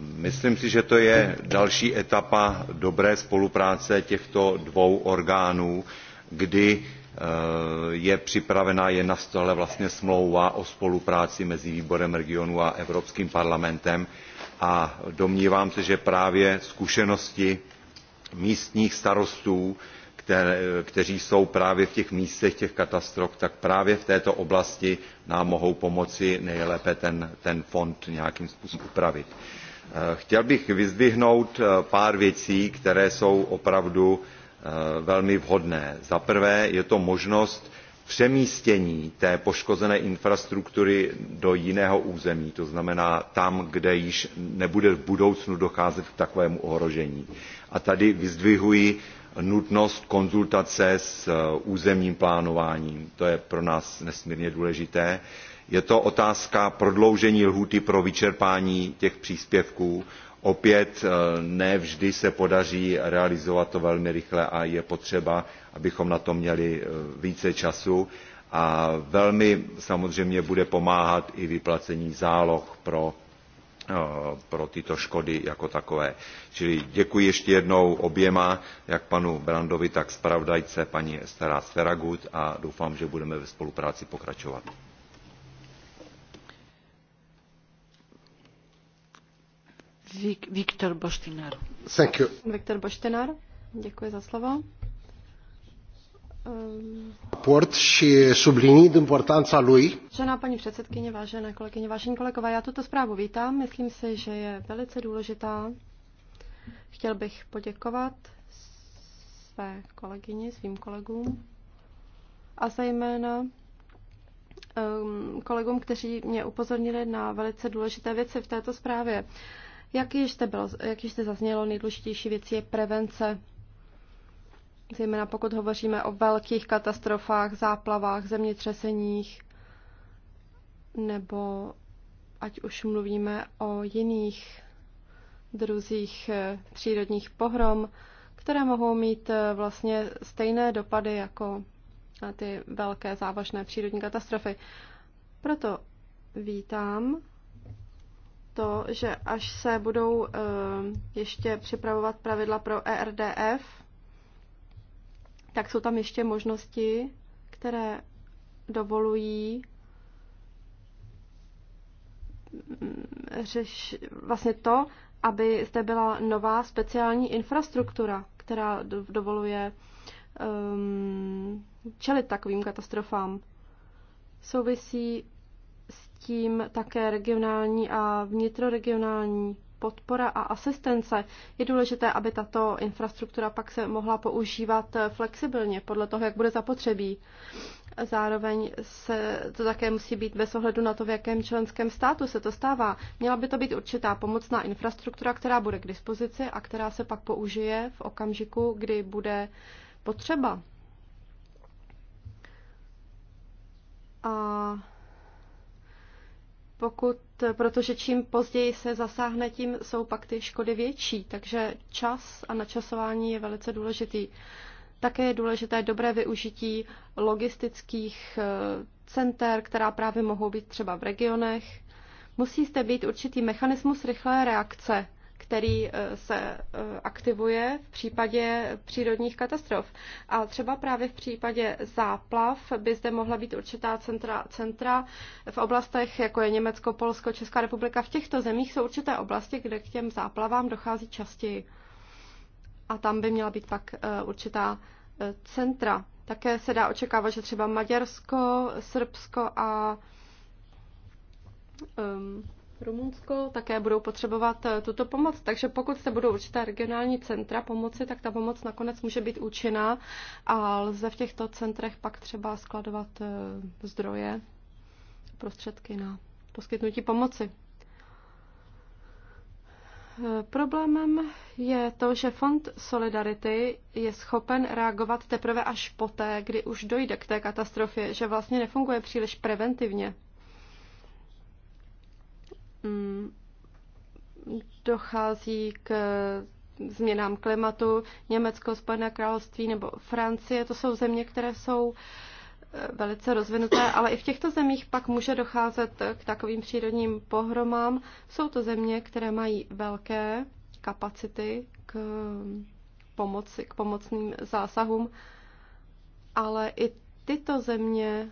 Speaker 4: myslím si, že to je další etapa dobré spolupráce těchto dvou orgánů, kdy e, je připravena, je na stole vlastně smlouva o spolupráci mezi výborem regionů a Evropským parlamentem a domnívám se, že právě zkušenosti místních starostů, kteří jsou právě v těch místech těch katastrof tak právě v této oblasti nám mohou pomoci nejlépe ten, ten fond nějakým způsobem upravit. Eh, chtěl bych vyzdvihnout eh, pár věcí které jsou opravdu eh, velmi vhodné. za prvé je to možnost přemístění té poškozené infrastruktury do jiného území to znamená tam kde již nebude v budoucnu docházet k takovému ohrožení. a tady vyzdvihuji nutnost konzultace s eh, územním plánováním to je pro nás nesmírně důležité je to otázka prodloužení lhůty pro vyčerpání těch příspěvků opět eh, ne vždy se podaří realizovat to velmi rychle a je potřeba abychom na to měli eh, více času a velmi samozřejmě bude pomáhat i vyplacení záloh pro Eh, pro tyto škody jako takové. Čili děkuji ještě jednou oběma, jak panu Brandovi, tak zpravodajce paní Estera Sferagut a doufám, že budeme ve spolupráci pokračovat.
Speaker 3: Viktor Boštinar. Thank you.
Speaker 2: Viktor Boštinar, děkuji za slovo. Um,
Speaker 5: port și sublinind importanța lui.
Speaker 2: Žena paní předsedkyně, vážené kolegyně, vážení kolegové, já tuto zprávu vítám. Myslím si, že je velice důležitá. Chtěl bych poděkovat své kolegyni, svým kolegům a zejména um, kolegům, kteří mě upozornili na velice důležité věci v této zprávě. Jak již, jste bylo, jak již zaznělo, nejdůležitější věcí je prevence zejména pokud hovoříme o velkých katastrofách, záplavách, zemětřeseních, nebo ať už mluvíme o jiných druzích eh, přírodních pohrom, které mohou mít eh, vlastně stejné dopady jako ty velké závažné přírodní katastrofy. Proto vítám to, že až se budou eh, ještě připravovat pravidla pro ERDF, tak jsou tam ještě možnosti, které dovolují mm, řeš, vlastně to, aby zde byla nová speciální infrastruktura, která dovoluje um, čelit takovým katastrofám. Souvisí s tím také regionální a vnitroregionální podpora a asistence. Je důležité, aby tato infrastruktura pak se mohla používat flexibilně podle toho, jak bude zapotřebí. Zároveň se to také musí být bez ohledu na to, v jakém členském státu se to stává. Měla by to být určitá pomocná infrastruktura, která bude k dispozici a která se pak použije v okamžiku, kdy bude potřeba. A pokud protože čím později se zasáhne, tím jsou pak ty škody větší. Takže čas a načasování je velice důležitý. Také je důležité dobré využití logistických eh, center, která právě mohou být třeba v regionech. Musí zde být určitý mechanismus rychlé reakce který eh, se eh, aktivuje v případě přírodních katastrof. A třeba právě v případě záplav by zde mohla být určitá centra, centra v oblastech, jako je Německo, Polsko, Česká republika. V těchto zemích jsou určité oblasti, kde k těm záplavám dochází častěji. A tam by měla být pak eh, určitá centra. Také se dá očekávat, že třeba Maďarsko, Srbsko a um, Rumunsko také budou potřebovat eh, tuto pomoc. Takže pokud se budou určitá regionální centra pomoci, tak ta pomoc nakonec může být účinná a lze v těchto centrech pak třeba skladovat eh, zdroje, prostředky na poskytnutí pomoci. Eh, problémem je to, že Fond Solidarity je schopen reagovat teprve až poté, kdy už dojde k té katastrofě, že vlastně nefunguje příliš preventivně. Mm, dochází k změnám klimatu. Německo, Spojené království nebo Francie, to jsou země, které jsou eh, velice rozvinuté, ale i v těchto zemích pak může docházet k takovým přírodním pohromám. Jsou to země, které mají velké kapacity k pomoci, k pomocným zásahům, ale i tyto země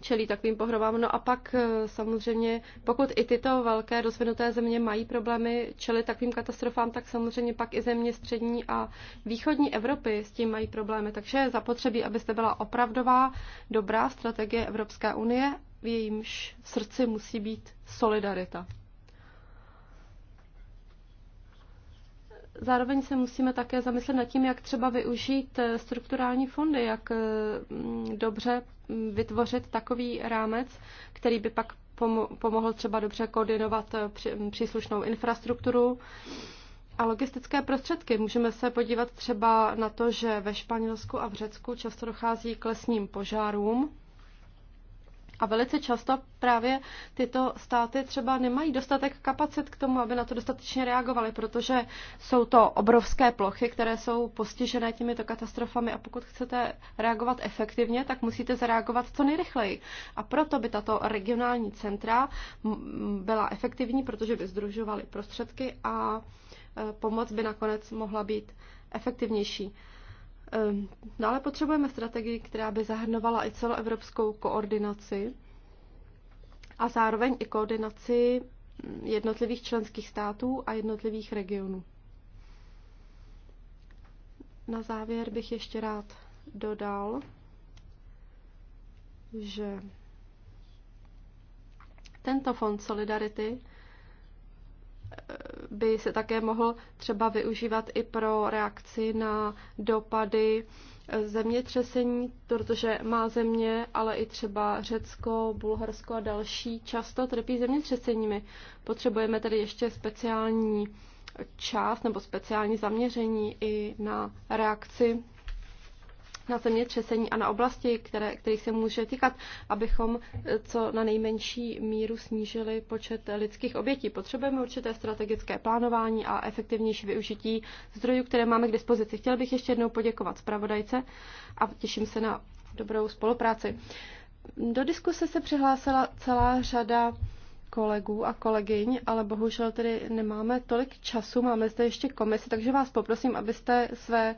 Speaker 2: čelí takovým pohromám. No a pak eh, samozřejmě, pokud i tyto velké rozvinuté země mají problémy čelit takovým katastrofám, tak samozřejmě pak i země střední a východní Evropy s tím mají problémy. Takže je zapotřebí, abyste byla opravdová, dobrá strategie Evropské unie, v jejímž srdci musí být solidarita. Zároveň se musíme také zamyslet nad tím, jak třeba využít eh, strukturální fondy, jak eh, mm, dobře mm, vytvořit takový rámec, který by pak pomohl třeba dobře koordinovat eh, mm, příslušnou infrastrukturu a logistické prostředky. Můžeme se podívat třeba na to, že ve Španělsku a v Řecku často dochází k lesním požárům, a velice často právě tyto státy třeba nemají dostatek kapacit k tomu, aby na to dostatečně reagovaly, protože jsou to obrovské plochy, které jsou postižené těmito katastrofami a pokud chcete reagovat efektivně, tak musíte zareagovat co nejrychleji. A proto by tato regionální centra byla efektivní, protože by združovaly prostředky a e, pomoc by nakonec mohla být efektivnější ale ehm, potřebujeme strategii, která by zahrnovala i celoevropskou koordinaci a zároveň i koordinaci jednotlivých členských států a jednotlivých regionů. Na závěr bych ještě rád dodal, že tento fond Solidarity by se také mohl třeba využívat i pro reakci na dopady zemětřesení, protože má země, ale i třeba Řecko, Bulharsko a další často trpí zemětřeseními. Potřebujeme tedy ještě speciální část nebo speciální zaměření i na reakci na zemětřesení a na oblasti, které, kterých se může týkat, abychom eh, co na nejmenší míru snížili počet lidských obětí. Potřebujeme určité strategické plánování a efektivnější využití zdrojů, které máme k dispozici. Chtěl bych ještě jednou poděkovat zpravodajce a těším se na dobrou spolupráci. Do diskuse se přihlásila celá řada kolegů a kolegyň, ale bohužel tedy nemáme tolik času, máme zde ještě komisi, takže vás poprosím, abyste své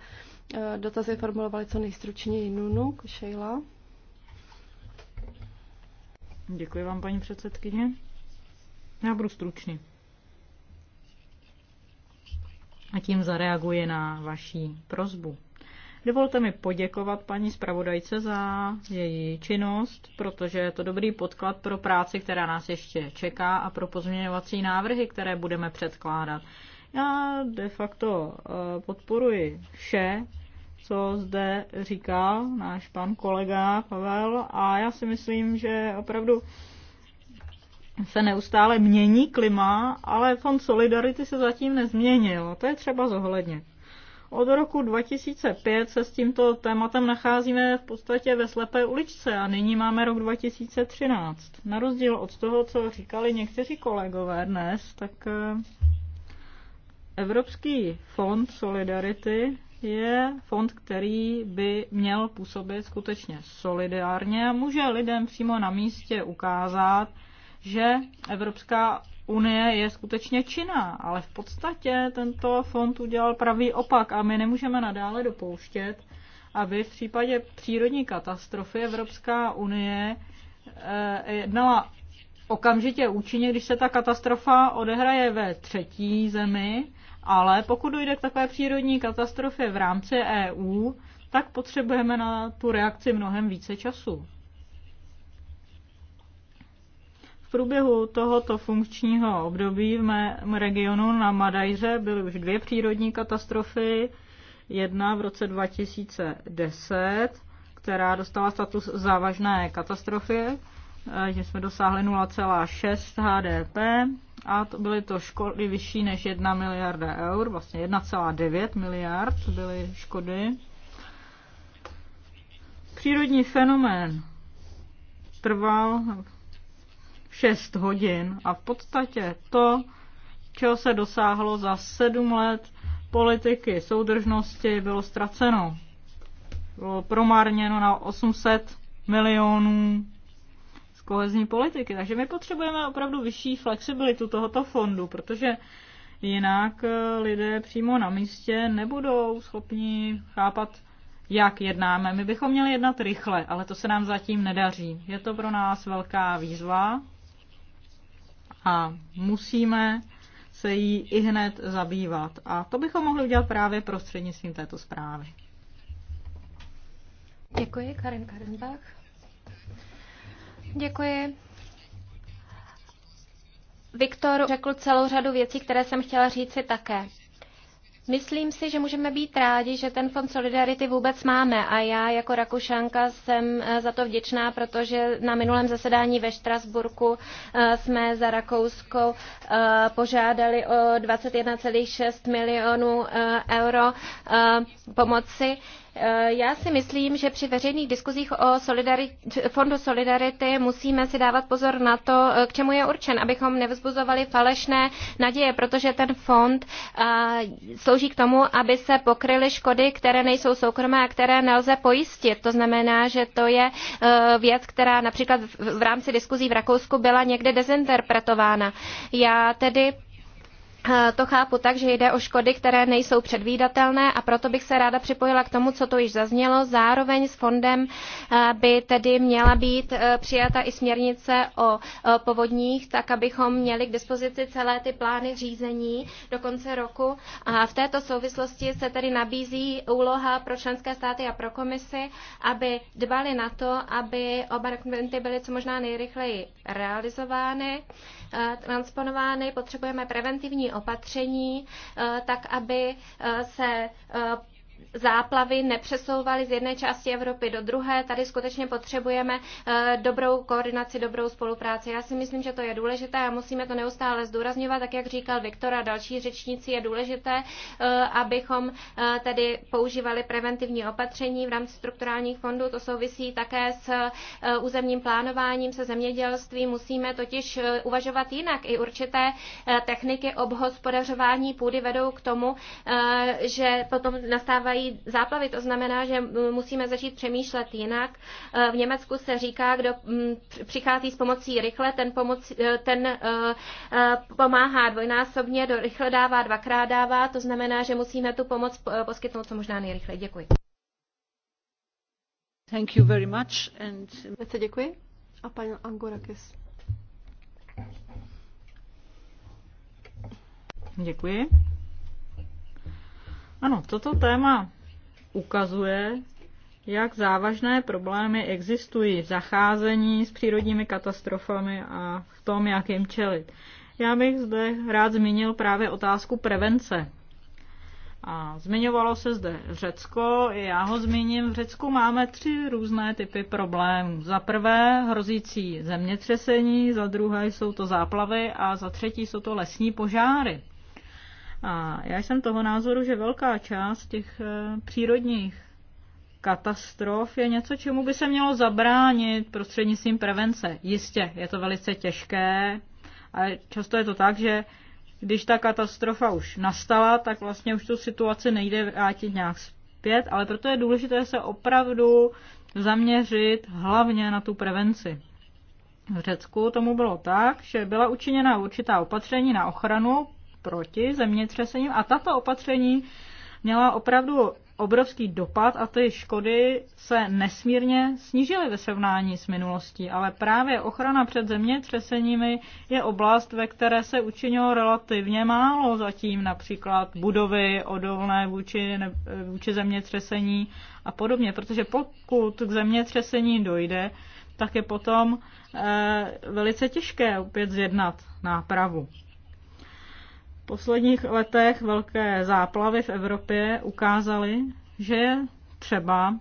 Speaker 2: eh, dotazy formulovali co nejstručněji. Nunu,
Speaker 3: Šejla. Děkuji vám, paní předsedkyně. Já budu stručný. A tím zareaguje na vaší prozbu. Dovolte mi poděkovat paní zpravodajce za její činnost, protože je to dobrý podklad pro práci, která nás ještě čeká a pro pozměňovací návrhy, které budeme předkládat. Já de facto eh, podporuji vše, co zde říkal náš pan kolega Pavel a já si myslím, že opravdu se neustále mění klima, ale fond Solidarity se zatím nezměnil. To je třeba zohlednit. Od roku 2005 se s tímto tématem nacházíme v podstatě ve slepé uličce a nyní máme rok 2013. Na rozdíl od toho, co říkali někteří kolegové dnes, tak eh, Evropský fond Solidarity je fond, který by měl působit skutečně solidárně a může lidem přímo na místě ukázat, že Evropská Unie je skutečně činná, ale v podstatě tento fond udělal pravý opak a my nemůžeme nadále dopouštět, aby v případě přírodní katastrofy Evropská unie eh, jednala okamžitě účinně, když se ta katastrofa odehraje ve třetí zemi, ale pokud dojde k takové přírodní katastrofě v rámci EU, tak potřebujeme na tu reakci mnohem více času. V průběhu tohoto funkčního období v mém regionu na Madajře byly už dvě přírodní katastrofy. Jedna v roce 2010, která dostala status závažné katastrofy, eh, že jsme dosáhli 0,6 HDP a to byly to škody vyšší než 1 miliarda eur, vlastně 1,9 miliard byly škody. Přírodní fenomén trval 6 hodin. A v podstatě to, čeho se dosáhlo za 7 let politiky soudržnosti, bylo ztraceno. Bylo promarněno na 800 milionů z kohezní politiky. Takže my potřebujeme opravdu vyšší flexibilitu tohoto fondu, protože jinak eh, lidé přímo na místě nebudou schopni chápat, jak jednáme. My bychom měli jednat rychle, ale to se nám zatím nedaří. Je to pro nás velká výzva a musíme se jí i hned zabývat. A to bychom mohli udělat právě prostřednictvím této zprávy.
Speaker 1: Děkuji, Karin Karinbach. Děkuji. Viktor řekl celou řadu věcí, které jsem chtěla říci také. Myslím si, že můžeme být rádi, že ten fond Solidarity vůbec máme a já jako Rakušanka jsem eh, za to vděčná, protože na minulém zasedání ve Štrasburku eh, jsme za Rakousko eh, požádali o 21,6 milionů euro pomoci. Eh, já si myslím, že při veřejných diskuzích o Fondu Solidarity musíme si dávat pozor na to, eh, k čemu je určen, abychom nevzbuzovali falešné naděje, protože ten fond eh, slouží k tomu, aby se pokryly škody, které nejsou soukromé a které nelze pojistit. To znamená, že to je věc, která například v rámci diskuzí v Rakousku byla někde dezinterpretována. Já tedy Eh, to chápu tak, že jde o škody, které nejsou předvídatelné a proto bych se ráda připojila k tomu, co to již zaznělo. Zároveň s fondem eh, by tedy měla být eh, přijata i směrnice o povodních, tak abychom měli k dispozici celé ty plány řízení do konce roku. A v této souvislosti se tedy nabízí úloha pro členské státy a pro komisi, aby dbali na to, aby oba dokumenty byly co možná nejrychleji realizovány, transponovány. Potřebujeme preventivní opatření, eh, tak aby eh, se eh, záplavy nepřesouvaly z jedné části Evropy do druhé. Tady skutečně potřebujeme eh, dobrou koordinaci, dobrou spolupráci. Já si myslím, že to je důležité a musíme to neustále zdůrazňovat, tak jak říkal Viktor a další řečníci, je důležité, eh, abychom eh, tedy používali preventivní opatření v rámci strukturálních fondů. To souvisí také s územním plánováním, se zemědělstvím. Musíme totiž uvažovat jinak. I určité techniky obhospodařování půdy vedou k tomu, že potom nastává zaplávají, záplavy. To znamená, že musíme začít přemýšlet jinak. Eh, v Německu se říká, kdo přichází s pomocí rychle, ten, pomoc, eh, ten eh, pomáhá dvojnásobně, do rychle dává, dvakrát dává. To znamená, že musíme tu pomoc poskytnout co možná nejrychleji. Děkuji.
Speaker 3: Thank you very
Speaker 2: much and... děkuji. A pan Angorakis.
Speaker 3: Děkuji. Ano, toto téma ukazuje, jak závažné problémy existují v zacházení s přírodními katastrofami a v tom, jak jim čelit. Já bych zde rád zmínil právě otázku prevence. A zmiňovalo se zde Řecko, i já ho zmíním. V Řecku máme tři různé typy problémů. Za prvé hrozící zemětřesení, za druhé jsou to záplavy a za třetí jsou to lesní požáry. A já jsem toho názoru, že velká část těch eh, přírodních katastrof je něco, čemu by se mělo zabránit prostřednictvím prevence. Jistě, je to velice těžké a často je to tak, že když ta katastrofa už nastala, tak vlastně už tu situaci nejde vrátit nějak zpět, ale proto je důležité se opravdu zaměřit hlavně na tu prevenci. V Řecku tomu bylo tak, že byla učiněna určitá opatření na ochranu proti zemětřesením a tato opatření měla opravdu obrovský dopad a ty škody se nesmírně snížily ve srovnání s minulostí, ale právě ochrana před zemětřeseními je oblast, ve které se učinilo relativně málo zatím, například budovy odolné vůči, vůči zemětřesení a podobně, protože pokud k zemětřesení dojde, tak je potom e, velice těžké opět zjednat nápravu posledních letech velké záplavy v Evropě ukázaly, že je třeba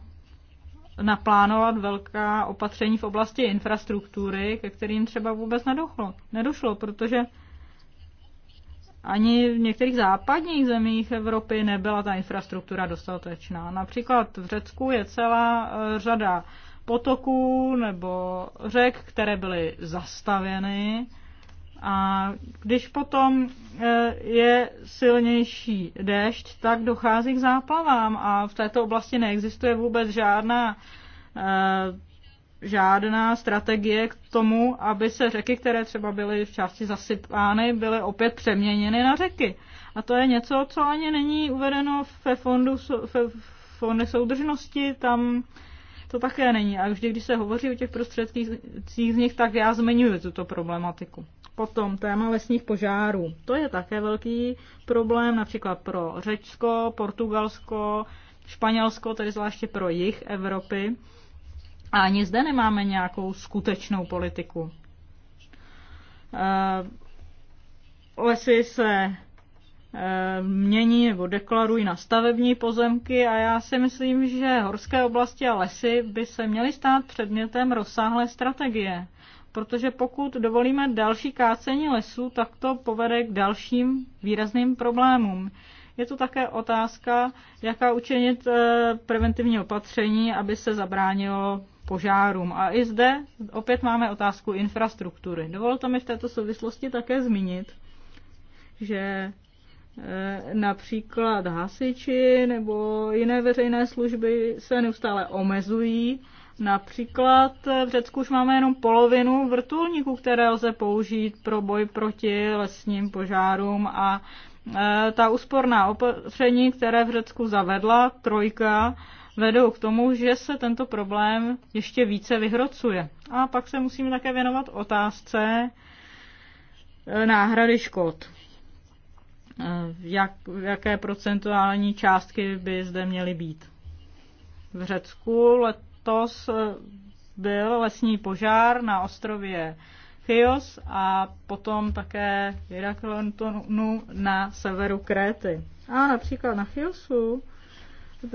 Speaker 3: naplánovat velká opatření v oblasti infrastruktury, ke kterým třeba vůbec nedošlo, nedošlo protože ani v některých západních zemích Evropy nebyla ta infrastruktura dostatečná. Například v Řecku je celá e, řada potoků nebo řek, které byly zastavěny a když potom e, je silnější déšť, tak dochází k záplavám a v této oblasti neexistuje vůbec žádná, e, žádná strategie k tomu, aby se řeky, které třeba byly v části zasypány, byly opět přeměněny na řeky. A to je něco, co ani není uvedeno ve fondu, ve soudržnosti, tam to také není. A vždy, když se hovoří o těch prostředcích z nich, tak já zmiňuji tuto problematiku. Potom téma lesních požárů. To je také velký problém například pro Řecko, Portugalsko, Španělsko, tedy zvláště pro jih Evropy. A ani zde nemáme nějakou skutečnou politiku. Eh, lesy se mění nebo deklarují na stavební pozemky a já si myslím, že horské oblasti a lesy by se měly stát předmětem rozsáhlé strategie. Protože pokud dovolíme další kácení lesů, tak to povede k dalším výrazným problémům. Je to také otázka, jaká učinit eh, preventivní opatření, aby se zabránilo požárům. A i zde opět máme otázku infrastruktury. Dovolte mi v této souvislosti také zmínit, že Eh, například hasiči nebo jiné veřejné služby se neustále omezují. Například eh, v Řecku už máme jenom polovinu vrtulníků, které lze použít pro boj proti lesním požárům a eh, ta úsporná opatření, které v Řecku zavedla trojka, vedou k tomu, že se tento problém ještě více vyhrocuje. A pak se musíme také věnovat otázce náhrady škod. Eh, jak, jaké procentuální částky by zde měly být. V Řecku letos eh, byl lesní požár na ostrově Chios a potom také v Iraklantonu na severu Kréty. A například na Chiosu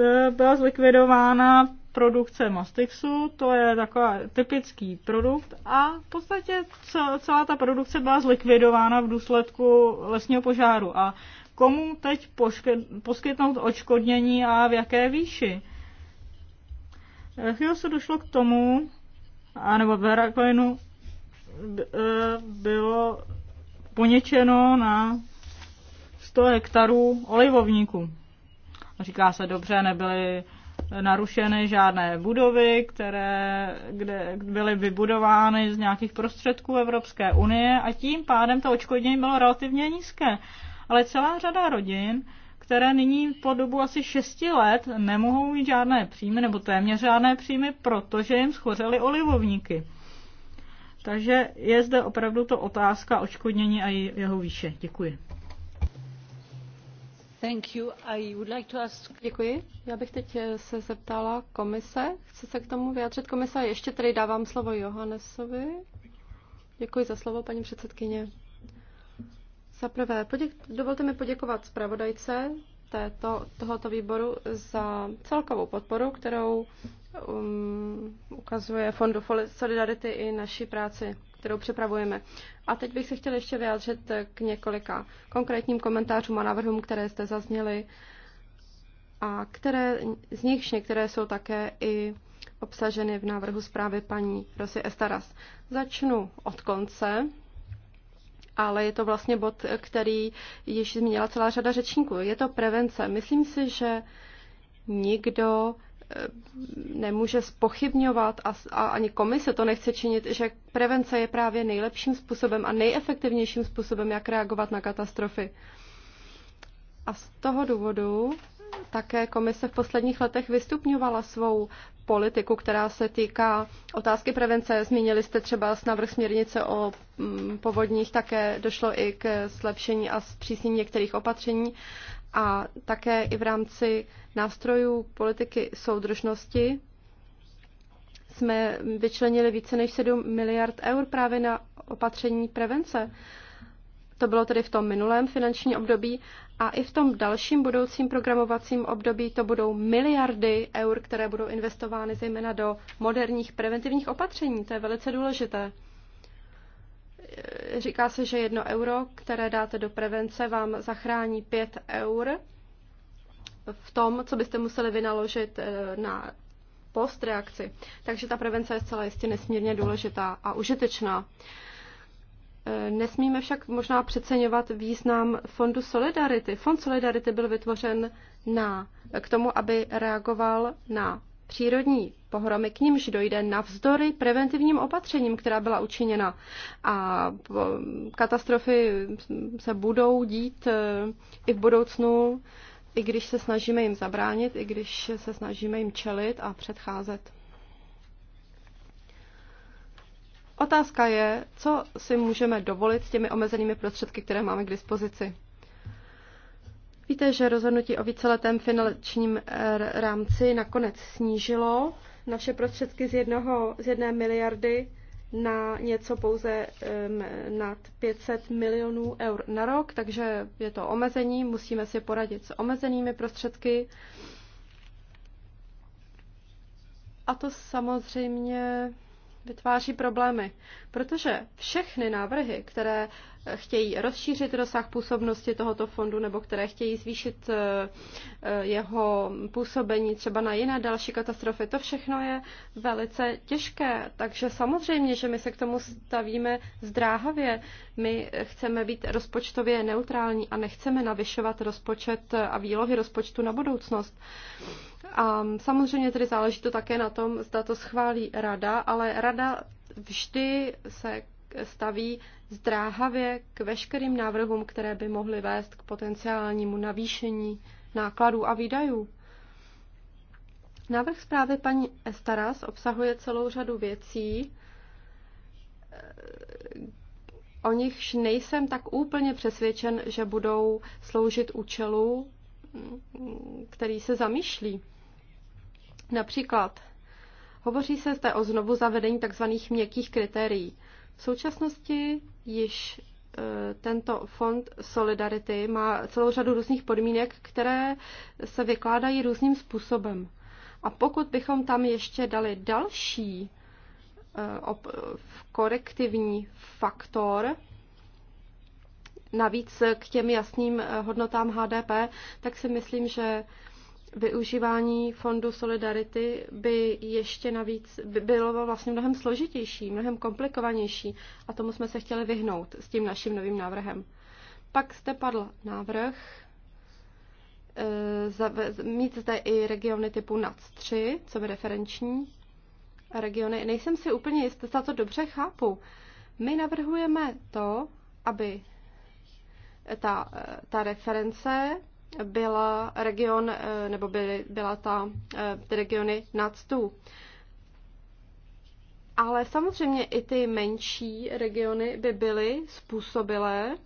Speaker 3: eh, byla zlikvidována produkce Mastixu, to je takový typický produkt a v podstatě celá ta produkce byla zlikvidována v důsledku lesního požáru. A komu teď poskytnout odškodnění a v jaké výši? Eh, Chvíli se došlo k tomu, anebo v Heraklinu eh, bylo poněčeno na 100 hektarů olivovníků. Říká se dobře, nebyly narušeny žádné budovy, které kde byly vybudovány z nějakých prostředků Evropské unie a tím pádem to očkodnění bylo relativně nízké. Ale celá řada rodin, které nyní po dobu asi 6 let nemohou mít žádné příjmy nebo téměř žádné příjmy, protože jim schořely olivovníky. Takže je zde opravdu to otázka očkodnění a jeho výše. Děkuji.
Speaker 2: Děkuji. Já bych teď eh, se zeptala komise. Chce se k tomu vyjádřit komise? Ještě tady dávám slovo Johannesovi. Děkuji za slovo, paní předsedkyně. Za prvé, poděk... dovolte mi poděkovat zpravodajce této, tohoto výboru za celkovou podporu, kterou um, ukazuje Fondu Solidarity i naší práci kterou připravujeme. A teď bych se chtěla ještě vyjádřit k několika konkrétním komentářům a návrhům, které jste zazněli a které, z nichž některé jsou také i obsaženy v návrhu zprávy paní Rosy Estaras. Začnu od konce, ale je to vlastně bod, který již zmínila celá řada řečníků. Je to prevence. Myslím si, že nikdo Eh, nemůže spochybňovat a, a ani komise to nechce činit, že prevence je právě nejlepším způsobem a nejefektivnějším způsobem, jak reagovat na katastrofy. A z toho důvodu také komise v posledních letech vystupňovala svou politiku, která se týká otázky prevence. Zmínili jste třeba s návrh směrnice o mm, povodních, také došlo i k zlepšení a zpřísnění některých opatření a také i v rámci nástrojů politiky soudržnosti jsme vyčlenili více než 7 miliard eur právě na opatření prevence. To bylo tedy v tom minulém finančním období a i v tom dalším budoucím programovacím období to budou miliardy eur, které budou investovány zejména do moderních preventivních opatření. To je velice důležité říká se, že jedno euro, které dáte do prevence, vám zachrání pět eur v tom, co byste museli vynaložit eh, na postreakci. Takže ta prevence je zcela jistě nesmírně důležitá a užitečná. Eh, nesmíme však možná přeceňovat význam Fondu Solidarity. Fond Solidarity byl vytvořen na, k tomu, aby reagoval na přírodní pohromy, k nímž dojde navzdory preventivním opatřením, která byla učiněna. A katastrofy se budou dít e, i v budoucnu, i když se snažíme jim zabránit, i když se snažíme jim čelit a předcházet. Otázka je, co si můžeme dovolit s těmi omezenými prostředky, které máme k dispozici. Víte, že rozhodnutí o víceletém finančním eh, rámci nakonec snížilo naše prostředky z, jednoho, z jedné miliardy na něco pouze um, nad 500 milionů eur na rok, takže je to omezení, musíme si poradit s omezenými prostředky. A to samozřejmě vytváří problémy, protože všechny návrhy, které chtějí rozšířit rozsah působnosti tohoto fondu nebo které chtějí zvýšit eh, eh, jeho působení třeba na jiné další katastrofy. To všechno je velice těžké, takže samozřejmě, že my se k tomu stavíme zdráhavě. My chceme být rozpočtově neutrální a nechceme navyšovat rozpočet a výlohy rozpočtu na budoucnost. A samozřejmě tedy záleží to také na tom, zda to schválí rada, ale rada vždy se staví zdráhavě k veškerým návrhům, které by mohly vést k potenciálnímu navýšení nákladů a výdajů. Návrh zprávy paní Estaras obsahuje celou řadu věcí, o nichž nejsem tak úplně přesvědčen, že budou sloužit účelu, který se zamýšlí. Například hovoří se zde o znovu zavedení tzv. měkkých kritérií. V současnosti již eh, tento fond Solidarity má celou řadu různých podmínek, které se vykládají různým způsobem. A pokud bychom tam ještě dali další eh, korektivní faktor, navíc k těm jasným eh, hodnotám HDP, tak si myslím, že využívání fondu Solidarity by ještě navíc by bylo vlastně mnohem složitější, mnohem komplikovanější a tomu jsme se chtěli vyhnout s tím naším novým návrhem. Pak jste padl návrh e, mít zde i regiony typu NAC 3, co by referenční regiony. Nejsem si úplně jistá, za to dobře chápu. My navrhujeme to, aby ta, ta reference byla region, eh, nebo byly, byla ta, ty eh, regiony nad stů. Ale samozřejmě i ty menší regiony by byly způsobilé,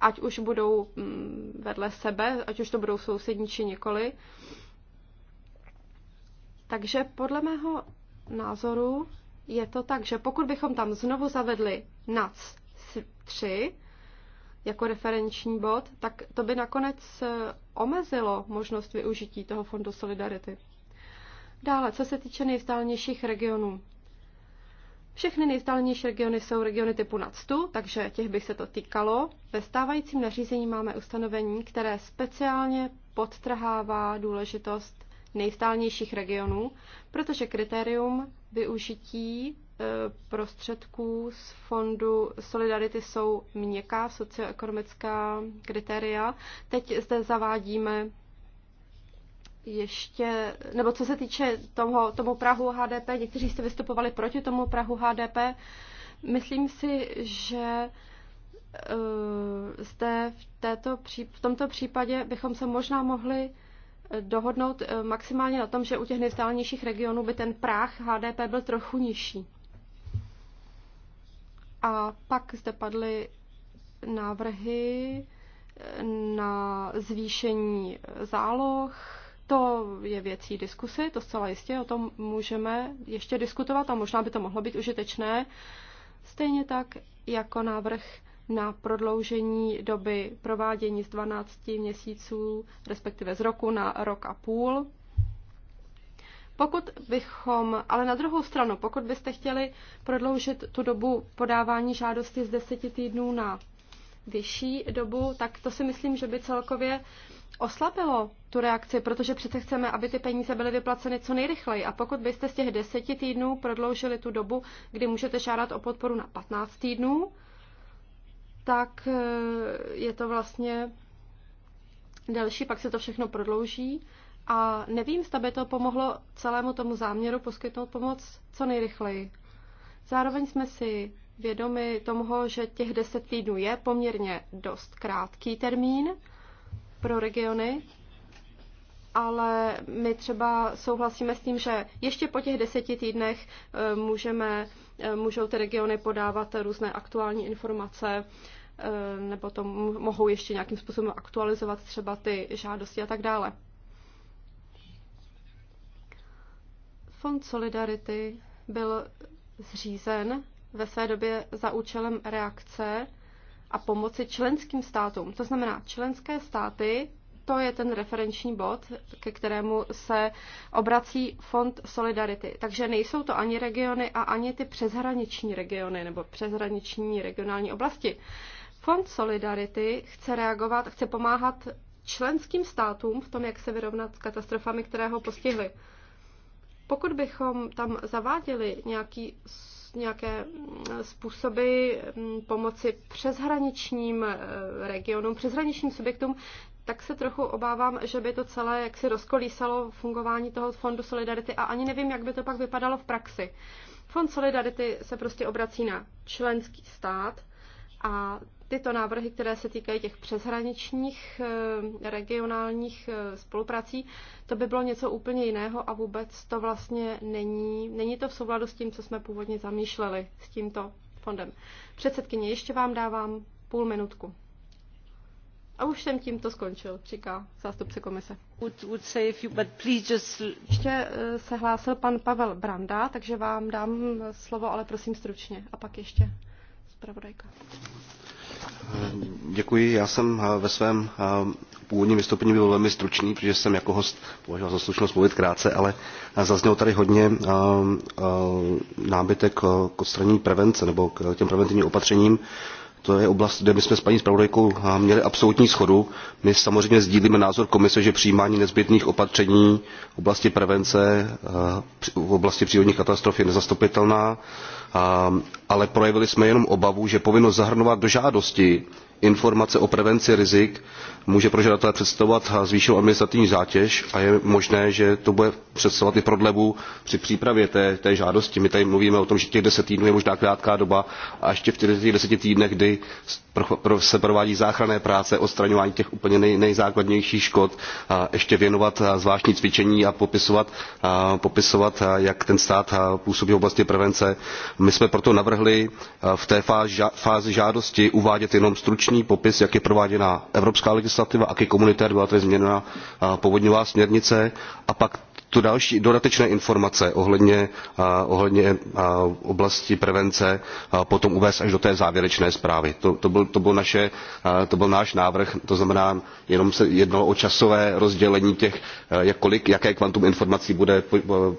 Speaker 2: ať už budou mm, vedle sebe, ať už to budou sousední či nikoli. Takže podle mého názoru je to tak, že pokud bychom tam znovu zavedli NAC 3, jako referenční bod, tak to by nakonec eh, omezilo možnost využití toho fondu Solidarity. Dále, co se týče nejvzdálnějších regionů. Všechny nejvzdálenější regiony jsou regiony typu 100, takže těch bych se to týkalo. Ve stávajícím nařízení máme ustanovení, které speciálně podtrhává důležitost nejvzdálnějších regionů, protože kritérium využití Eh, prostředků z fondu Solidarity jsou měkká socioekonomická kritéria. Teď zde zavádíme ještě, nebo co se týče toho, tomu Prahu HDP, někteří jste vystupovali proti tomu Prahu HDP, myslím si, že eh, zde v, této, v tomto případě bychom se možná mohli dohodnout eh, maximálně na tom, že u těch nejvzdálenějších regionů by ten práh HDP byl trochu nižší. A pak zde padly návrhy na zvýšení záloh. To je věcí diskusy, to zcela jistě, o tom můžeme ještě diskutovat a možná by to mohlo být užitečné. Stejně tak jako návrh na prodloužení doby provádění z 12 měsíců, respektive z roku na rok a půl. Pokud bychom, ale na druhou stranu, pokud byste chtěli prodloužit tu dobu podávání žádosti z 10 týdnů na vyšší dobu, tak to si myslím, že by celkově oslabilo tu reakci, protože přece chceme, aby ty peníze byly vyplaceny co nejrychleji. A pokud byste z těch deseti týdnů prodloužili tu dobu, kdy můžete žádat o podporu na 15 týdnů, tak eh, je to vlastně delší, pak se to všechno prodlouží. A nevím, zda by to pomohlo celému tomu záměru poskytnout pomoc co nejrychleji. Zároveň jsme si vědomi toho, že těch 10 týdnů je poměrně dost krátký termín pro regiony, ale my třeba souhlasíme s tím, že ještě po těch deseti týdnech eh, můžeme, eh, můžou ty regiony podávat různé aktuální informace, eh, nebo to mohou ještě nějakým způsobem aktualizovat třeba ty žádosti a tak dále. Fond Solidarity byl zřízen ve své době za účelem reakce a pomoci členským státům. To znamená, členské státy, to je ten referenční bod, ke kterému se obrací Fond Solidarity. Takže nejsou to ani regiony a ani ty přeshraniční regiony nebo přeshraniční regionální oblasti. Fond Solidarity chce reagovat, chce pomáhat členským státům v tom, jak se vyrovnat s katastrofami, které ho postihly. Pokud bychom tam zaváděli nějaký, nějaké mm, způsoby mm, pomoci přeshraničním eh, regionům, přeshraničním subjektům, tak se trochu obávám, že by to celé jaksi rozkolísalo fungování toho Fondu Solidarity a ani nevím, jak by to pak vypadalo v praxi. Fond Solidarity se prostě obrací na členský stát a tyto návrhy, které se týkají těch přeshraničních eh, regionálních eh, spoluprací, to by bylo něco úplně jiného a vůbec to vlastně není, není to v souladu s tím, co jsme původně zamýšleli s tímto fondem. Předsedkyně, ještě vám dávám půl minutku. A už jsem tímto skončil, říká zástupce komise. Would, would you, but please just... Ještě eh, se hlásil pan Pavel Branda, takže vám dám slovo, ale prosím stručně. A pak ještě zpravodajka.
Speaker 5: Děkuji. Já jsem eh, ve svém eh, původním vystoupení byl velmi stručný, protože jsem jako host považoval za slušnost mluvit krátce, ale eh, zaznělo tady hodně nábytek k odstranění prevence nebo k těm preventivním opatřením. To je oblast, kde my jsme s paní zpravodajkou měli absolutní schodu. My samozřejmě sdílíme názor komise, že přijímání nezbytných opatření v oblasti prevence, v oblasti přírodních katastrof je nezastupitelná ale projevili jsme jenom obavu že povinnost zahrnovat do žádosti informace o prevenci rizik může pro žadatele představovat zvýšenou administrativní zátěž a je možné že to bude představovat i prodlevu při přípravě té, té žádosti. my tady mluvíme o tom že těch deset týdnů je možná krátká doba a ještě v těch deseti týdnech kdy se provádí záchranné práce odstraňování těch úplně nej, nejzákladnějších škod a ještě věnovat zvláštní cvičení a popisovat, a popisovat jak ten stát působí v oblasti prevence. my jsme proto navrhli mohli eh, v té fázi žádosti uvádět jenom stručný popis jak je prováděná evropská legislativa jak je komunitárně byla tedy změněna eh, povodňová směrnice a pak tu další dodatečné informace ohledně, ohledně oblasti prevence potom uvést až do té závěrečné zprávy. To, to, byl, to, byl, naše, to byl náš návrh, to znamená, jenom se jednalo o časové rozdělení těch, jak jaké kvantum informací bude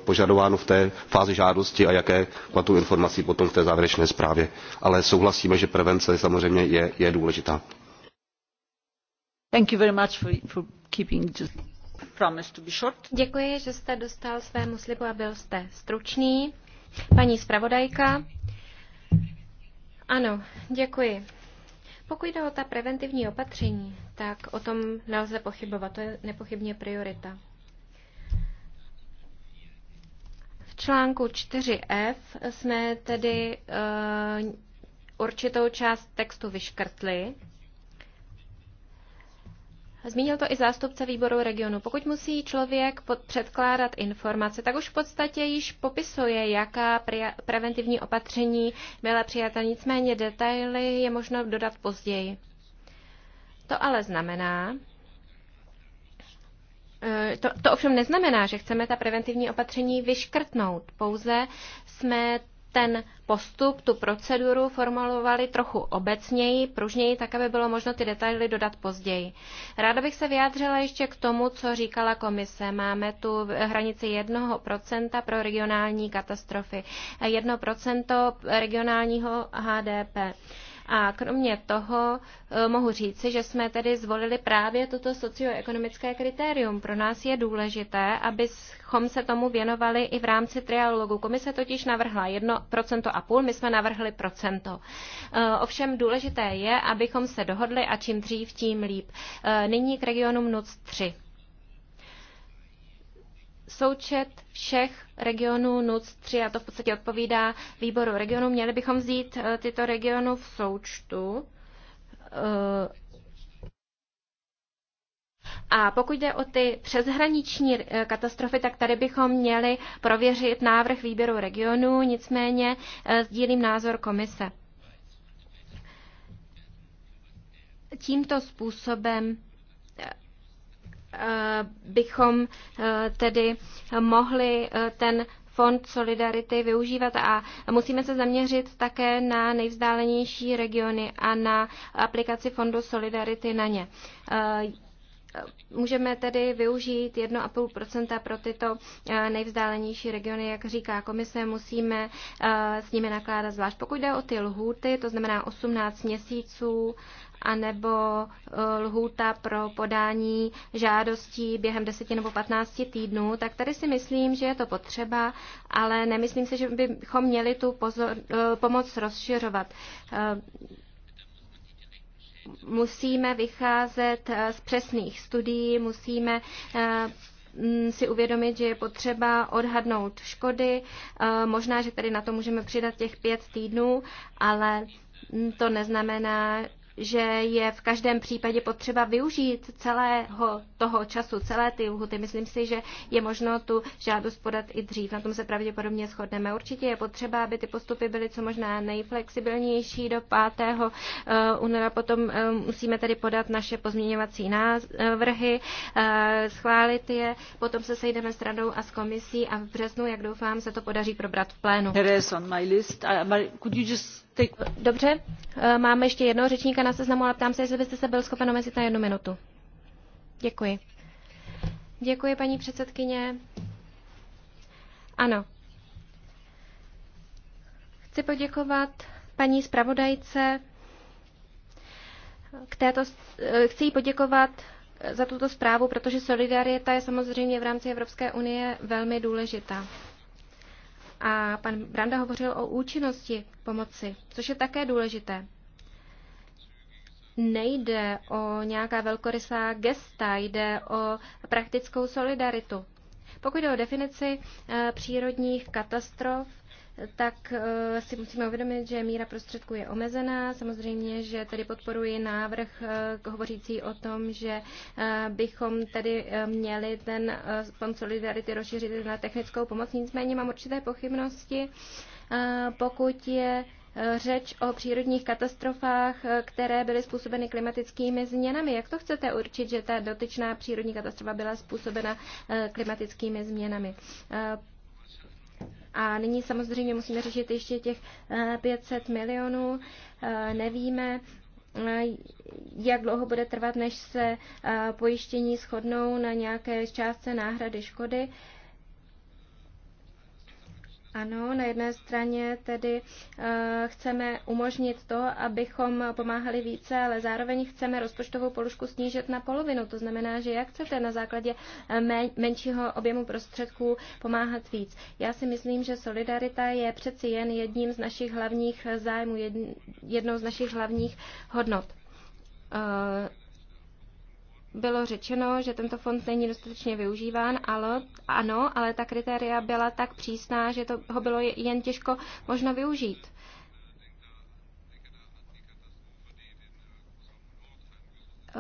Speaker 5: požadováno v té fázi žádosti a jaké kvantum informací potom v té závěrečné zprávě. Ale souhlasíme, že prevence samozřejmě je, je důležitá.
Speaker 3: Thank you very much for, for keeping just...
Speaker 1: Děkuji, že jste dostal svému slibu a byl jste stručný. Paní zpravodajka. Ano, děkuji. Pokud jde o ta preventivní opatření, tak o tom nelze pochybovat. To je nepochybně priorita. V článku 4f jsme tedy uh, určitou část textu vyškrtli, Zmínil to i zástupce výboru regionu. Pokud musí člověk pod, předkládat informace, tak už v podstatě již popisuje, jaká preventivní opatření byla přijata. Nicméně detaily je možno dodat později. To ale znamená, e, to, to ovšem neznamená, že chceme ta preventivní opatření vyškrtnout. Pouze jsme ten postup, tu proceduru formulovali trochu obecněji, pružněji, tak aby bylo možno ty detaily dodat později. Ráda bych se vyjádřila ještě k tomu, co říkala komise. Máme tu hranici 1% pro regionální katastrofy, 1% regionálního HDP. A kromě toho eh, mohu říci, že jsme tedy zvolili právě toto socioekonomické kritérium. Pro nás je důležité, abychom se tomu věnovali i v rámci trialogu. Komise totiž navrhla 1% a půl, my jsme navrhli procento. Eh, ovšem důležité je, abychom se dohodli a čím dřív, tím líp. Eh, nyní k regionům NUC 3 součet všech regionů NUC 3, a to v podstatě odpovídá výboru regionu, měli bychom vzít eh, tyto regionu v součtu. Eh, a pokud jde o ty přeshraniční eh, katastrofy, tak tady bychom měli prověřit návrh výběru regionu, nicméně sdílím názor komise. Tímto způsobem Eh, bychom eh, tedy mohli eh, ten fond Solidarity využívat a musíme se zaměřit také na nejvzdálenější regiony a na aplikaci fondu Solidarity na ně. Můžeme tedy využít 1,5 pro tyto nejvzdálenější regiony, jak říká komise, musíme s nimi nakládat zvlášť. Pokud jde o ty lhůty, to znamená 18 měsíců anebo eh, lhůta pro podání žádostí během 10 nebo 15 týdnů, tak tady si myslím, že je to potřeba, ale nemyslím si, že bychom měli tu pozor, eh, pomoc rozšiřovat eh, musíme vycházet z přesných studií, musíme mm, si uvědomit, že je potřeba odhadnout škody. Možná, že tady na to můžeme přidat těch pět týdnů, ale mm, to neznamená, že je v každém případě potřeba využít celého toho času, celé ty lhuty. Myslím si, že je možno tu žádost podat i dřív. Na tom se pravděpodobně shodneme. Určitě je potřeba, aby ty postupy byly co možná nejflexibilnější do 5. Eh, února. Potom eh, musíme tedy podat naše pozměňovací návrhy, eh, schválit je. Potom se sejdeme s radou a s komisí a v březnu, jak doufám, se to podaří probrat v plénu. Dobře, máme ještě jednoho řečníka na seznamu, ale ptám se, jestli byste se byl schopen omezit na jednu minutu. Děkuji. Děkuji, paní předsedkyně. Ano. Chci poděkovat paní zpravodajce. K této, chci jí poděkovat za tuto zprávu, protože solidarita je samozřejmě v rámci Evropské unie velmi důležitá. A pan Branda hovořil o účinnosti pomoci, což je také důležité nejde o nějaká velkorysá gesta, jde o praktickou solidaritu. Pokud jde o definici eh, přírodních katastrof, tak eh, si musíme uvědomit, že míra prostředků je omezená. Samozřejmě, že tady podporuji návrh eh, hovořící o tom, že bychom tedy měli ten fond Solidarity rozšířit na technickou pomoc. Nicméně mám určité pochybnosti, pokud je řeč o přírodních katastrofách, které byly způsobeny klimatickými změnami. Jak to chcete určit, že ta dotyčná přírodní katastrofa byla způsobena eh, klimatickými změnami? Eh, a nyní samozřejmě musíme řešit ještě těch 500 eh, milionů. Nevíme, jak dlouho bude trvat, než se pojištění shodnou na nějaké částce náhrady škody. Ano, na jedné straně tedy eh, chceme umožnit to, abychom pomáhali více, ale zároveň chceme rozpočtovou položku snížit na polovinu. To znamená, že jak chcete na základě eh, menšího objemu prostředků pomáhat víc. Já si myslím, že solidarita je přeci jen jedním z našich hlavních eh, zájmů, jednou z našich hlavních hodnot bylo řečeno, že tento fond není dostatečně využíván, ale ano, ale ta kritéria byla tak přísná, že to ho bylo jen těžko možno využít.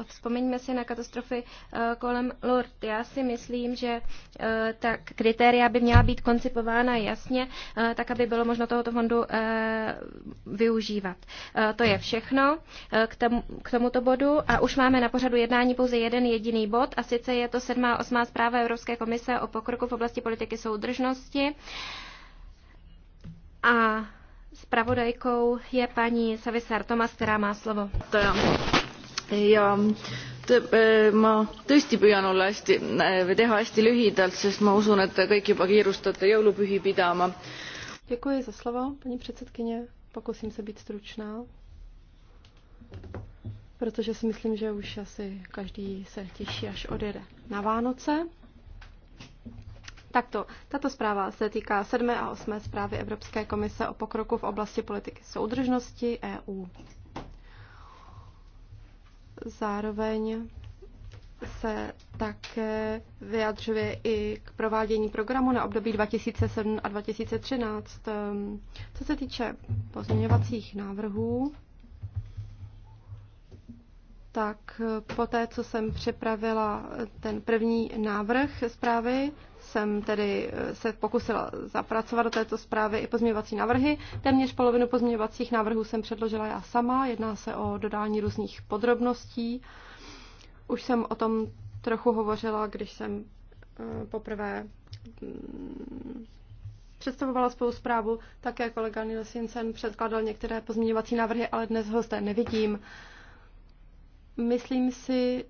Speaker 1: Vzpomeňme si na katastrofy eh, kolem Lord. Já si myslím, že eh, ta kritéria by měla být koncipována jasně, eh, tak aby bylo možno tohoto fondu využívat. To je všechno k, tomu, k tomuto bodu a už máme na pořadu jednání pouze jeden jediný bod a sice je to 7. a 8. zpráva Evropské komise o pokroku v oblasti politiky soudržnosti. A zpravodajkou je paní Savisar Tomas, která má slovo. To já
Speaker 2: ja äh, ma tõesti püüan olla hästi äh, teha hästi lühidalt sest ma usun et te kõik juba kiirustate jõulupühi pidama. Děkuji za slovo, paní předsedkyně. Pokusím se být stručná, protože si myslím, že už asi každý se těší, až odjede na Vánoce. Takto, tato zpráva se týká sedmé a osmé zprávy Evropské komise o pokroku v oblasti politiky soudržnosti EU zároveň se také vyjadřuje i k provádění programu na období 2007 a 2013. Ehm, co se týče pozměňovacích návrhů, tak poté, co jsem připravila ten první návrh zprávy, jsem tedy eh, se pokusila zapracovat do této zprávy i pozměňovací návrhy. Téměř polovinu pozměňovacích návrhů jsem předložila já sama. Jedná se o dodání různých podrobností. Už jsem o tom trochu hovořila, když jsem eh, poprvé mm, představovala svou zprávu. Také kolega Nils Jensen předkládal některé pozměňovací návrhy, ale dnes ho zde nevidím. Myslím si,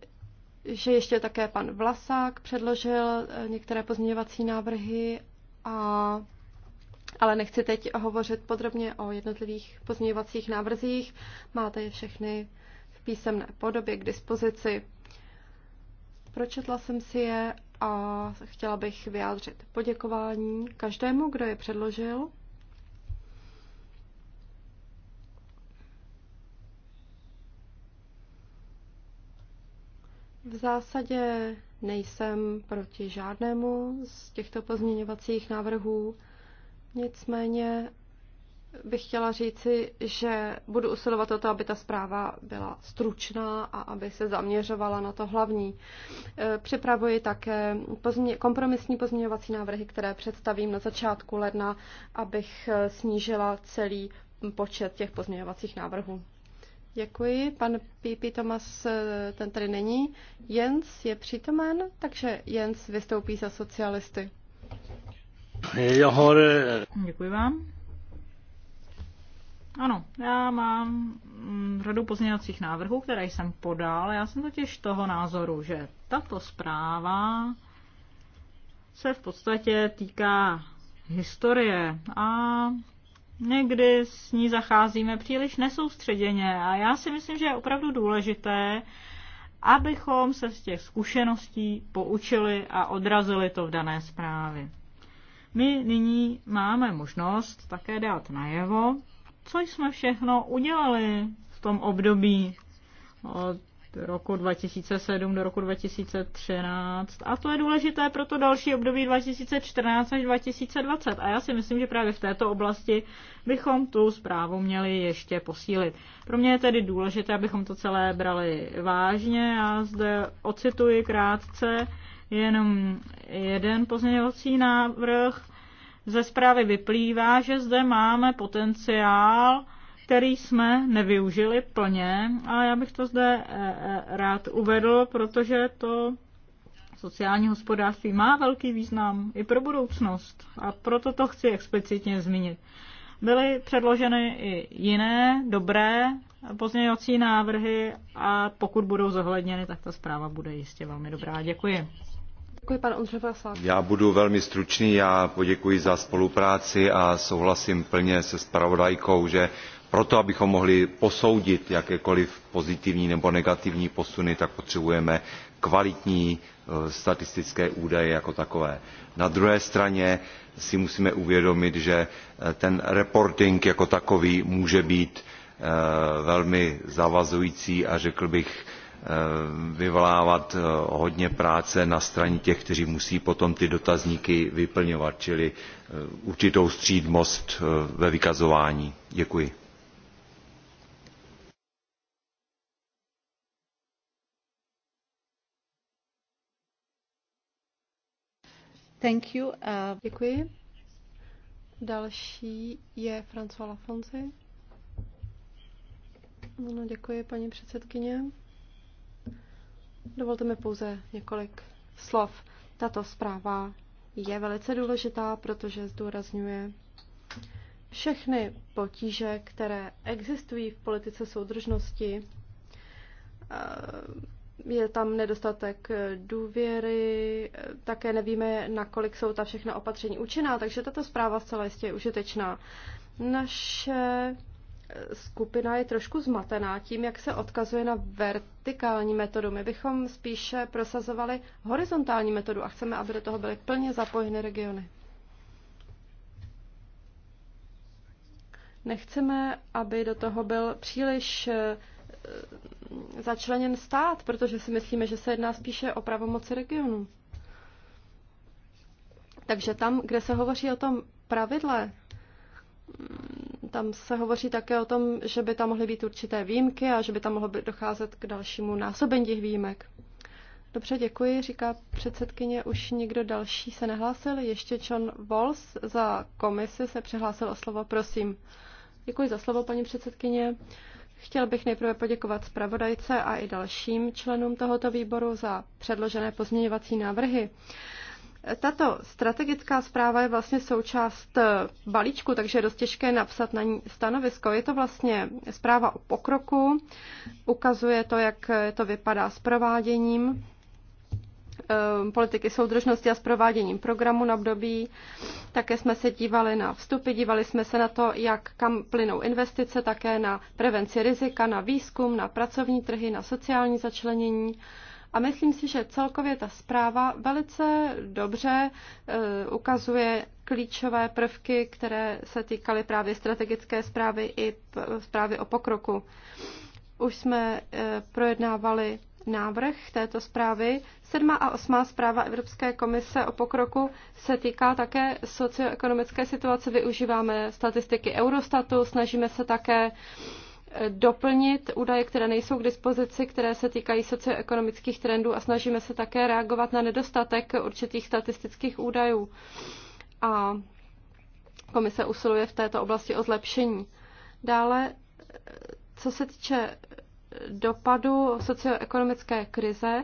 Speaker 2: že ještě také pan Vlasák předložil eh, některé pozměňovací návrhy, a, ale nechci teď hovořit podrobně o jednotlivých pozměňovacích návrzích. Máte je všechny v písemné podobě k dispozici. Pročetla jsem si je a chtěla bych vyjádřit poděkování každému, kdo je předložil V zásadě nejsem proti žádnému z těchto pozměňovacích návrhů, nicméně bych chtěla říci, že budu usilovat o to, aby ta zpráva byla stručná a aby se zaměřovala na to hlavní. E, připravuji také pozmě- kompromisní pozměňovací návrhy, které představím na začátku ledna, abych e, snížila celý počet těch pozměňovacích návrhů. Děkuji. Pan Pípí Tomas, eh, ten tady není. Jens je přítomen, takže Jens vystoupí za
Speaker 3: socialisty. Eh, Děkuji vám. Ano, já mám mm, řadu pozměňovacích návrhů, které jsem podal. Já jsem totiž toho názoru, že tato zpráva se v podstatě týká historie a Někdy s ní zacházíme příliš nesoustředěně a já si myslím, že je opravdu důležité, abychom se z těch zkušeností poučili a odrazili to v dané zprávě. My nyní máme možnost také dát najevo, co jsme všechno udělali v tom období od roku 2007 do roku 2013 a to je důležité pro to další období 2014 až 2020 a já si myslím, že právě v této oblasti bychom tu zprávu měli ještě posílit. Pro mě je tedy důležité, abychom to celé brali vážně a zde ocituji krátce jenom jeden pozměňovací návrh. Ze zprávy vyplývá, že zde máme potenciál který jsme nevyužili plně a já bych to zde eh, eh, rád uvedl, protože to sociální hospodářství má velký význam i pro budoucnost a proto to chci explicitně zmínit. Byly předloženy i jiné dobré pozměňovací návrhy a pokud budou zohledněny, tak ta zpráva bude jistě velmi dobrá. Děkuji. Děkuji, pan
Speaker 4: Já budu velmi stručný. Já poděkuji za spolupráci a souhlasím plně se spravodajkou, že proto abychom mohli posoudit jakékoliv pozitivní nebo negativní posuny tak potřebujeme kvalitní eh, statistické údaje jako takové. na druhé straně si musíme uvědomit že eh, ten reporting jako takový může být eh, velmi zavazující a řekl bych vyvolávat hodně práce na straně těch kteří musí potom ty dotazníky vyplňovat čili určitou střídmost ve vykazování. děkuji.
Speaker 2: Thank you. Uh... Děkuji. Další je François Lafonzi. No, děkuji, paní předsedkyně. Dovolte mi pouze několik slov. Tato zpráva je velice důležitá, protože zdůrazňuje všechny potíže, které existují v politice soudržnosti, eh, je tam nedostatek eh, důvěry, eh, také nevíme, nakolik jsou ta všechna opatření účinná, takže tato zpráva zcela jistě je užitečná. Naše eh, skupina je trošku zmatená tím, jak se odkazuje na vertikální metodu. My bychom spíše prosazovali horizontální metodu a chceme, aby do toho byly plně zapojeny regiony. Nechceme, aby do toho byl příliš začleněn stát, protože si myslíme, že se jedná spíše o pravomoci regionu. Takže tam, kde se hovoří o tom pravidle, mm, tam se hovoří také o tom, že by tam mohly být určité výjimky a že by tam mohlo být docházet k dalšímu násobení těch výjimek. Dobře, děkuji, říká předsedkyně. Už někdo další se nehlásil? Ještě John Walls za komisi se přihlásil o slovo, prosím. Děkuji za slovo, paní předsedkyně. Chtěl bych nejprve poděkovat zpravodajce a i dalším členům tohoto výboru za předložené pozměňovací návrhy. Tato strategická zpráva je vlastně součást balíčku, takže je dost těžké napsat na ní stanovisko. Je to vlastně zpráva o pokroku, ukazuje to, jak to vypadá s prováděním Ehm, politiky soudržnosti a s prováděním programu na období. Také jsme se dívali na vstupy, dívali jsme se na to, jak kam plynou investice, také na prevenci rizika, na výzkum, na pracovní trhy, na sociální začlenění. A myslím si, že celkově ta zpráva velice dobře eh, ukazuje klíčové prvky, které se týkaly právě strategické zprávy i zprávy o pokroku. Už jsme eh, projednávali návrh této zprávy. sedma a osmá zpráva Evropské komise o pokroku se týká také socioekonomické situace. Využíváme statistiky Eurostatu, snažíme se také eh, doplnit údaje, které nejsou k dispozici, které se týkají socioekonomických trendů a snažíme se také reagovat na nedostatek určitých statistických údajů. A komise usiluje v této oblasti o zlepšení. Dále, eh, co se týče dopadu socioekonomické krize,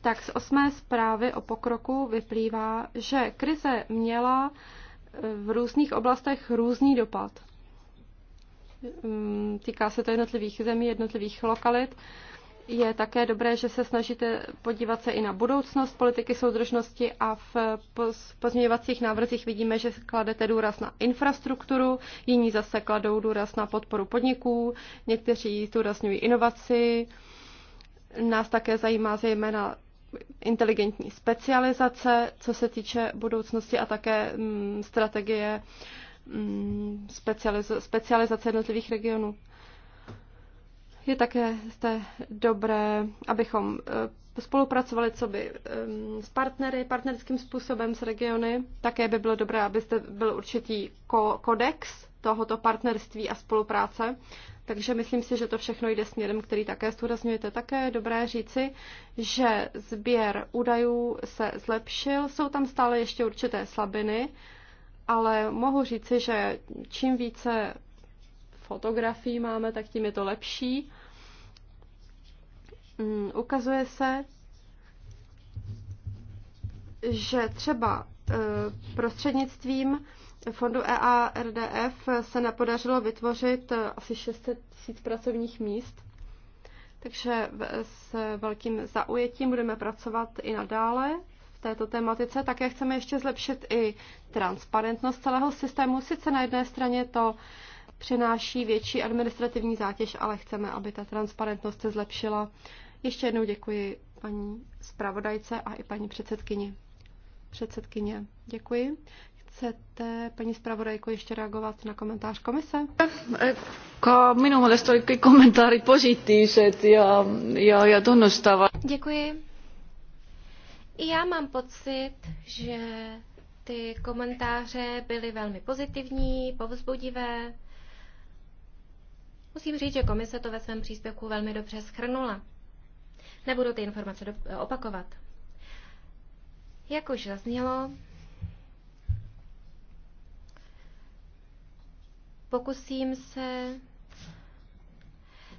Speaker 2: tak z osmé zprávy o pokroku vyplývá, že krize měla e, v různých oblastech různý dopad. Mm, týká se to jednotlivých zemí, jednotlivých lokalit je také dobré, že se snažíte podívat se i na budoucnost politiky soudržnosti a v pozměňovacích návrzích vidíme, že kladete důraz na infrastrukturu, jiní zase kladou důraz na podporu podniků, někteří zdůrazňují inovaci. Nás také zajímá zejména inteligentní specializace, co se týče budoucnosti a také mm, strategie mm, specializace jednotlivých regionů. Je také zde dobré, abychom eh, spolupracovali co by ehm, s partnery, partnerským způsobem s regiony. Také by bylo dobré, abyste byl určitý ko- kodex tohoto partnerství a spolupráce. Takže myslím si, že to všechno jde směrem, který také zdůrazňujete. Také je dobré říci, že sběr údajů se zlepšil, jsou tam stále ještě určité slabiny, ale mohu říci, že čím více fotografií máme, tak tím je to lepší. Mm, ukazuje se, že třeba e, prostřednictvím fondu EARDF se nepodařilo vytvořit e, asi 600 tisíc pracovních míst, takže s velkým zaujetím budeme pracovat i nadále v této tematice. Také chceme ještě zlepšit i transparentnost celého systému. Sice na jedné straně to přináší větší administrativní zátěž, ale chceme, aby ta transparentnost se zlepšila. Ještě jednou děkuji paní zpravodajce a i paní předsedkyni. Předsedkyně, děkuji. Chcete, paní zpravodajko, ještě reagovat na komentář komise?
Speaker 3: Ka minu meelest olid pozitivní, kommentaarid Já, já, ja, ja
Speaker 1: Děkuji. Já mám pocit, že ty komentáře byly velmi pozitivní, povzbudivé. Musím říct, že komise to ve svém příspěvku velmi dobře schrnula. Nebudu ty informace eh, opakovat. Jak už zaznělo, pokusím se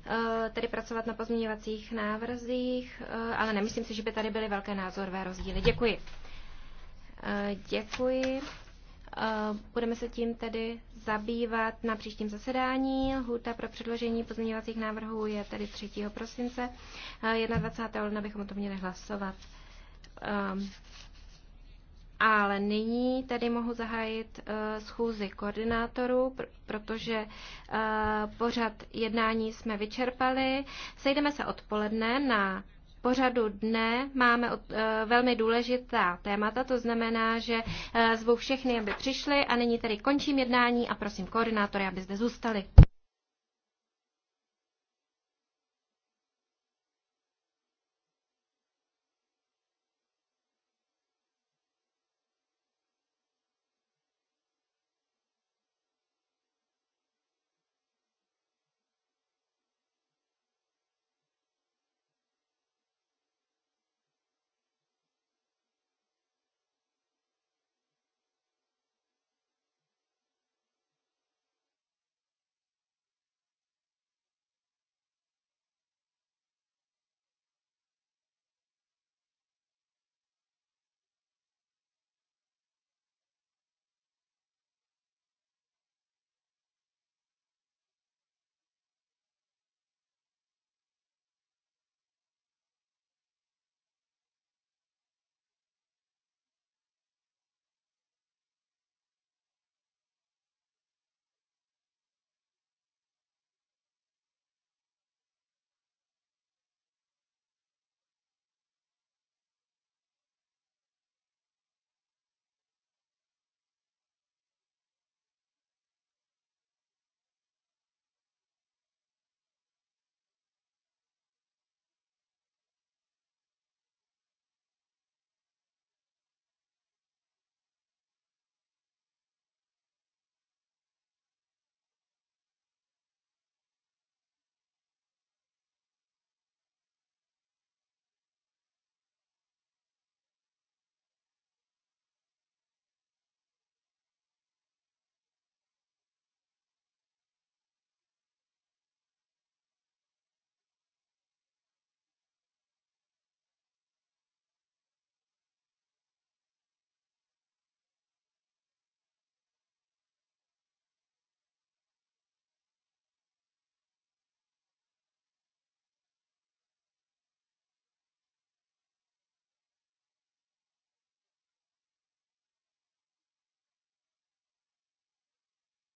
Speaker 1: eh, tedy pracovat na pozměňovacích návrzích, eh, ale nemyslím si, že by tady byly velké názorové rozdíly. Děkuji. Děkuji. Eh, budeme se tím tedy zabývat na příštím zasedání. Lhůta pro předložení pozměňovacích návrhů je tedy 3. prosince. 21. Eh, ledna bychom o tom měli hlasovat. Ehm, ale nyní tady mohu zahájit uh, schůzi koordinátorů, pr- protože uh, pořad jednání jsme vyčerpali. Sejdeme se odpoledne na pořadu dne máme eh, velmi důležitá témata, to znamená, že eh, zvu všechny, aby přišli a nyní tedy končím jednání a prosím koordinátory, aby zde zůstali.